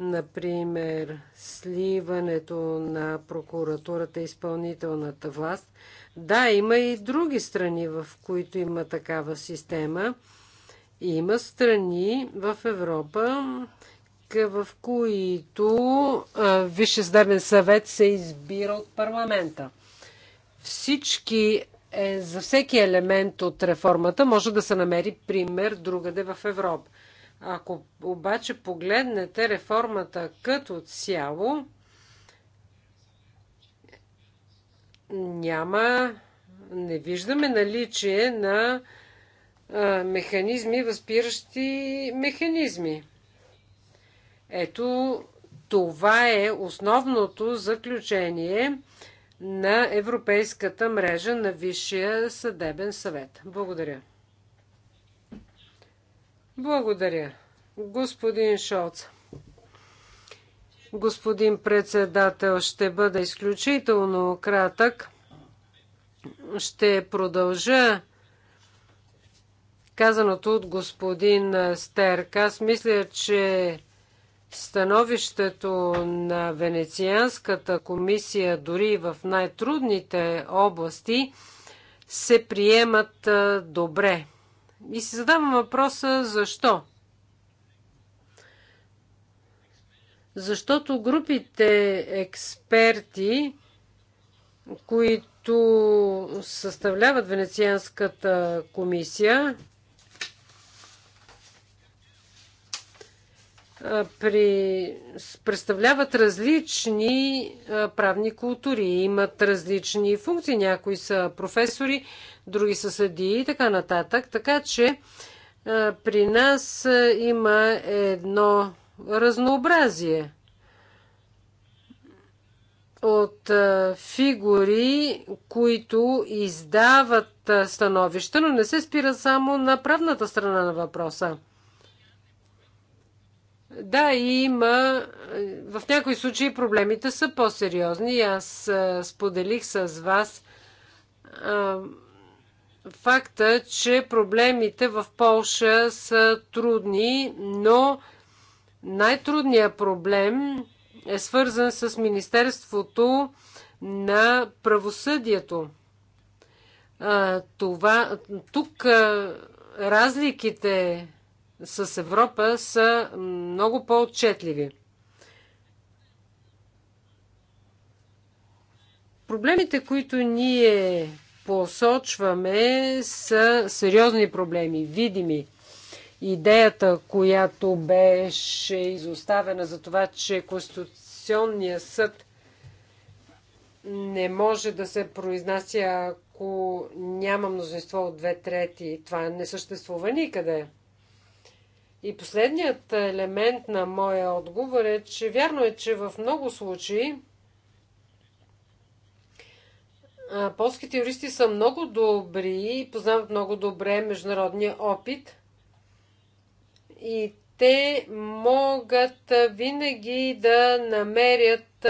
Например, сливането на прокуратурата и изпълнителната власт. Да, има и други страни, в които има такава система. Има страни в Европа, в които Висшездебен съвет се избира от парламента. Всички е, за всеки елемент от реформата може да се намери пример другаде в Европа. Ако обаче погледнете реформата като цяло, няма, не виждаме наличие на механизми, възпиращи механизми. Ето, това е основното заключение на Европейската мрежа на Висшия съдебен съвет. Благодаря. Благодаря. Господин Шолц. Господин председател, ще бъда изключително кратък. Ще продължа казаното от господин Стерк. Аз мисля, че становището на Венецианската комисия дори в най-трудните области се приемат добре. И си задавам въпроса защо. Защото групите експерти, които съставляват Венецианската комисия, при, представляват различни правни култури, имат различни функции. Някои са професори, други са съдии и така нататък. Така че при нас има едно разнообразие от фигури, които издават становища, но не се спира само на правната страна на въпроса. Да, има. Е, в някои случаи проблемите са по-сериозни. Аз е, споделих с вас а, е, факта, че проблемите в Полша са трудни, но най-трудният проблем е свързан с Министерството на правосъдието. А, това, тук а, разликите с Европа са много по-отчетливи. Проблемите, които ние посочваме, са сериозни проблеми, видими. Идеята, която беше изоставена за това, че Конституционният съд не може да се произнася, ако няма мнозинство от две трети. Това не съществува никъде. И последният елемент на моя отговор е, че вярно е, че в много случаи полските юристи са много добри и познават много добре международния опит. И те могат винаги да намерят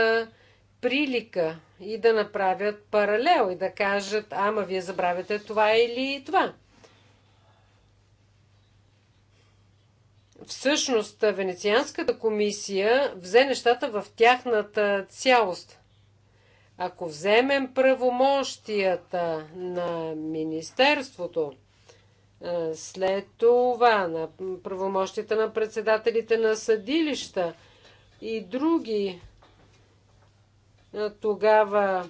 прилика и да направят паралел и да кажат, ама вие забравяте това или това. Всъщност, Венецианската комисия взе нещата в тяхната цялост. Ако вземем правомощията на Министерството, след това на правомощията на председателите на съдилища и други, тогава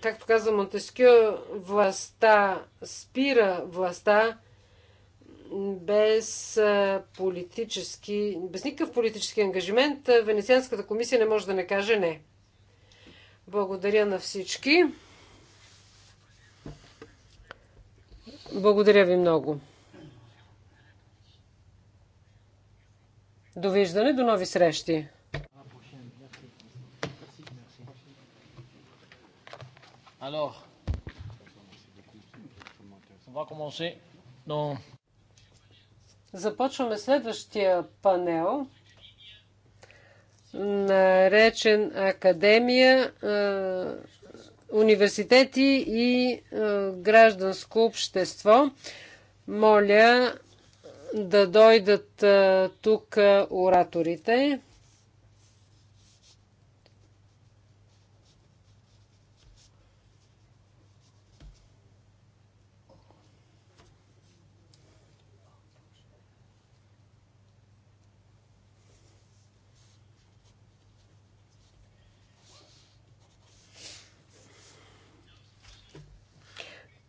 както каза Монтескио, властта спира властта без политически, без никакъв политически ангажимент. Венецианската комисия не може да не каже не. Благодаря на всички. Благодаря ви много. Довиждане, до нови срещи! Alors, on va commencer Започваме следващия панел, наречен Академия, университети и гражданско общество. Моля да дойдат тук ораторите.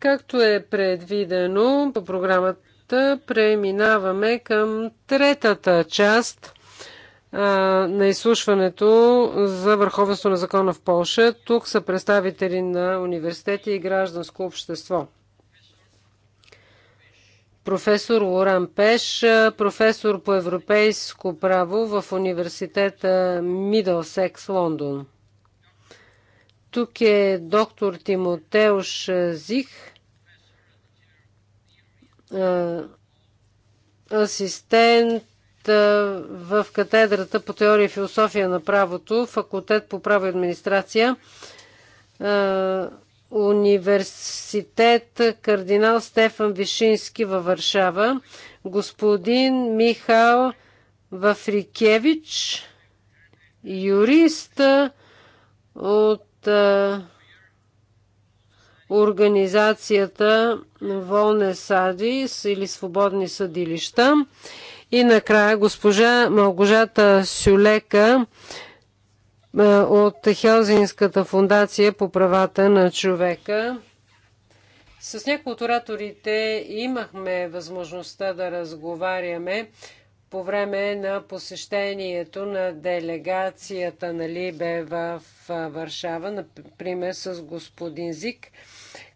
Както е предвидено по програмата, преминаваме към третата част а, на изслушването за върховенство на закона в Польша. Тук са представители на университети и гражданско общество професор Лоран Пеш, професор по европейско право в университета Мидълсекс, Лондон. Тук е доктор Тимотеуш Зих, е, асистент е, в катедрата по теория и философия на правото, факултет по право и администрация, е, университет кардинал Стефан Вишински във Варшава, господин Михал Вафрикевич, юрист от организацията Волне Сади или Свободни съдилища. И накрая госпожа Малгожата Сюлека е, от Хелзинската фундация по правата на човека. С някои от ораторите имахме възможността да разговаряме по време на посещението на делегацията на Либе в Варшава, например с господин Зик.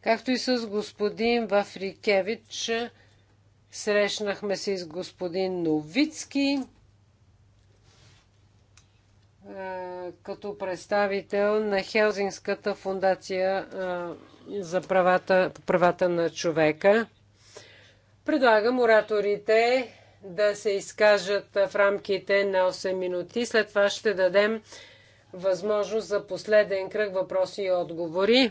Както и с господин Вафрикевич, срещнахме се с господин Новицки като представител на Хелзинската фундация за правата, правата на човека. Предлагам ораторите да се изкажат в рамките на 8 минути. След това ще дадем възможност за последен кръг въпроси и отговори.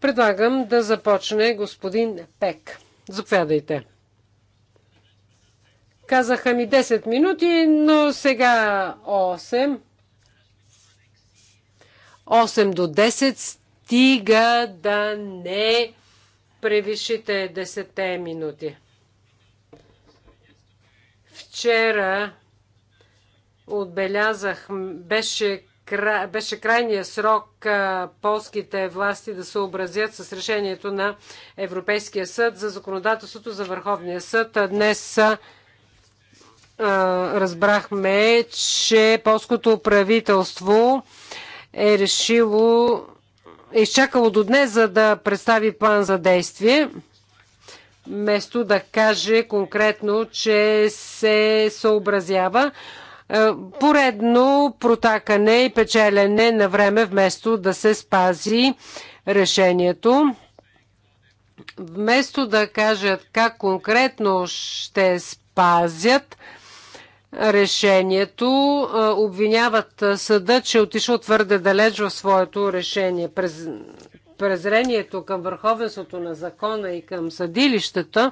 Предлагам да започне господин Пек. Заповядайте. Казаха ми 10 минути, но сега 8. 8 до 10 стига да не превишите 10 минути. Вчера отбелязах, беше беше крайния срок полските власти да се образят с решението на Европейския съд за законодателството за Върховния съд. Днес разбрахме, че полското правителство е решило, е изчакало до днес, за да представи план за действие, вместо да каже конкретно, че се съобразява. Е, поредно протакане и печелене на време, вместо да се спази решението. Вместо да кажат как конкретно ще спазят решението, е, обвиняват съда, че е отишъл твърде далеч в своето решение. През презрението към върховенството на закона и към съдилищата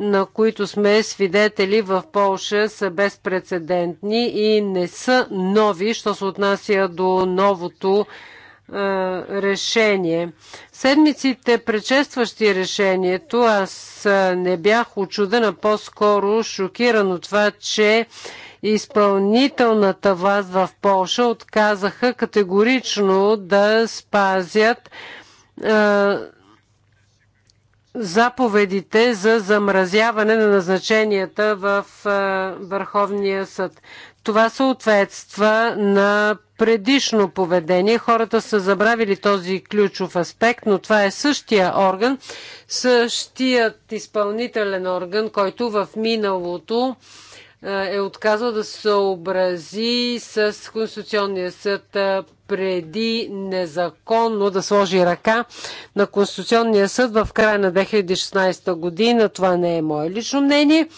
на които сме свидетели в Полша, са безпредседентни и не са нови, що се отнася до новото е, решение. Седмиците, предшестващи решението, аз е, не бях очудена, по-скоро шокиран от това, че изпълнителната власт в Польша отказаха категорично да спазят е, заповедите за замразяване на назначенията в е, Върховния съд. Това съответства на предишно поведение. Хората са забравили този ключов аспект, но това е същия орган, същият изпълнителен орган, който в миналото е, е отказал да се съобрази с Конституционния съд е, преди незаконно да сложи ръка на Конституционния съд в края на 2016 година. Това не е мое лично мнение.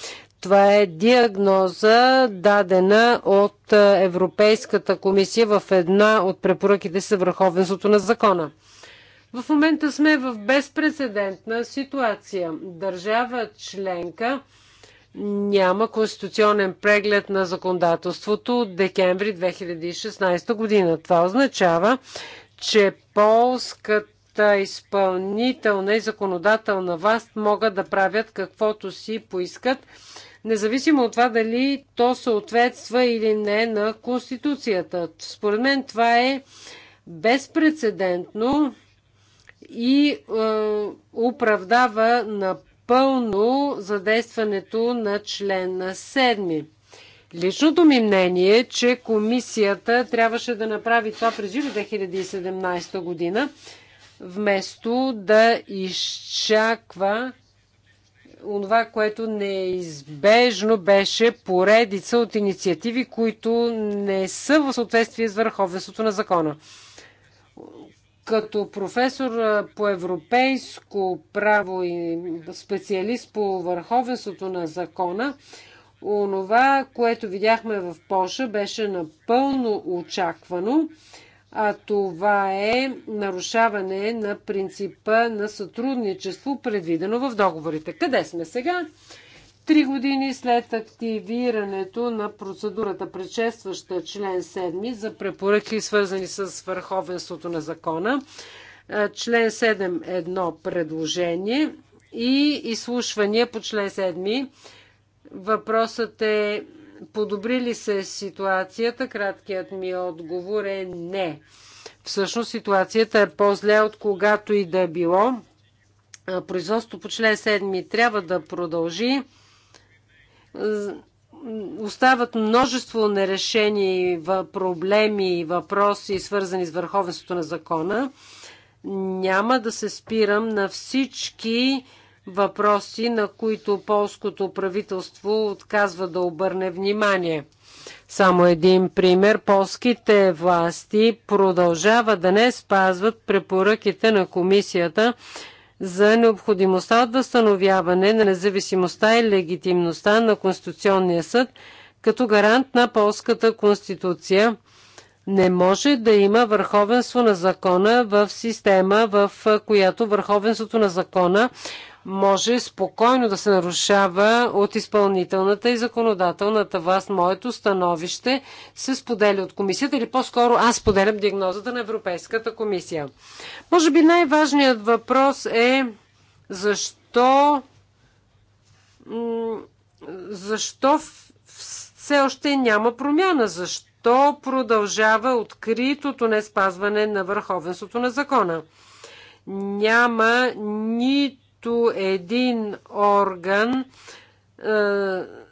Това е диагноза, дадена от е, Европейската комисия в една от препоръките си върховенството на закона. В момента сме в безпредседентна ситуация. Държава членка няма конституционен преглед на законодателството от декември 2016 година. Това означава, че полската изпълнителна и законодателна власт могат да правят каквото си поискат, независимо от това дали то съответства или не на Конституцията. Според мен това е безпредседентно и е, оправдава на пълно задействането на член на 7. Личното ми мнение е, че комисията трябваше да направи това през юли 2017 година, вместо да изчаква онова, което неизбежно беше поредица от инициативи, които не са в съответствие с върховенството на закона. Като професор по европейско право и специалист по върховенството на закона, онова, което видяхме в Польша, беше напълно очаквано, а това е нарушаване на принципа на сътрудничество, предвидено в договорите. Къде сме сега? Три години след активирането на процедурата, предшестваща член 7 за препоръки, свързани с върховенството на закона, е, член 7 едно предложение и изслушвания по член 7. Въпросът е подобри ли се ситуацията? Краткият ми отговор е не. Всъщност ситуацията е по-зле от когато и да е било. Е, производството по член 7 трябва да продължи остават множество нерешени проблеми и въпроси, свързани с върховенството на закона. Няма да се спирам на всички въпроси, на които полското правителство отказва да обърне внимание. Само един пример. Полските власти продължават да не спазват препоръките на комисията за необходимостта от възстановяване на независимостта и легитимността на Конституционния съд като гарант на полската конституция. Не може да има върховенство на закона в система, в която върховенството на закона може спокойно да се нарушава от изпълнителната и законодателната власт. Моето становище се споделя от комисията или по-скоро аз споделям диагнозата на Европейската комисия. Може би най-важният въпрос е защо защо все още няма промяна? Защо продължава откритото не спазване на върховенството на закона? Няма нито като един орган, е,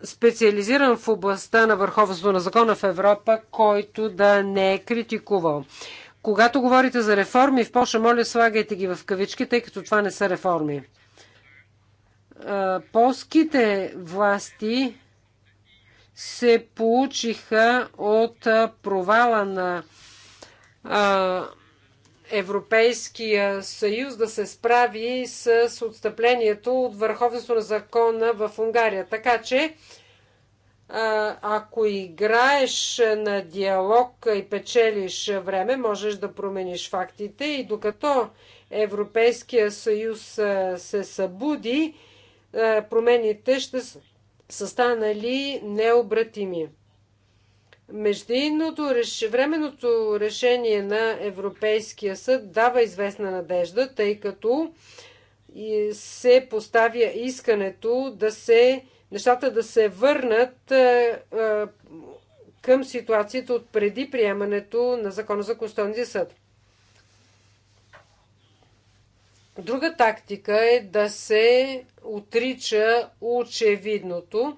специализиран в областта на върховенството на закона в Европа, който да не е критикувал. Когато говорите за реформи в Польша, моля, слагайте ги в кавички, тъй като това не са реформи. Е, полските власти се получиха от провала на е, Европейския съюз да се справи с отстъплението от върховенство на закона в Унгария. Така че, ако играеш на диалог и печелиш време, можеш да промениш фактите и докато Европейския съюз се събуди, промените ще са станали необратими. Междинното реш... временното решение на Европейския съд дава известна надежда, тъй като се поставя искането да се нещата да се върнат е, е, към ситуацията от преди приемането на Закона за Конституционния съд. Друга тактика е да се отрича очевидното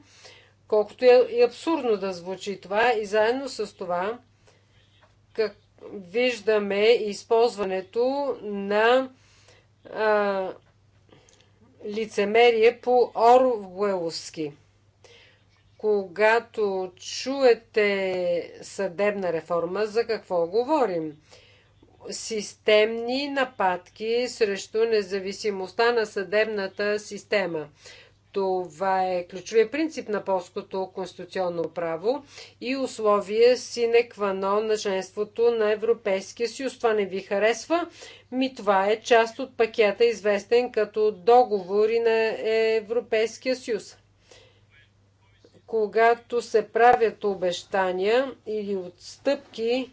колкото е абсурдно да звучи това. И заедно с това как виждаме използването на а, лицемерие по Орвеловски. Когато чуете съдебна реформа, за какво говорим? Системни нападки срещу независимостта на съдебната система – това е ключовия принцип на полското конституционно право и условие сине квано на членството на Европейския съюз. Това не ви харесва? Ми това е част от пакета, известен като договори на Европейския съюз. Когато се правят обещания или отстъпки,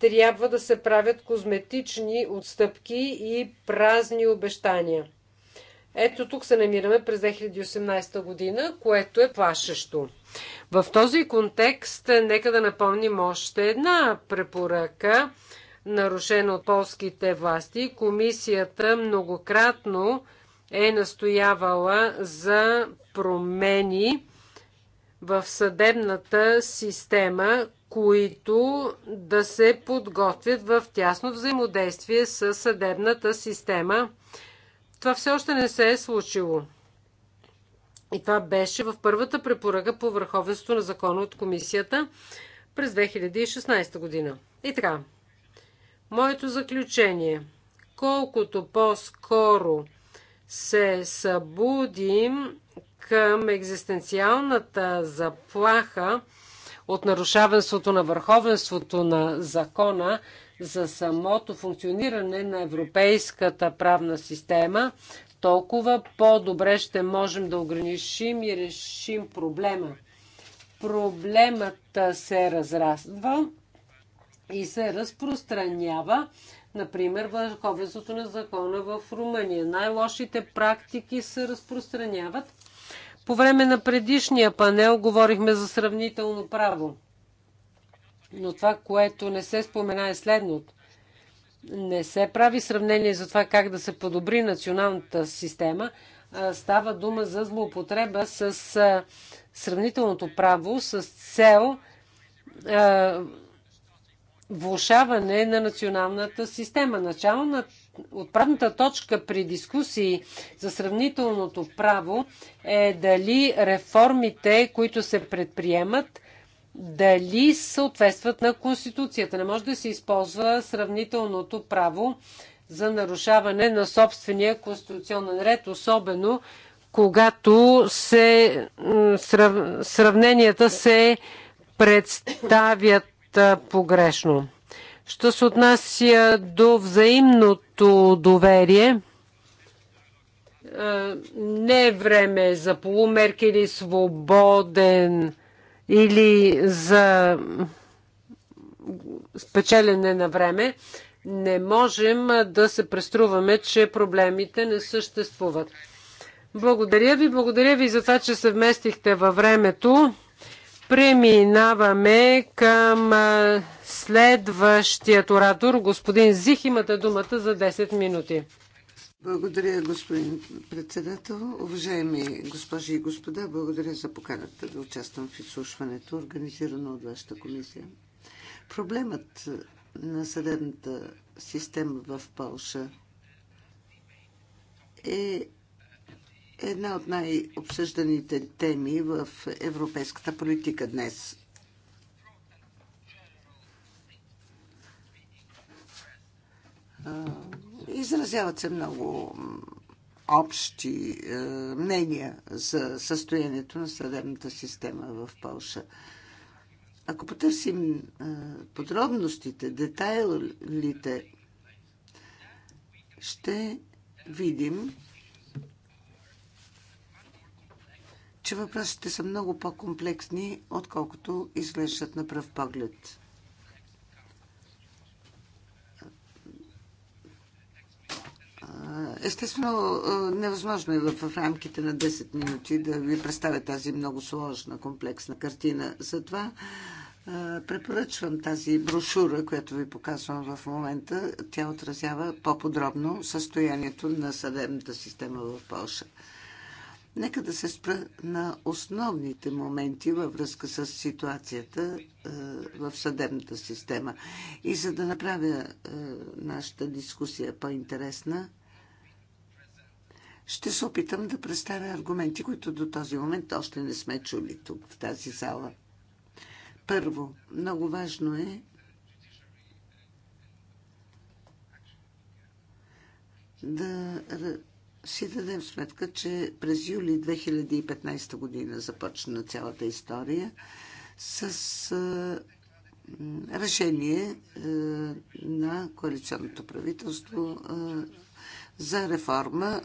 трябва да се правят козметични отстъпки и празни обещания. Ето тук се намираме през 2018 година, което е плашещо. В този контекст, нека да напомним още една препоръка, нарушена от полските власти. Комисията многократно е настоявала за промени в съдебната система, които да се подготвят в тясно взаимодействие с съдебната система. Това все още не се е случило. И това беше в първата препоръка по върховенството на закона от комисията през 2016 година. И така, моето заключение. Колкото по-скоро се събудим към екзистенциалната заплаха, от нарушаването на върховенството на закона за самото функциониране на европейската правна система, толкова по-добре ще можем да ограничим и решим проблема. Проблемът се разраства и се разпространява, например, върховенството на закона в Румъния. Най-лошите практики се разпространяват по време на предишния панел говорихме за сравнително право. Но това, което не се спомена е следното. Не се прави сравнение за това как да се подобри националната система. Става дума за злоупотреба с сравнителното право с цел влушаване на националната система. Началната отправната точка при дискусии за сравнителното право е дали реформите, които се предприемат, дали съответстват на Конституцията. Не може да се използва сравнителното право за нарушаване на собствения конституционен ред, особено когато се, сравненията се представят погрешно. Що се отнася до взаимното доверие, е, не е време за полумерки или свободен или за спечелене на време. Не можем да се преструваме, че проблемите не съществуват. Благодаря ви, благодаря ви за това, че се вместихте във времето. Преминаваме към е, Следващият оратор, господин Зих, имате думата за 10 минути. Благодаря, господин председател. Уважаеми госпожи и господа, благодаря за поканата да участвам в изслушването, организирано от вашата комисия. Проблемът на съдебната система в Польша е една от най-обсъжданите теми в европейската политика днес. Изразяват се много общи е, мнения за състоянието на съдебната система в Польша. Ако потърсим е, подробностите, детайлите, ще видим, че въпросите са много по-комплексни, отколкото изглеждат на пръв поглед. Естествено, е, невъзможно е в рамките на 10 минути да ви представя тази много сложна, комплексна картина. Затова е, препоръчвам тази брошура, която ви показвам в момента. Тя отразява по-подробно състоянието на съдебната система в Польша. Нека да се спра на основните моменти във връзка с ситуацията е, в съдебната система. И за да направя нашата дискусия по-интересна, ще се опитам да представя аргументи, които до този момент още не сме чули тук, в тази зала. Първо, много важно е да си дадем сметка, че през юли 2015 година започна цялата история с а, решение а, на коалиционното правителство а, за реформа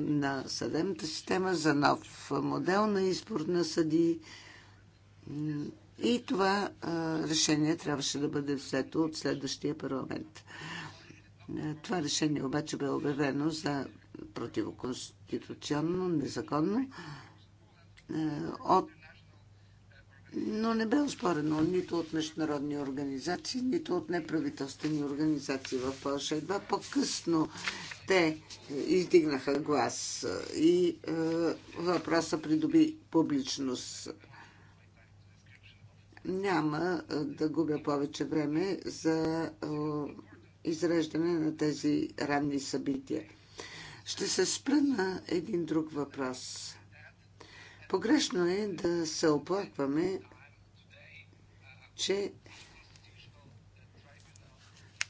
на съдебната система, за нов модел на избор на съди. И това решение трябваше да бъде взето от следващия парламент. Това решение обаче бе обявено за противоконституционно, незаконно. От... Но не бе оспорено нито от международни организации, нито от неправителствени организации в Польша. Едва по-късно те издигнаха глас и е, въпроса придоби публичност. Няма е, да губя повече време за е, изреждане на тези ранни събития. Ще се спра на един друг въпрос. Погрешно е да се оплакваме, че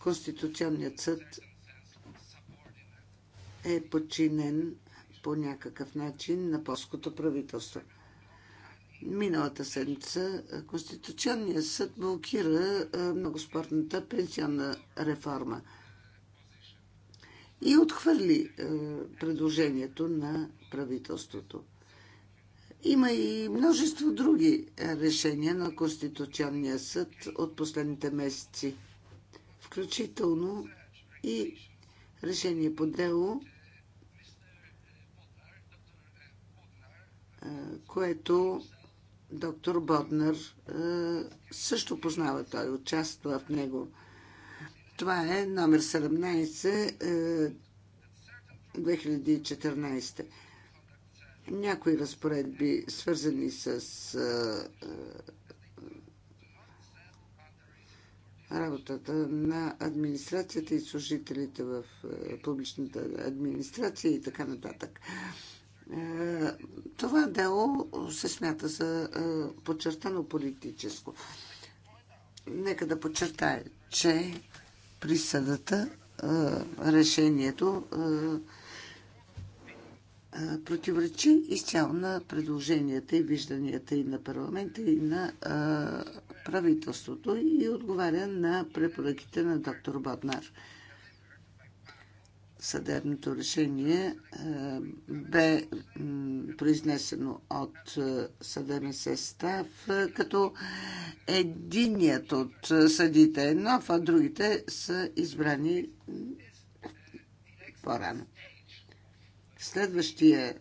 Конституционният съд е подчинен по някакъв начин на полското правителство. Миналата седмица Конституционният съд блокира многоспорната пенсионна реформа и отхвърли предложението на правителството. Има и множество други решения на Конституционния съд от последните месеци, включително и решение по дело, което доктор Боднар също познава. Той участва в него. Това е номер 17 2014. Някои разпоредби, свързани с работата на администрацията и служителите в е, публичната администрация и така нататък. Е, това дело се смята за е, подчертано политическо. Нека да подчертая, че присъдата, решението противоречи изцяло на предложенията и вижданията и на парламента, и на правителството и отговаря на препоръките на доктор Боднар. Съдебното решение е, бе произнесено от е, съдебен състав, е, като единият от съдите е нов, а другите са избрани по-рано. Следващия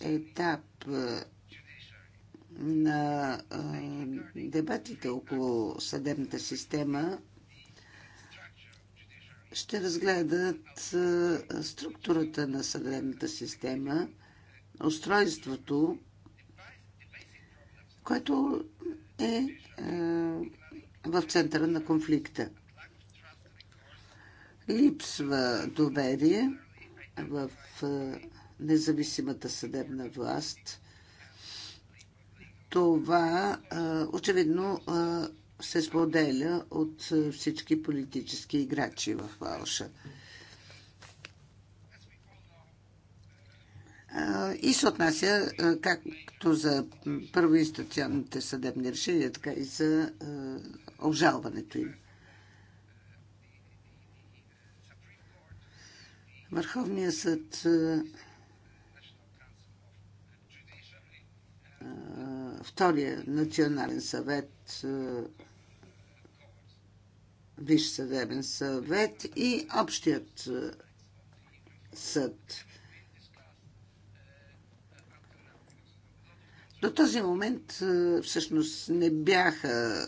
етап на дебатите около съдебната система ще разгледат структурата на съдебната система, устройството, което е в центъра на конфликта. Липсва доверие в независимата съдебна власт – това очевидно се споделя от всички политически играчи в Валша. И се отнася както за първоинстанционните съдебни решения, така и за обжалването им. Върховният съд втория национален съвет, е, Висш съдебен съвет и общият е, съд. До този момент е, всъщност не бяха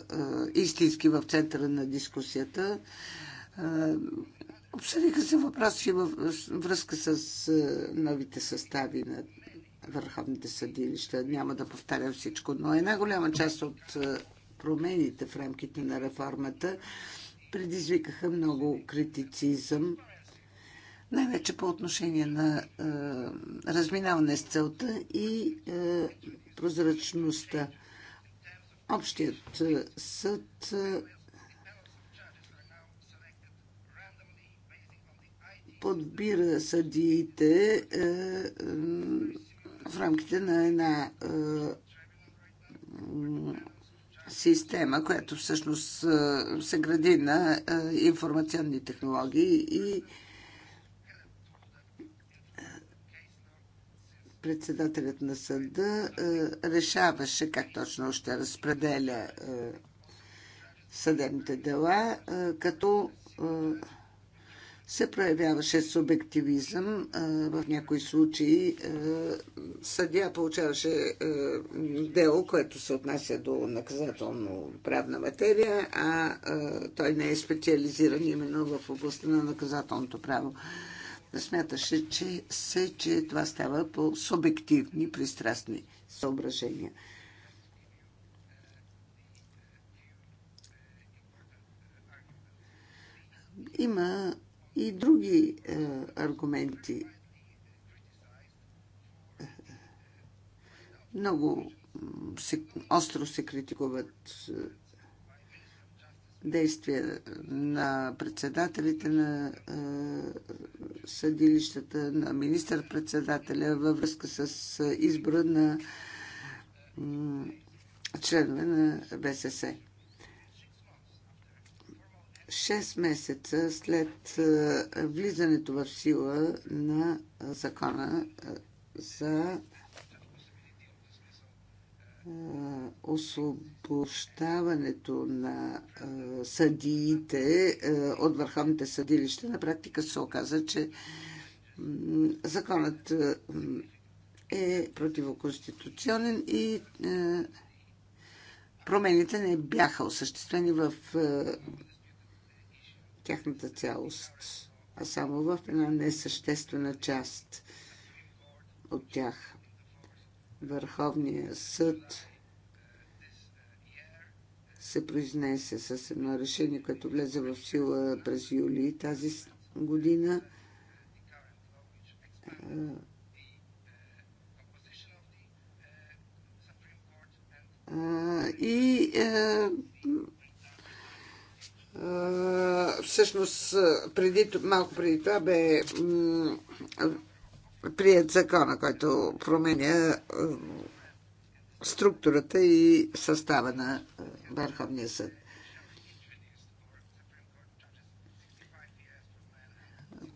истински в центъра на дискусията. Обсъдиха се въпроси във връзка с новите състави на върховните съдилища. Няма да повтарям всичко, но една голяма част от е, промените в рамките на реформата предизвикаха много критицизъм, най-вече по отношение на е, разминаване с целта и е, прозрачността. Общият е, съд е, подбира съдиите е, е, в рамките на една е, система, която всъщност е, се гради на е, информационни технологии и председателят на съда решаваше как точно ще разпределя съдебните дела, като се проявяваше субективизъм. В някои случаи съдия получаваше дело, което се отнася до наказателно правна материя, а той не е специализиран именно в областта на наказателното право. Смяташе, че се, че това става по субективни, пристрастни съображения. Има и други е, аргументи. Много се, остро се критикуват е, действия на председателите на е, съдилищата, на министър-председателя във връзка с е, избора на членове на БСС. 6 месеца след влизането в сила на закона за освобождаването на съдиите от върховните съдилища, на практика се оказа, че законът е противоконституционен и промените не бяха осъществени в тяхната цялост, а само в една несъществена част от тях. Върховният съд се произнесе с едно решение, което влезе в сила през юли тази година. И всъщност преди, малко преди това бе прият закона, който променя структурата и състава на Върховния съд.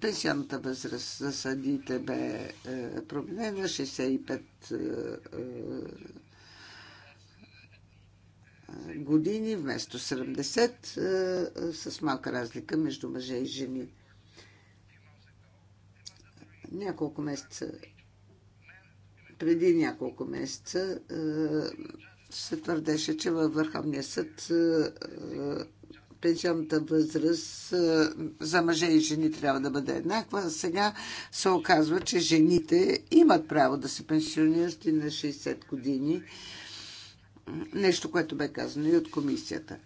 Пенсионната възраст за съдиите бе променена 65 години вместо 70, е, е, с малка разлика между мъже и жени. Няколко месеца, преди няколко месеца, е, се твърдеше, че във Върховния съд пенсионната възраст за мъже и жени трябва да бъде еднаква. Сега се оказва, че жените имат право да се пенсионират и на 60 години нещо, което бе казано и от комисията.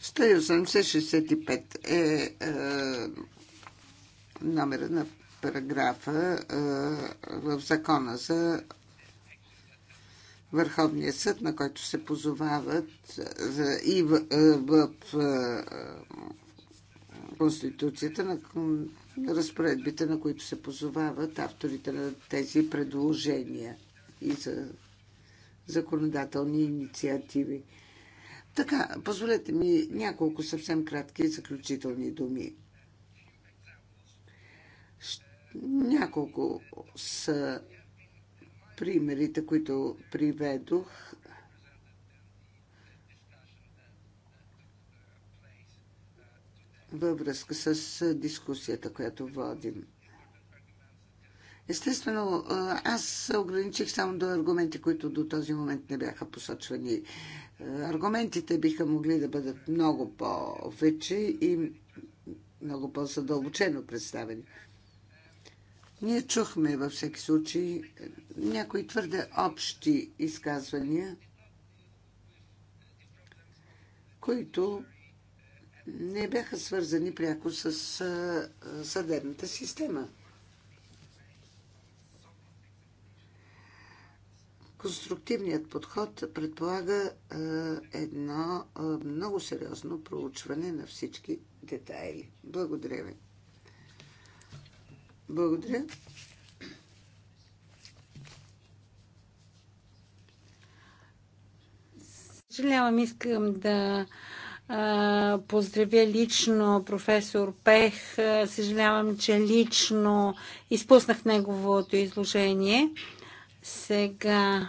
Стъй 8065 е, е номера на параграфа е, в закона за Върховния съд, на който се позовават е, и в, е, в, в е, Конституцията, на разпоредбите, на които се позовават авторите на тези предложения и за законодателни инициативи. Така, позволете ми няколко съвсем кратки заключителни думи. Няколко са примерите, които приведох, във връзка с дискусията, която водим. Естествено, аз се ограничих само до аргументи, които до този момент не бяха посочвани. Аргументите биха могли да бъдат много повече и много по-задълбочено представени. Ние чухме във всеки случай някои твърде общи изказвания, които не бяха свързани пряко с съдебната система. Конструктивният подход предполага едно много сериозно проучване на всички детайли. Благодаря ви. Благодаря. Съжалявам, искам да а, поздравя лично професор Пех. Съжалявам, че лично изпуснах неговото изложение. Сега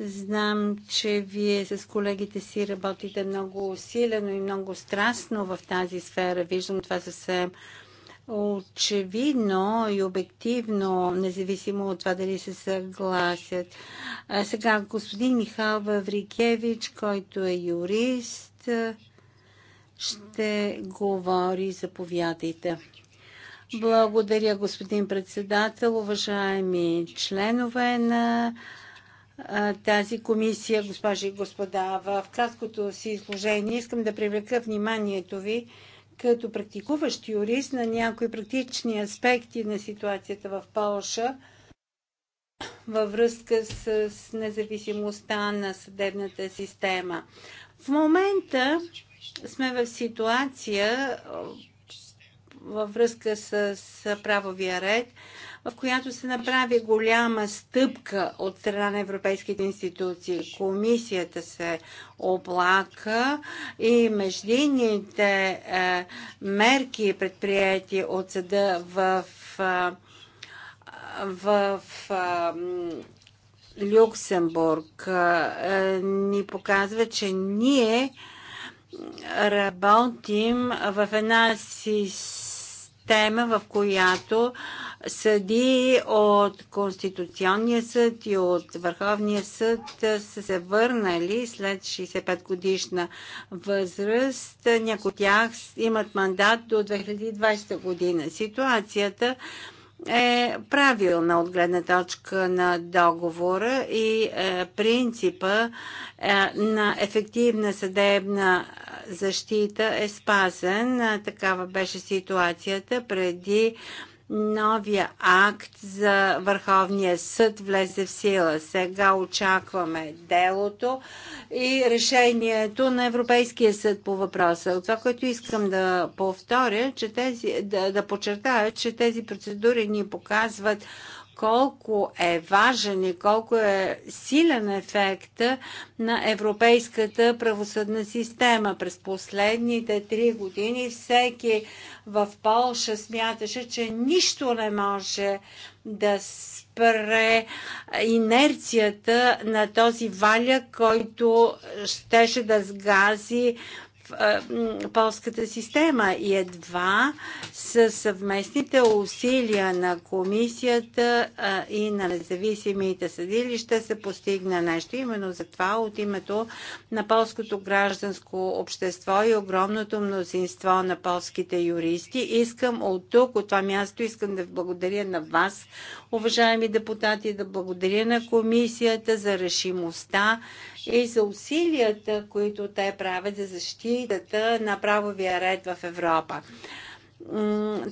знам, че вие с колегите си работите много усилено и много страстно в тази сфера. Виждам това съвсем очевидно и обективно, независимо от това дали се съгласят. А сега господин Михал Ваврикевич, който е юрист, ще говори. Заповядайте. Благодаря, господин председател, уважаеми членове на тази комисия, госпожи и господа. В краткото си изложение искам да привлека вниманието ви като практикуващ юрист на някои практични аспекти на ситуацията в Полша във връзка с независимостта на съдебната система. В момента сме в ситуация във връзка с правовия ред, в която се направи голяма стъпка от страна на европейските институции. Комисията се облака и междинните е, мерки, предприяти от съда в, е, в, в, е, Люксембург, е, е, ни показва, че ние работим в една система, тема, в която съди от Конституционния съд и от Върховния съд са се върнали след 65 годишна възраст. Някои от тях имат мандат до 2020 година. Ситуацията е правилна от гледна точка на договора и е, принципа е, на ефективна съдебна защита е спазен. Такава беше ситуацията преди новия акт за Върховния съд влезе в сила. Сега очакваме делото и решението на Европейския съд по въпроса. От това, което искам да повторя, че тези, да, да подчертая, че тези процедури ни показват колко е важен и колко е силен ефект на европейската правосъдна система. През последните три години всеки в Полша смяташе, че нищо не може да спре инерцията на този валя, който щеше да сгази полската система и едва с съвместните усилия на комисията и на независимите съдилища се постигна нещо. Именно за това от името на полското гражданско общество и огромното мнозинство на полските юристи искам от тук, от това място, искам да благодаря на вас, уважаеми депутати, да благодаря на комисията за решимостта и за усилията, които те правят за защитата на правовия ред в Европа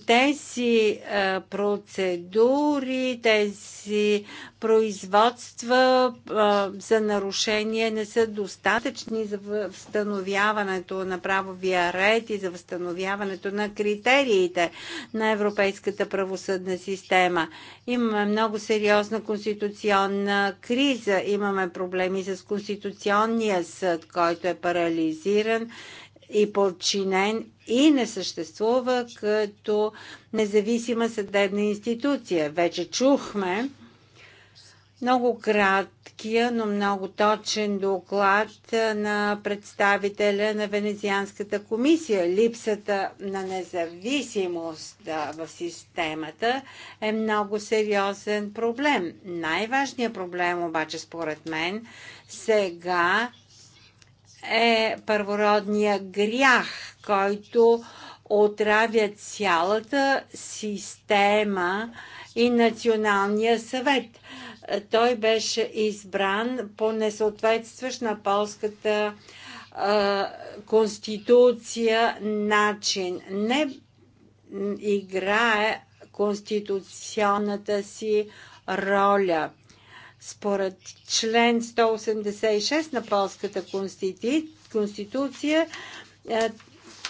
тези е, процедури, тези производства е, за нарушение не са достатъчни за възстановяването на правовия ред и за възстановяването на критериите на европейската правосъдна система. Имаме много сериозна конституционна криза, имаме проблеми с Конституционния съд, който е парализиран и подчинен и не съществува като независима съдебна институция. Вече чухме много краткия, но много точен доклад на представителя на Венецианската комисия. Липсата на независимост в системата е много сериозен проблем. Най-важният проблем обаче, според мен, сега е първородния грях, който отравя цялата система и Националния съвет. Той беше избран по несъответстващ на полската е, конституция начин. Не играе конституционната си роля. Според член 186 на Полската конституция, е,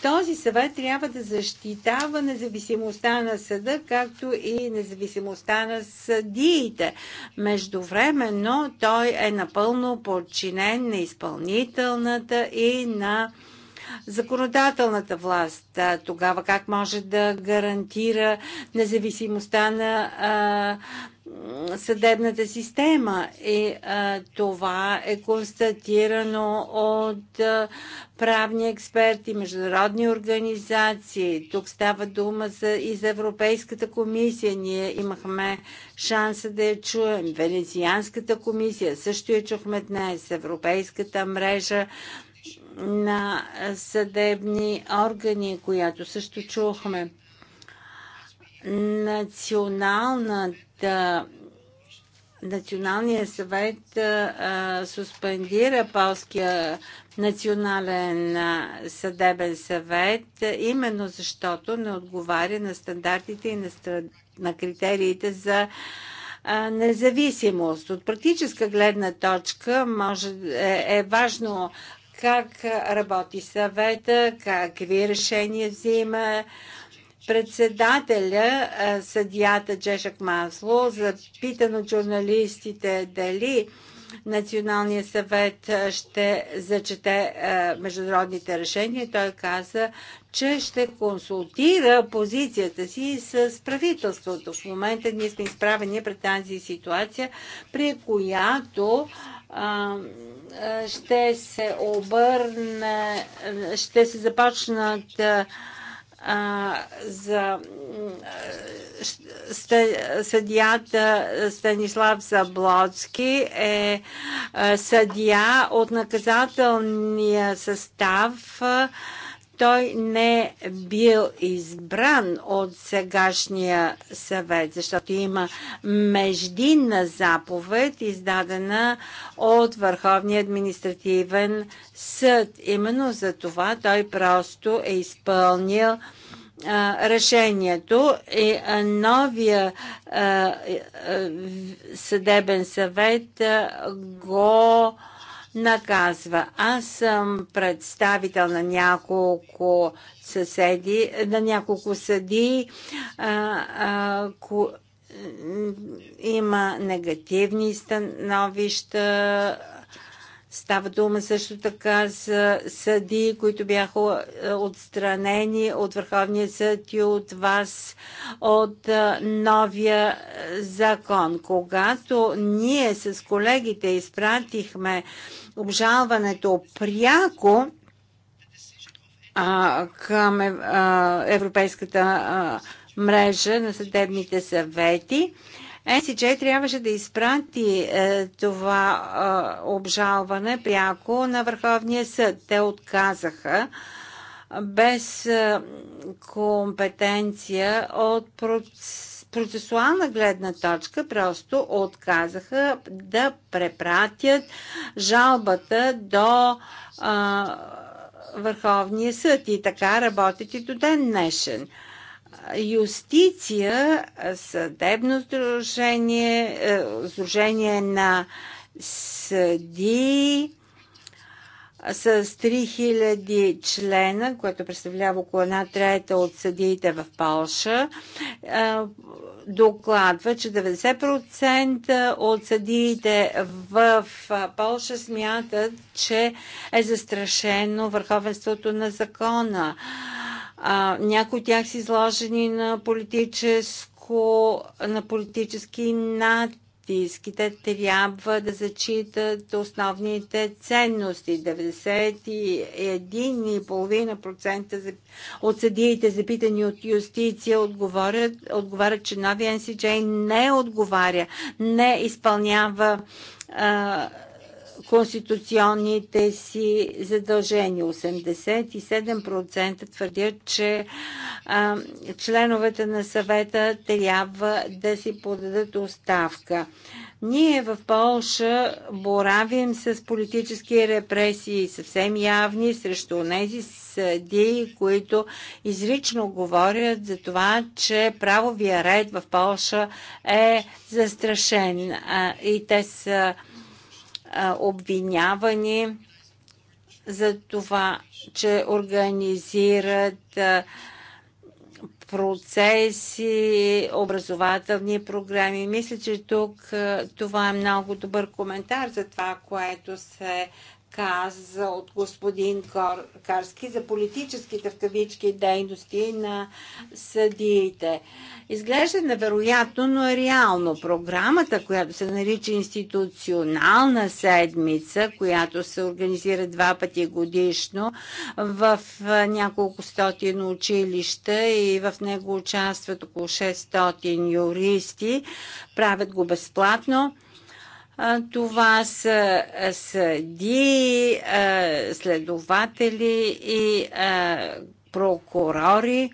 този съвет трябва да защитава независимостта на съда, както и независимостта на съдиите. Междувременно той е напълно подчинен на изпълнителната и на законодателната власт. Тогава как може да гарантира независимостта на а, съдебната система. И а, това е констатирано от а, правни експерти, международни организации. Тук става дума за, и за Европейската комисия. Ние имахме шанса да я чуем. Венецианската комисия също я чухме днес. Европейската мрежа на съдебни органи, която също чухме. Националната Националният съвет а, суспендира Полския национален съдебен съвет, именно защото не отговаря на стандартите и на, на критериите за а, независимост. От практическа гледна точка може, е, е важно как работи съвета, какви решения взима, Председателя, съдията Джешак Масло, запитан от журналистите дали Националният съвет ще зачете международните решения, той каза, че ще консултира позицията си с правителството. В момента ние сме изправени пред тази ситуация, при която ще се обърне, ще се започнат а, а, за съдията Станислав Заблоцки е съдия от наказателния състав той не е бил избран от сегашния съвет, защото има междинна заповед, издадена от Върховния административен съд. Именно за това той просто е изпълнил решението и новия съдебен съвет го наказва. Аз съм представител на няколко съседи, на няколко съди, а, а, ко... има негативни становища, Става дума също така за съди, които бяха отстранени от Върховния съд и от вас от новия закон. Когато ние с колегите изпратихме обжалването пряко а, към е, а, Европейската а, мрежа на съдебните съвети. NCJ е трябваше да изпрати е, това е, обжалване пряко на Върховния съд. Те отказаха без е, компетенция от процес процесуална гледна точка просто отказаха да препратят жалбата до а, Върховния съд и така работят и до ден днешен. Юстиция, съдебно сдружение, е, сдружение на съди, с 3000 члена, което представлява около една трета от съдиите в Палша, е, докладва, че 90% от съдиите в е, Палша смятат, че е застрашено върховенството на закона. Някои от тях са изложени на политическо на политически над Баптистките трябва да зачитат основните ценности. 91,5% от съдиите, запитани от юстиция, отговарят, отговарят, че новия NCJ не отговаря, не изпълнява конституционните си задължения. 87% твърдят, че а, членовете на съвета трябва да си подадат оставка. Ние в Полша боравим с политически репресии, съвсем явни, срещу тези съдии, които изрично говорят за това, че правовия ред в Полша е застрашен. И те са обвинявани за това, че организират процеси, образователни програми. Мисля, че тук това е много добър коментар за това, което се каза от господин Кор, Карски за политическите в кавички дейности на съдиите. Изглежда невероятно, но е реално. Програмата, която се нарича институционална седмица, която се организира два пъти годишно в няколко стотин училища и в него участват около 600 юристи, правят го безплатно това са съди, следователи и прокурори.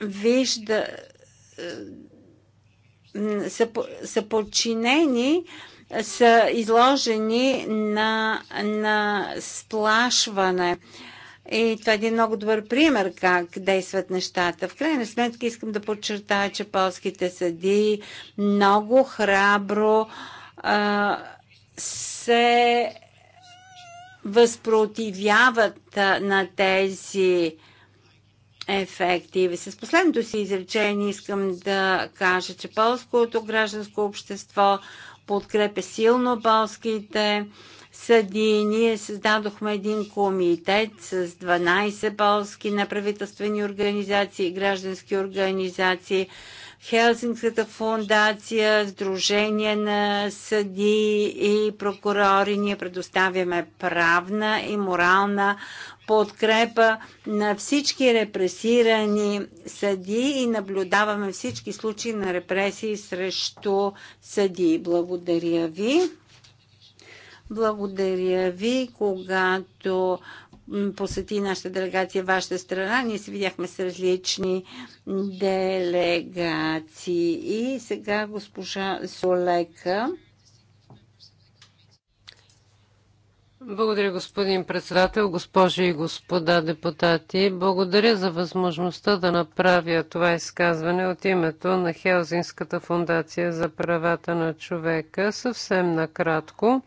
Вижда, са, са подчинени, са изложени на, на сплашване. А, и това е един много добър пример как действат нещата. В крайна сметка искам да подчертая, че полските съди много храбро а, се възпротивяват на тези ефекти. С последното си изречение искам да кажа, че полското гражданско общество подкрепя силно полските съди. Ние създадохме един комитет с 12 полски неправителствени организации граждански организации. Хелсинската фундация, Сдружение на съди и прокурори. Ние предоставяме правна и морална подкрепа на всички репресирани съди и наблюдаваме всички случаи на репресии срещу съди. Благодаря ви. Благодаря ви, когато посети нашата делегация вашата страна. Ние се видяхме с различни делегации. И сега госпожа Солека. Благодаря, господин председател, госпожи и господа депутати. Благодаря за възможността да направя това изказване от името на Хелзинската фундация за правата на човека. Съвсем накратко.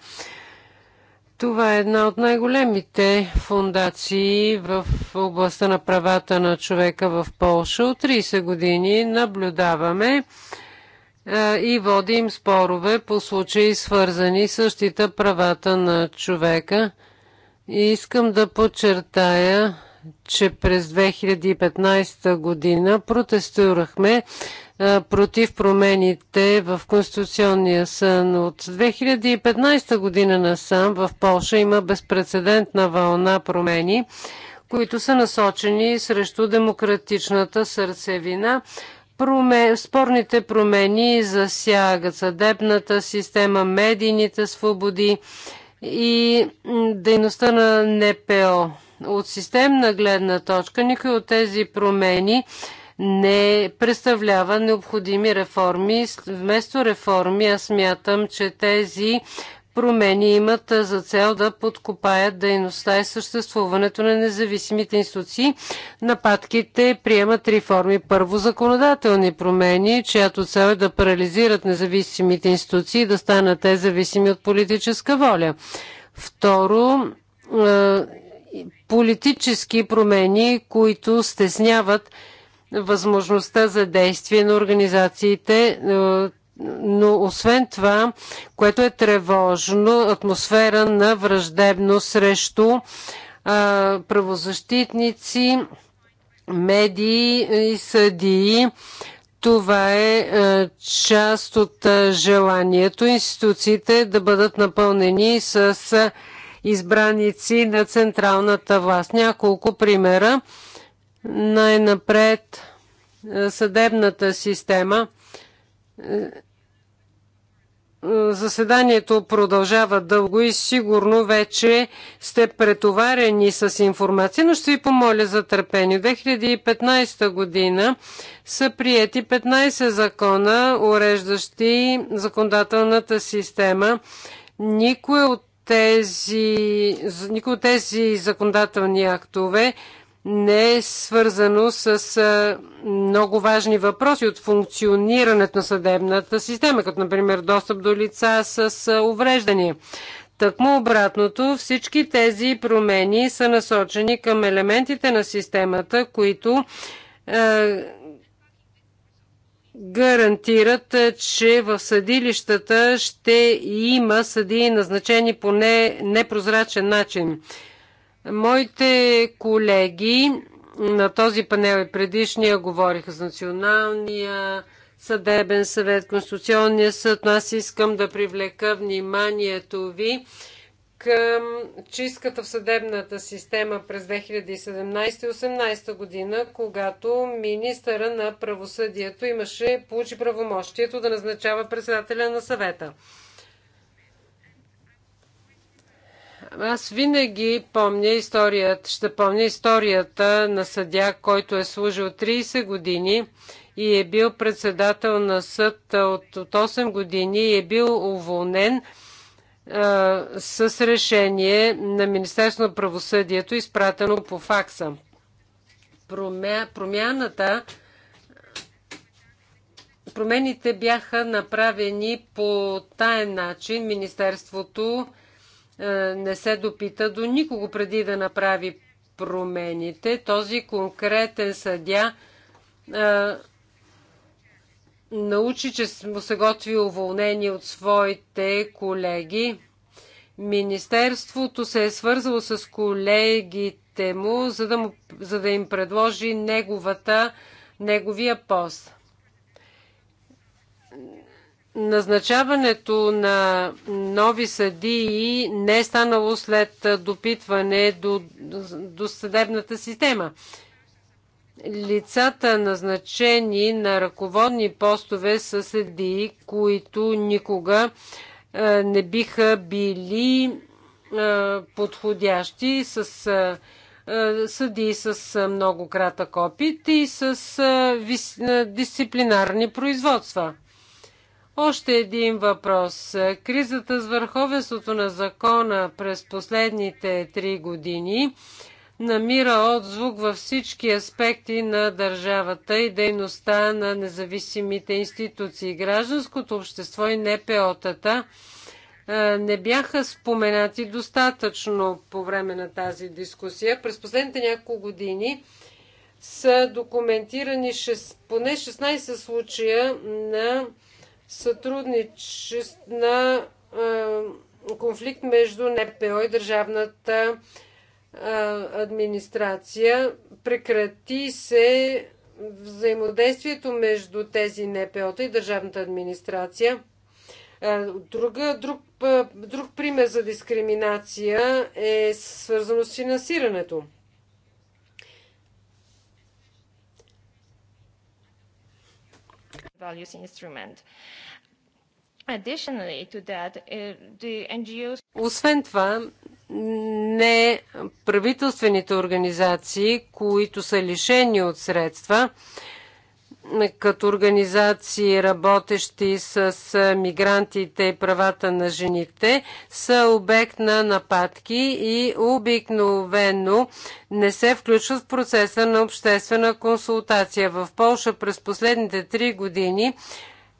Това е една от най-големите фундации в областта на правата на човека в Полша. От 30 години наблюдаваме и водим спорове по случаи свързани с защита правата на човека. И искам да подчертая, че през 2015 година протестирахме против промените в Конституционния сън. От 2015 година насам в Польша има безпредседентна вълна промени, които са насочени срещу демократичната сърцевина. Проме... Спорните промени засягат съдебната система, медийните свободи и дейността на НПО. От системна гледна точка никой от тези промени не представлява необходими реформи. Вместо реформи аз смятам, че тези промени имат за цел да подкопаят дейността и съществуването на независимите институции. Нападките приемат три форми. Първо, законодателни промени, чиято цел е да парализират независимите институции и да станат те зависими от политическа воля. Второ, е, политически промени, които стесняват възможността за действие на организациите, е, но освен това, което е тревожно, атмосфера на враждебност срещу е, правозащитници, медии и съдии. Това е, е част от желанието институциите да бъдат напълнени с избраници на централната власт. Няколко примера. Най-напред е, съдебната система. Е, е, заседанието продължава дълго и сигурно вече сте претоварени с информация, но ще ви помоля за търпение. В 2015 година са приети 15 закона, уреждащи законодателната система. Никой от тези, никой от тези законодателни актове не е свързано с много важни въпроси от функционирането на съдебната система, като например достъп до лица с увреждания. Тъкмо обратното, всички тези промени са насочени към елементите на системата, които а, гарантират, че в съдилищата ще има съдии назначени по не, непрозрачен начин. Моите колеги на този панел и предишния говориха с Националния съдебен съвет, Конституционния съд, но аз искам да привлека вниманието ви към чистката в съдебната система през 2017-18 година, когато министъра на правосъдието имаше, получи правомощието да назначава председателя на съвета. Аз винаги помня историята, ще помня историята на съдя, който е служил 30 години и е бил председател на съд от, от 8 години и е бил уволнен а, с решение на Министерство на правосъдието, изпратено по факса. Промя, промяната промените бяха направени по таен начин. Министерството е, не се допита до никого преди да направи промените. Този конкретен съдя е, научи, че му се готви уволнение от своите колеги. Министерството се е свързало с колегите му, за да, му, за да им предложи неговата, неговия пост. Назначаването на нови съдии не е станало след допитване до, до съдебната система. Лицата назначени на ръководни постове са съдии, които никога а, не биха били а, подходящи с а, съдии с много кратък опит и с дисциплинарни производства. Още един въпрос. Кризата с върховенството на закона през последните три години намира отзвук във всички аспекти на държавата и дейността на независимите институции. Гражданското общество и НПО-тата не бяха споменати достатъчно по време на тази дискусия. През последните няколко години са документирани 6, поне 16 случая на Сътрудничест на е, конфликт между НПО и държавната е, администрация. Прекрати се взаимодействието между тези нпо и държавната администрация. Друга, друг, друг пример за дискриминация е свързано с финансирането. values instrument. Eh, Освен това, не правителствените организации, които са лишени от средства, като организации, работещи с мигрантите и правата на жените, са обект на нападки и обикновено не се включват в процеса на обществена консултация. В Польша през последните три години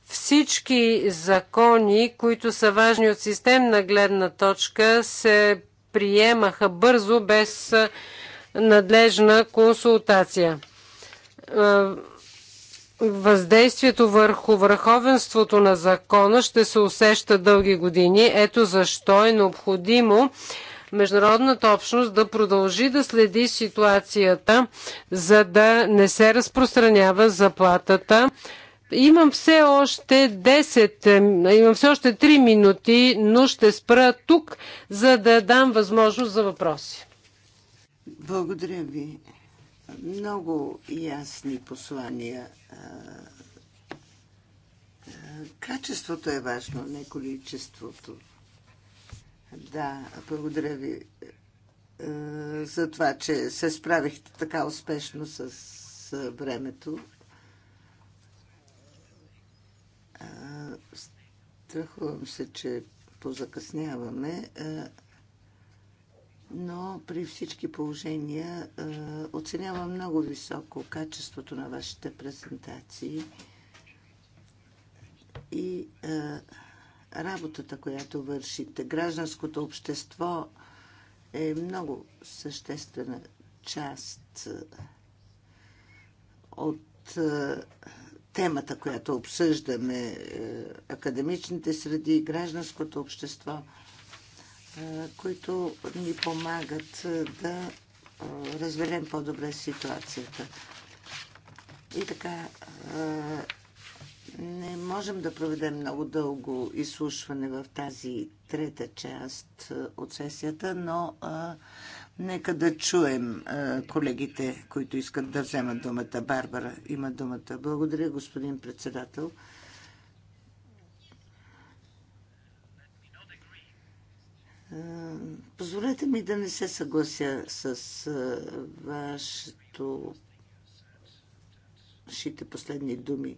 всички закони, които са важни от системна гледна точка, се приемаха бързо без надлежна консултация въздействието върху върховенството на закона ще се усеща дълги години. Ето защо е необходимо международната общност да продължи да следи ситуацията, за да не се разпространява заплатата. Имам все още 10, имам все още 3 минути, но ще спра тук, за да дам възможност за въпроси. Благодаря ви много ясни послания. Качеството е важно, не количеството. Да, благодаря ви за това, че се справихте така успешно с времето. Страхувам се, че позакъсняваме но при всички положения е, оценявам много високо качеството на вашите презентации и е, работата, която вършите. Гражданското общество е много съществена част е, от темата, която обсъждаме, академичните среди, гражданското общество – които ни помагат да разберем по-добре ситуацията. И така, не можем да проведем много дълго изслушване в тази трета част от сесията, но нека да чуем колегите, които искат да вземат думата. Барбара има думата. Благодаря, господин председател. Е, позволете ми да не се съглася с е, вашето, вашите последни думи.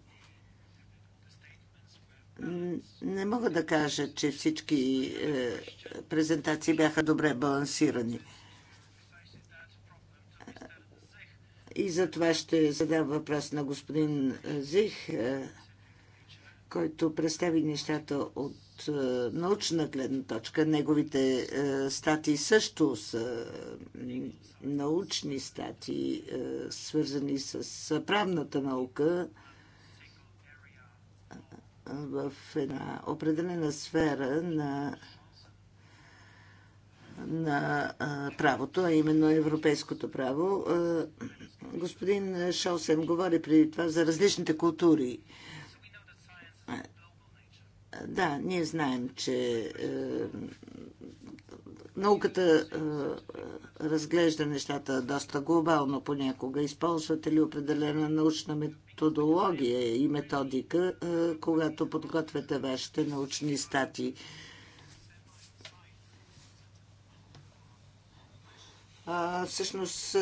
Не мога да кажа, че всички е, презентации бяха добре балансирани. И за това ще задам въпрос на господин Зих който представи нещата от е, научна гледна точка. Неговите е, статии също са научни статии, е, свързани с правната наука в една определена сфера на на правото, а именно европейското право. Господин Шолсен говори преди това за различните култури да, ние знаем, че е, науката е, разглежда нещата доста глобално понякога. Използвате ли определена научна методология и методика, е, когато подготвяте вашите научни статии? А, всъщност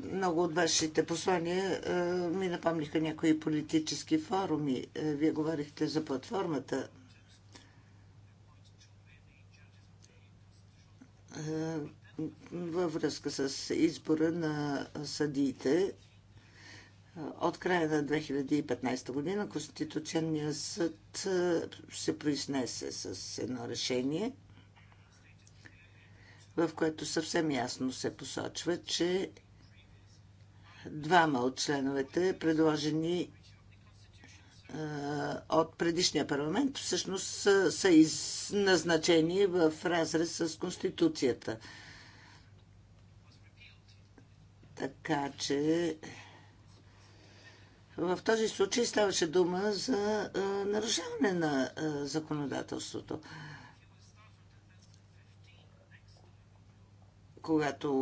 много от вашите послания а, ми напомниха някои политически форуми. А, вие говорихте за платформата. във връзка с избора на съдиите от края на 2015 година Конституционният съд се произнесе с едно решение – в което съвсем ясно се посочва, че двама от членовете, предложени от предишния парламент, всъщност са, са назначени в разрез с Конституцията. Така че в този случай ставаше дума за нарушаване на законодателството. когато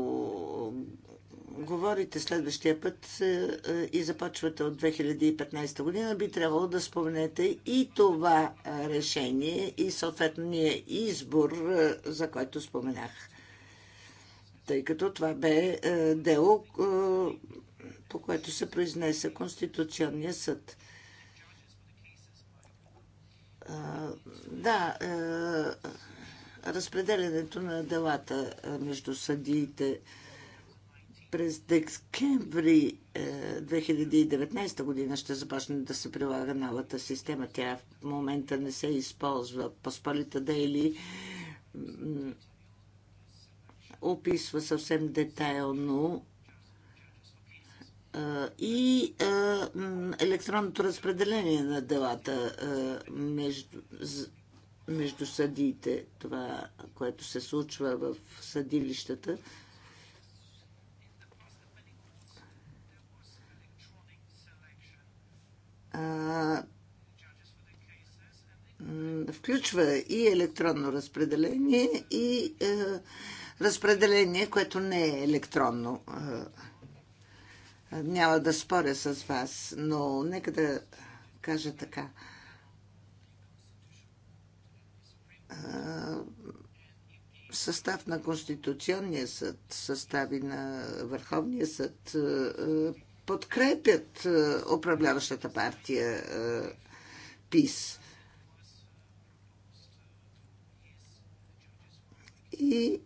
говорите следващия път е, е, и започвате от 2015 година, би трябвало да споменете и това е, решение и съответния избор, за който споменах. Тъй като това бе дело, по което се произнесе Конституционния съд. Да, разпределянето на делата между съдиите. През декември 2019 е, година ще започне да се прилага новата система. Тя в момента не се използва. Паспалита Дейли описва съвсем детайлно и електронното разпределение на делата между, между съдиите, това, което се случва в съдилищата. А, включва и електронно разпределение, и е, разпределение, което не е електронно. Е, няма да споря с вас, но нека да кажа така. състав на Конституционния съд, състави на Върховния съд подкрепят управляващата партия ПИС. И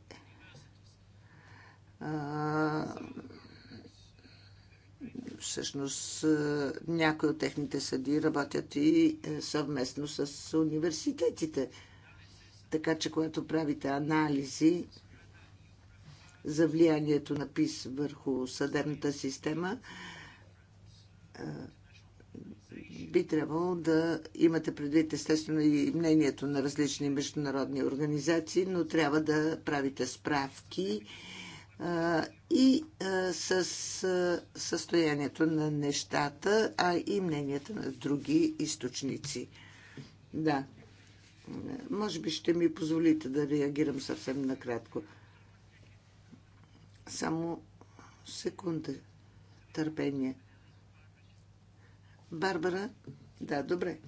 всъщност някои от техните съди работят и съвместно с университетите. Така че, когато правите анализи за влиянието на ПИС върху съдебната система, би трябвало да имате предвид естествено и мнението на различни международни организации, но трябва да правите справки и с състоянието на нещата, а и мненията на други източници. Да. Може би ще ми позволите да реагирам съвсем накратко. Само секунда. Търпение. Барбара? Да, добре.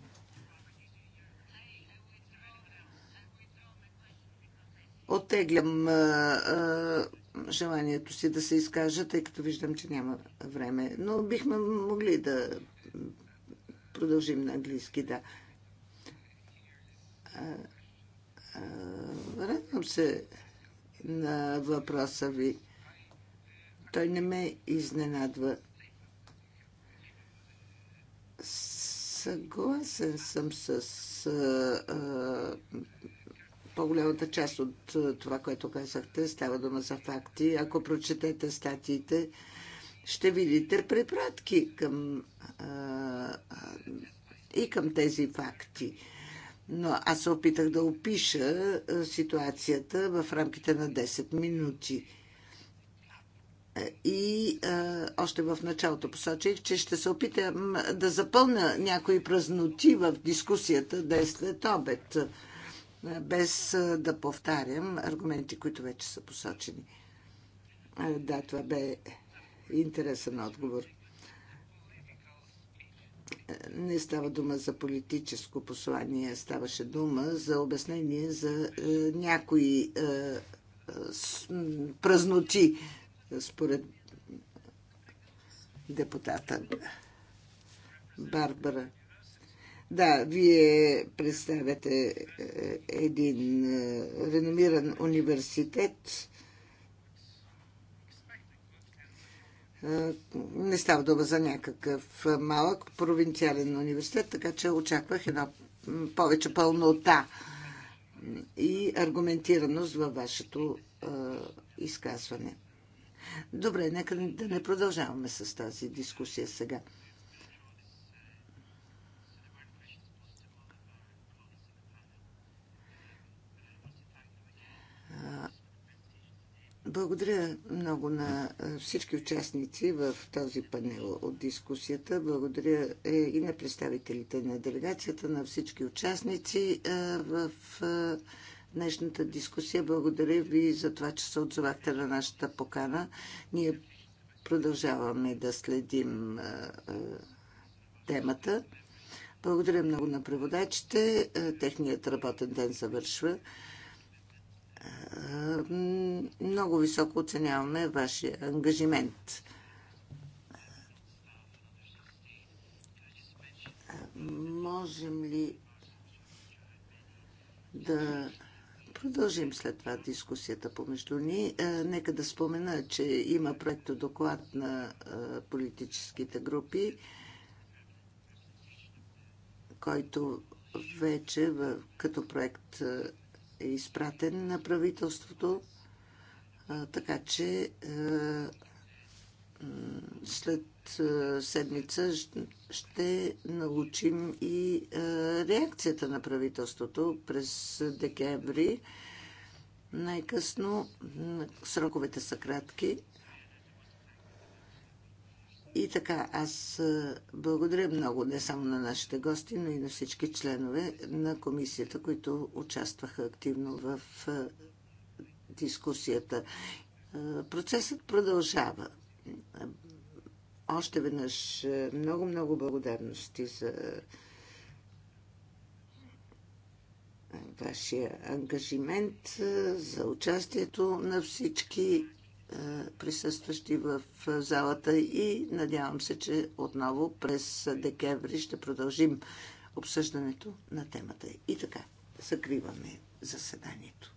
Оттеглям а, а, желанието си да се изкажа, тъй като виждам, че няма време. Но бихме могли да продължим на английски, да. Радвам се на въпроса ви. Той не ме изненадва. Съгласен съм с по-голямата част от това, което казахте. Става дума за факти. Ако прочетете статиите, ще видите препратки към, а, и към тези факти но аз се опитах да опиша е, ситуацията в рамките на 10 минути. Е, и а, е, още в началото посочих, че ще се опитам да запълня някои празноти в дискусията днес след обед, без да повтарям аргументи, които вече са посочени. Да, това бе интересен отговор не става дума за политическо послание, ставаше дума за обяснение за е, някои е, е, празноти, според депутата Барбара. Да, вие представяте един реномиран университет, Е, не става дума за някакъв е, малък провинциален университет, така че очаквах една повече пълнота и аргументираност във вашето е, изказване. Добре, нека да не продължаваме с тази дискусия сега. Благодаря много на всички участници в този панел от дискусията. Благодаря е, и на представителите на делегацията, на всички участници в днешната дискусия. Благодаря ви за това, че се отзовахте на нашата покана. Ние продължаваме да следим темата. Благодаря много на преводачите. Техният работен ден завършва много високо оценяваме вашия ангажимент. Можем ли да продължим след това дискусията помежду ни? Е, нека да спомена, че има проекто доклад на е, политическите групи, който вече като проект е, е изпратен на правителството, така че е, след е, седмица ще научим и е, реакцията на правителството през декември. Най-късно сроковете са кратки. И така, аз благодаря много не само на нашите гости, но и на всички членове на комисията, които участваха активно в дискусията. Процесът продължава. Още веднъж много-много благодарности за вашия ангажимент, за участието на всички присъстващи в залата и надявам се, че отново през декември ще продължим обсъждането на темата. И така, закриваме заседанието.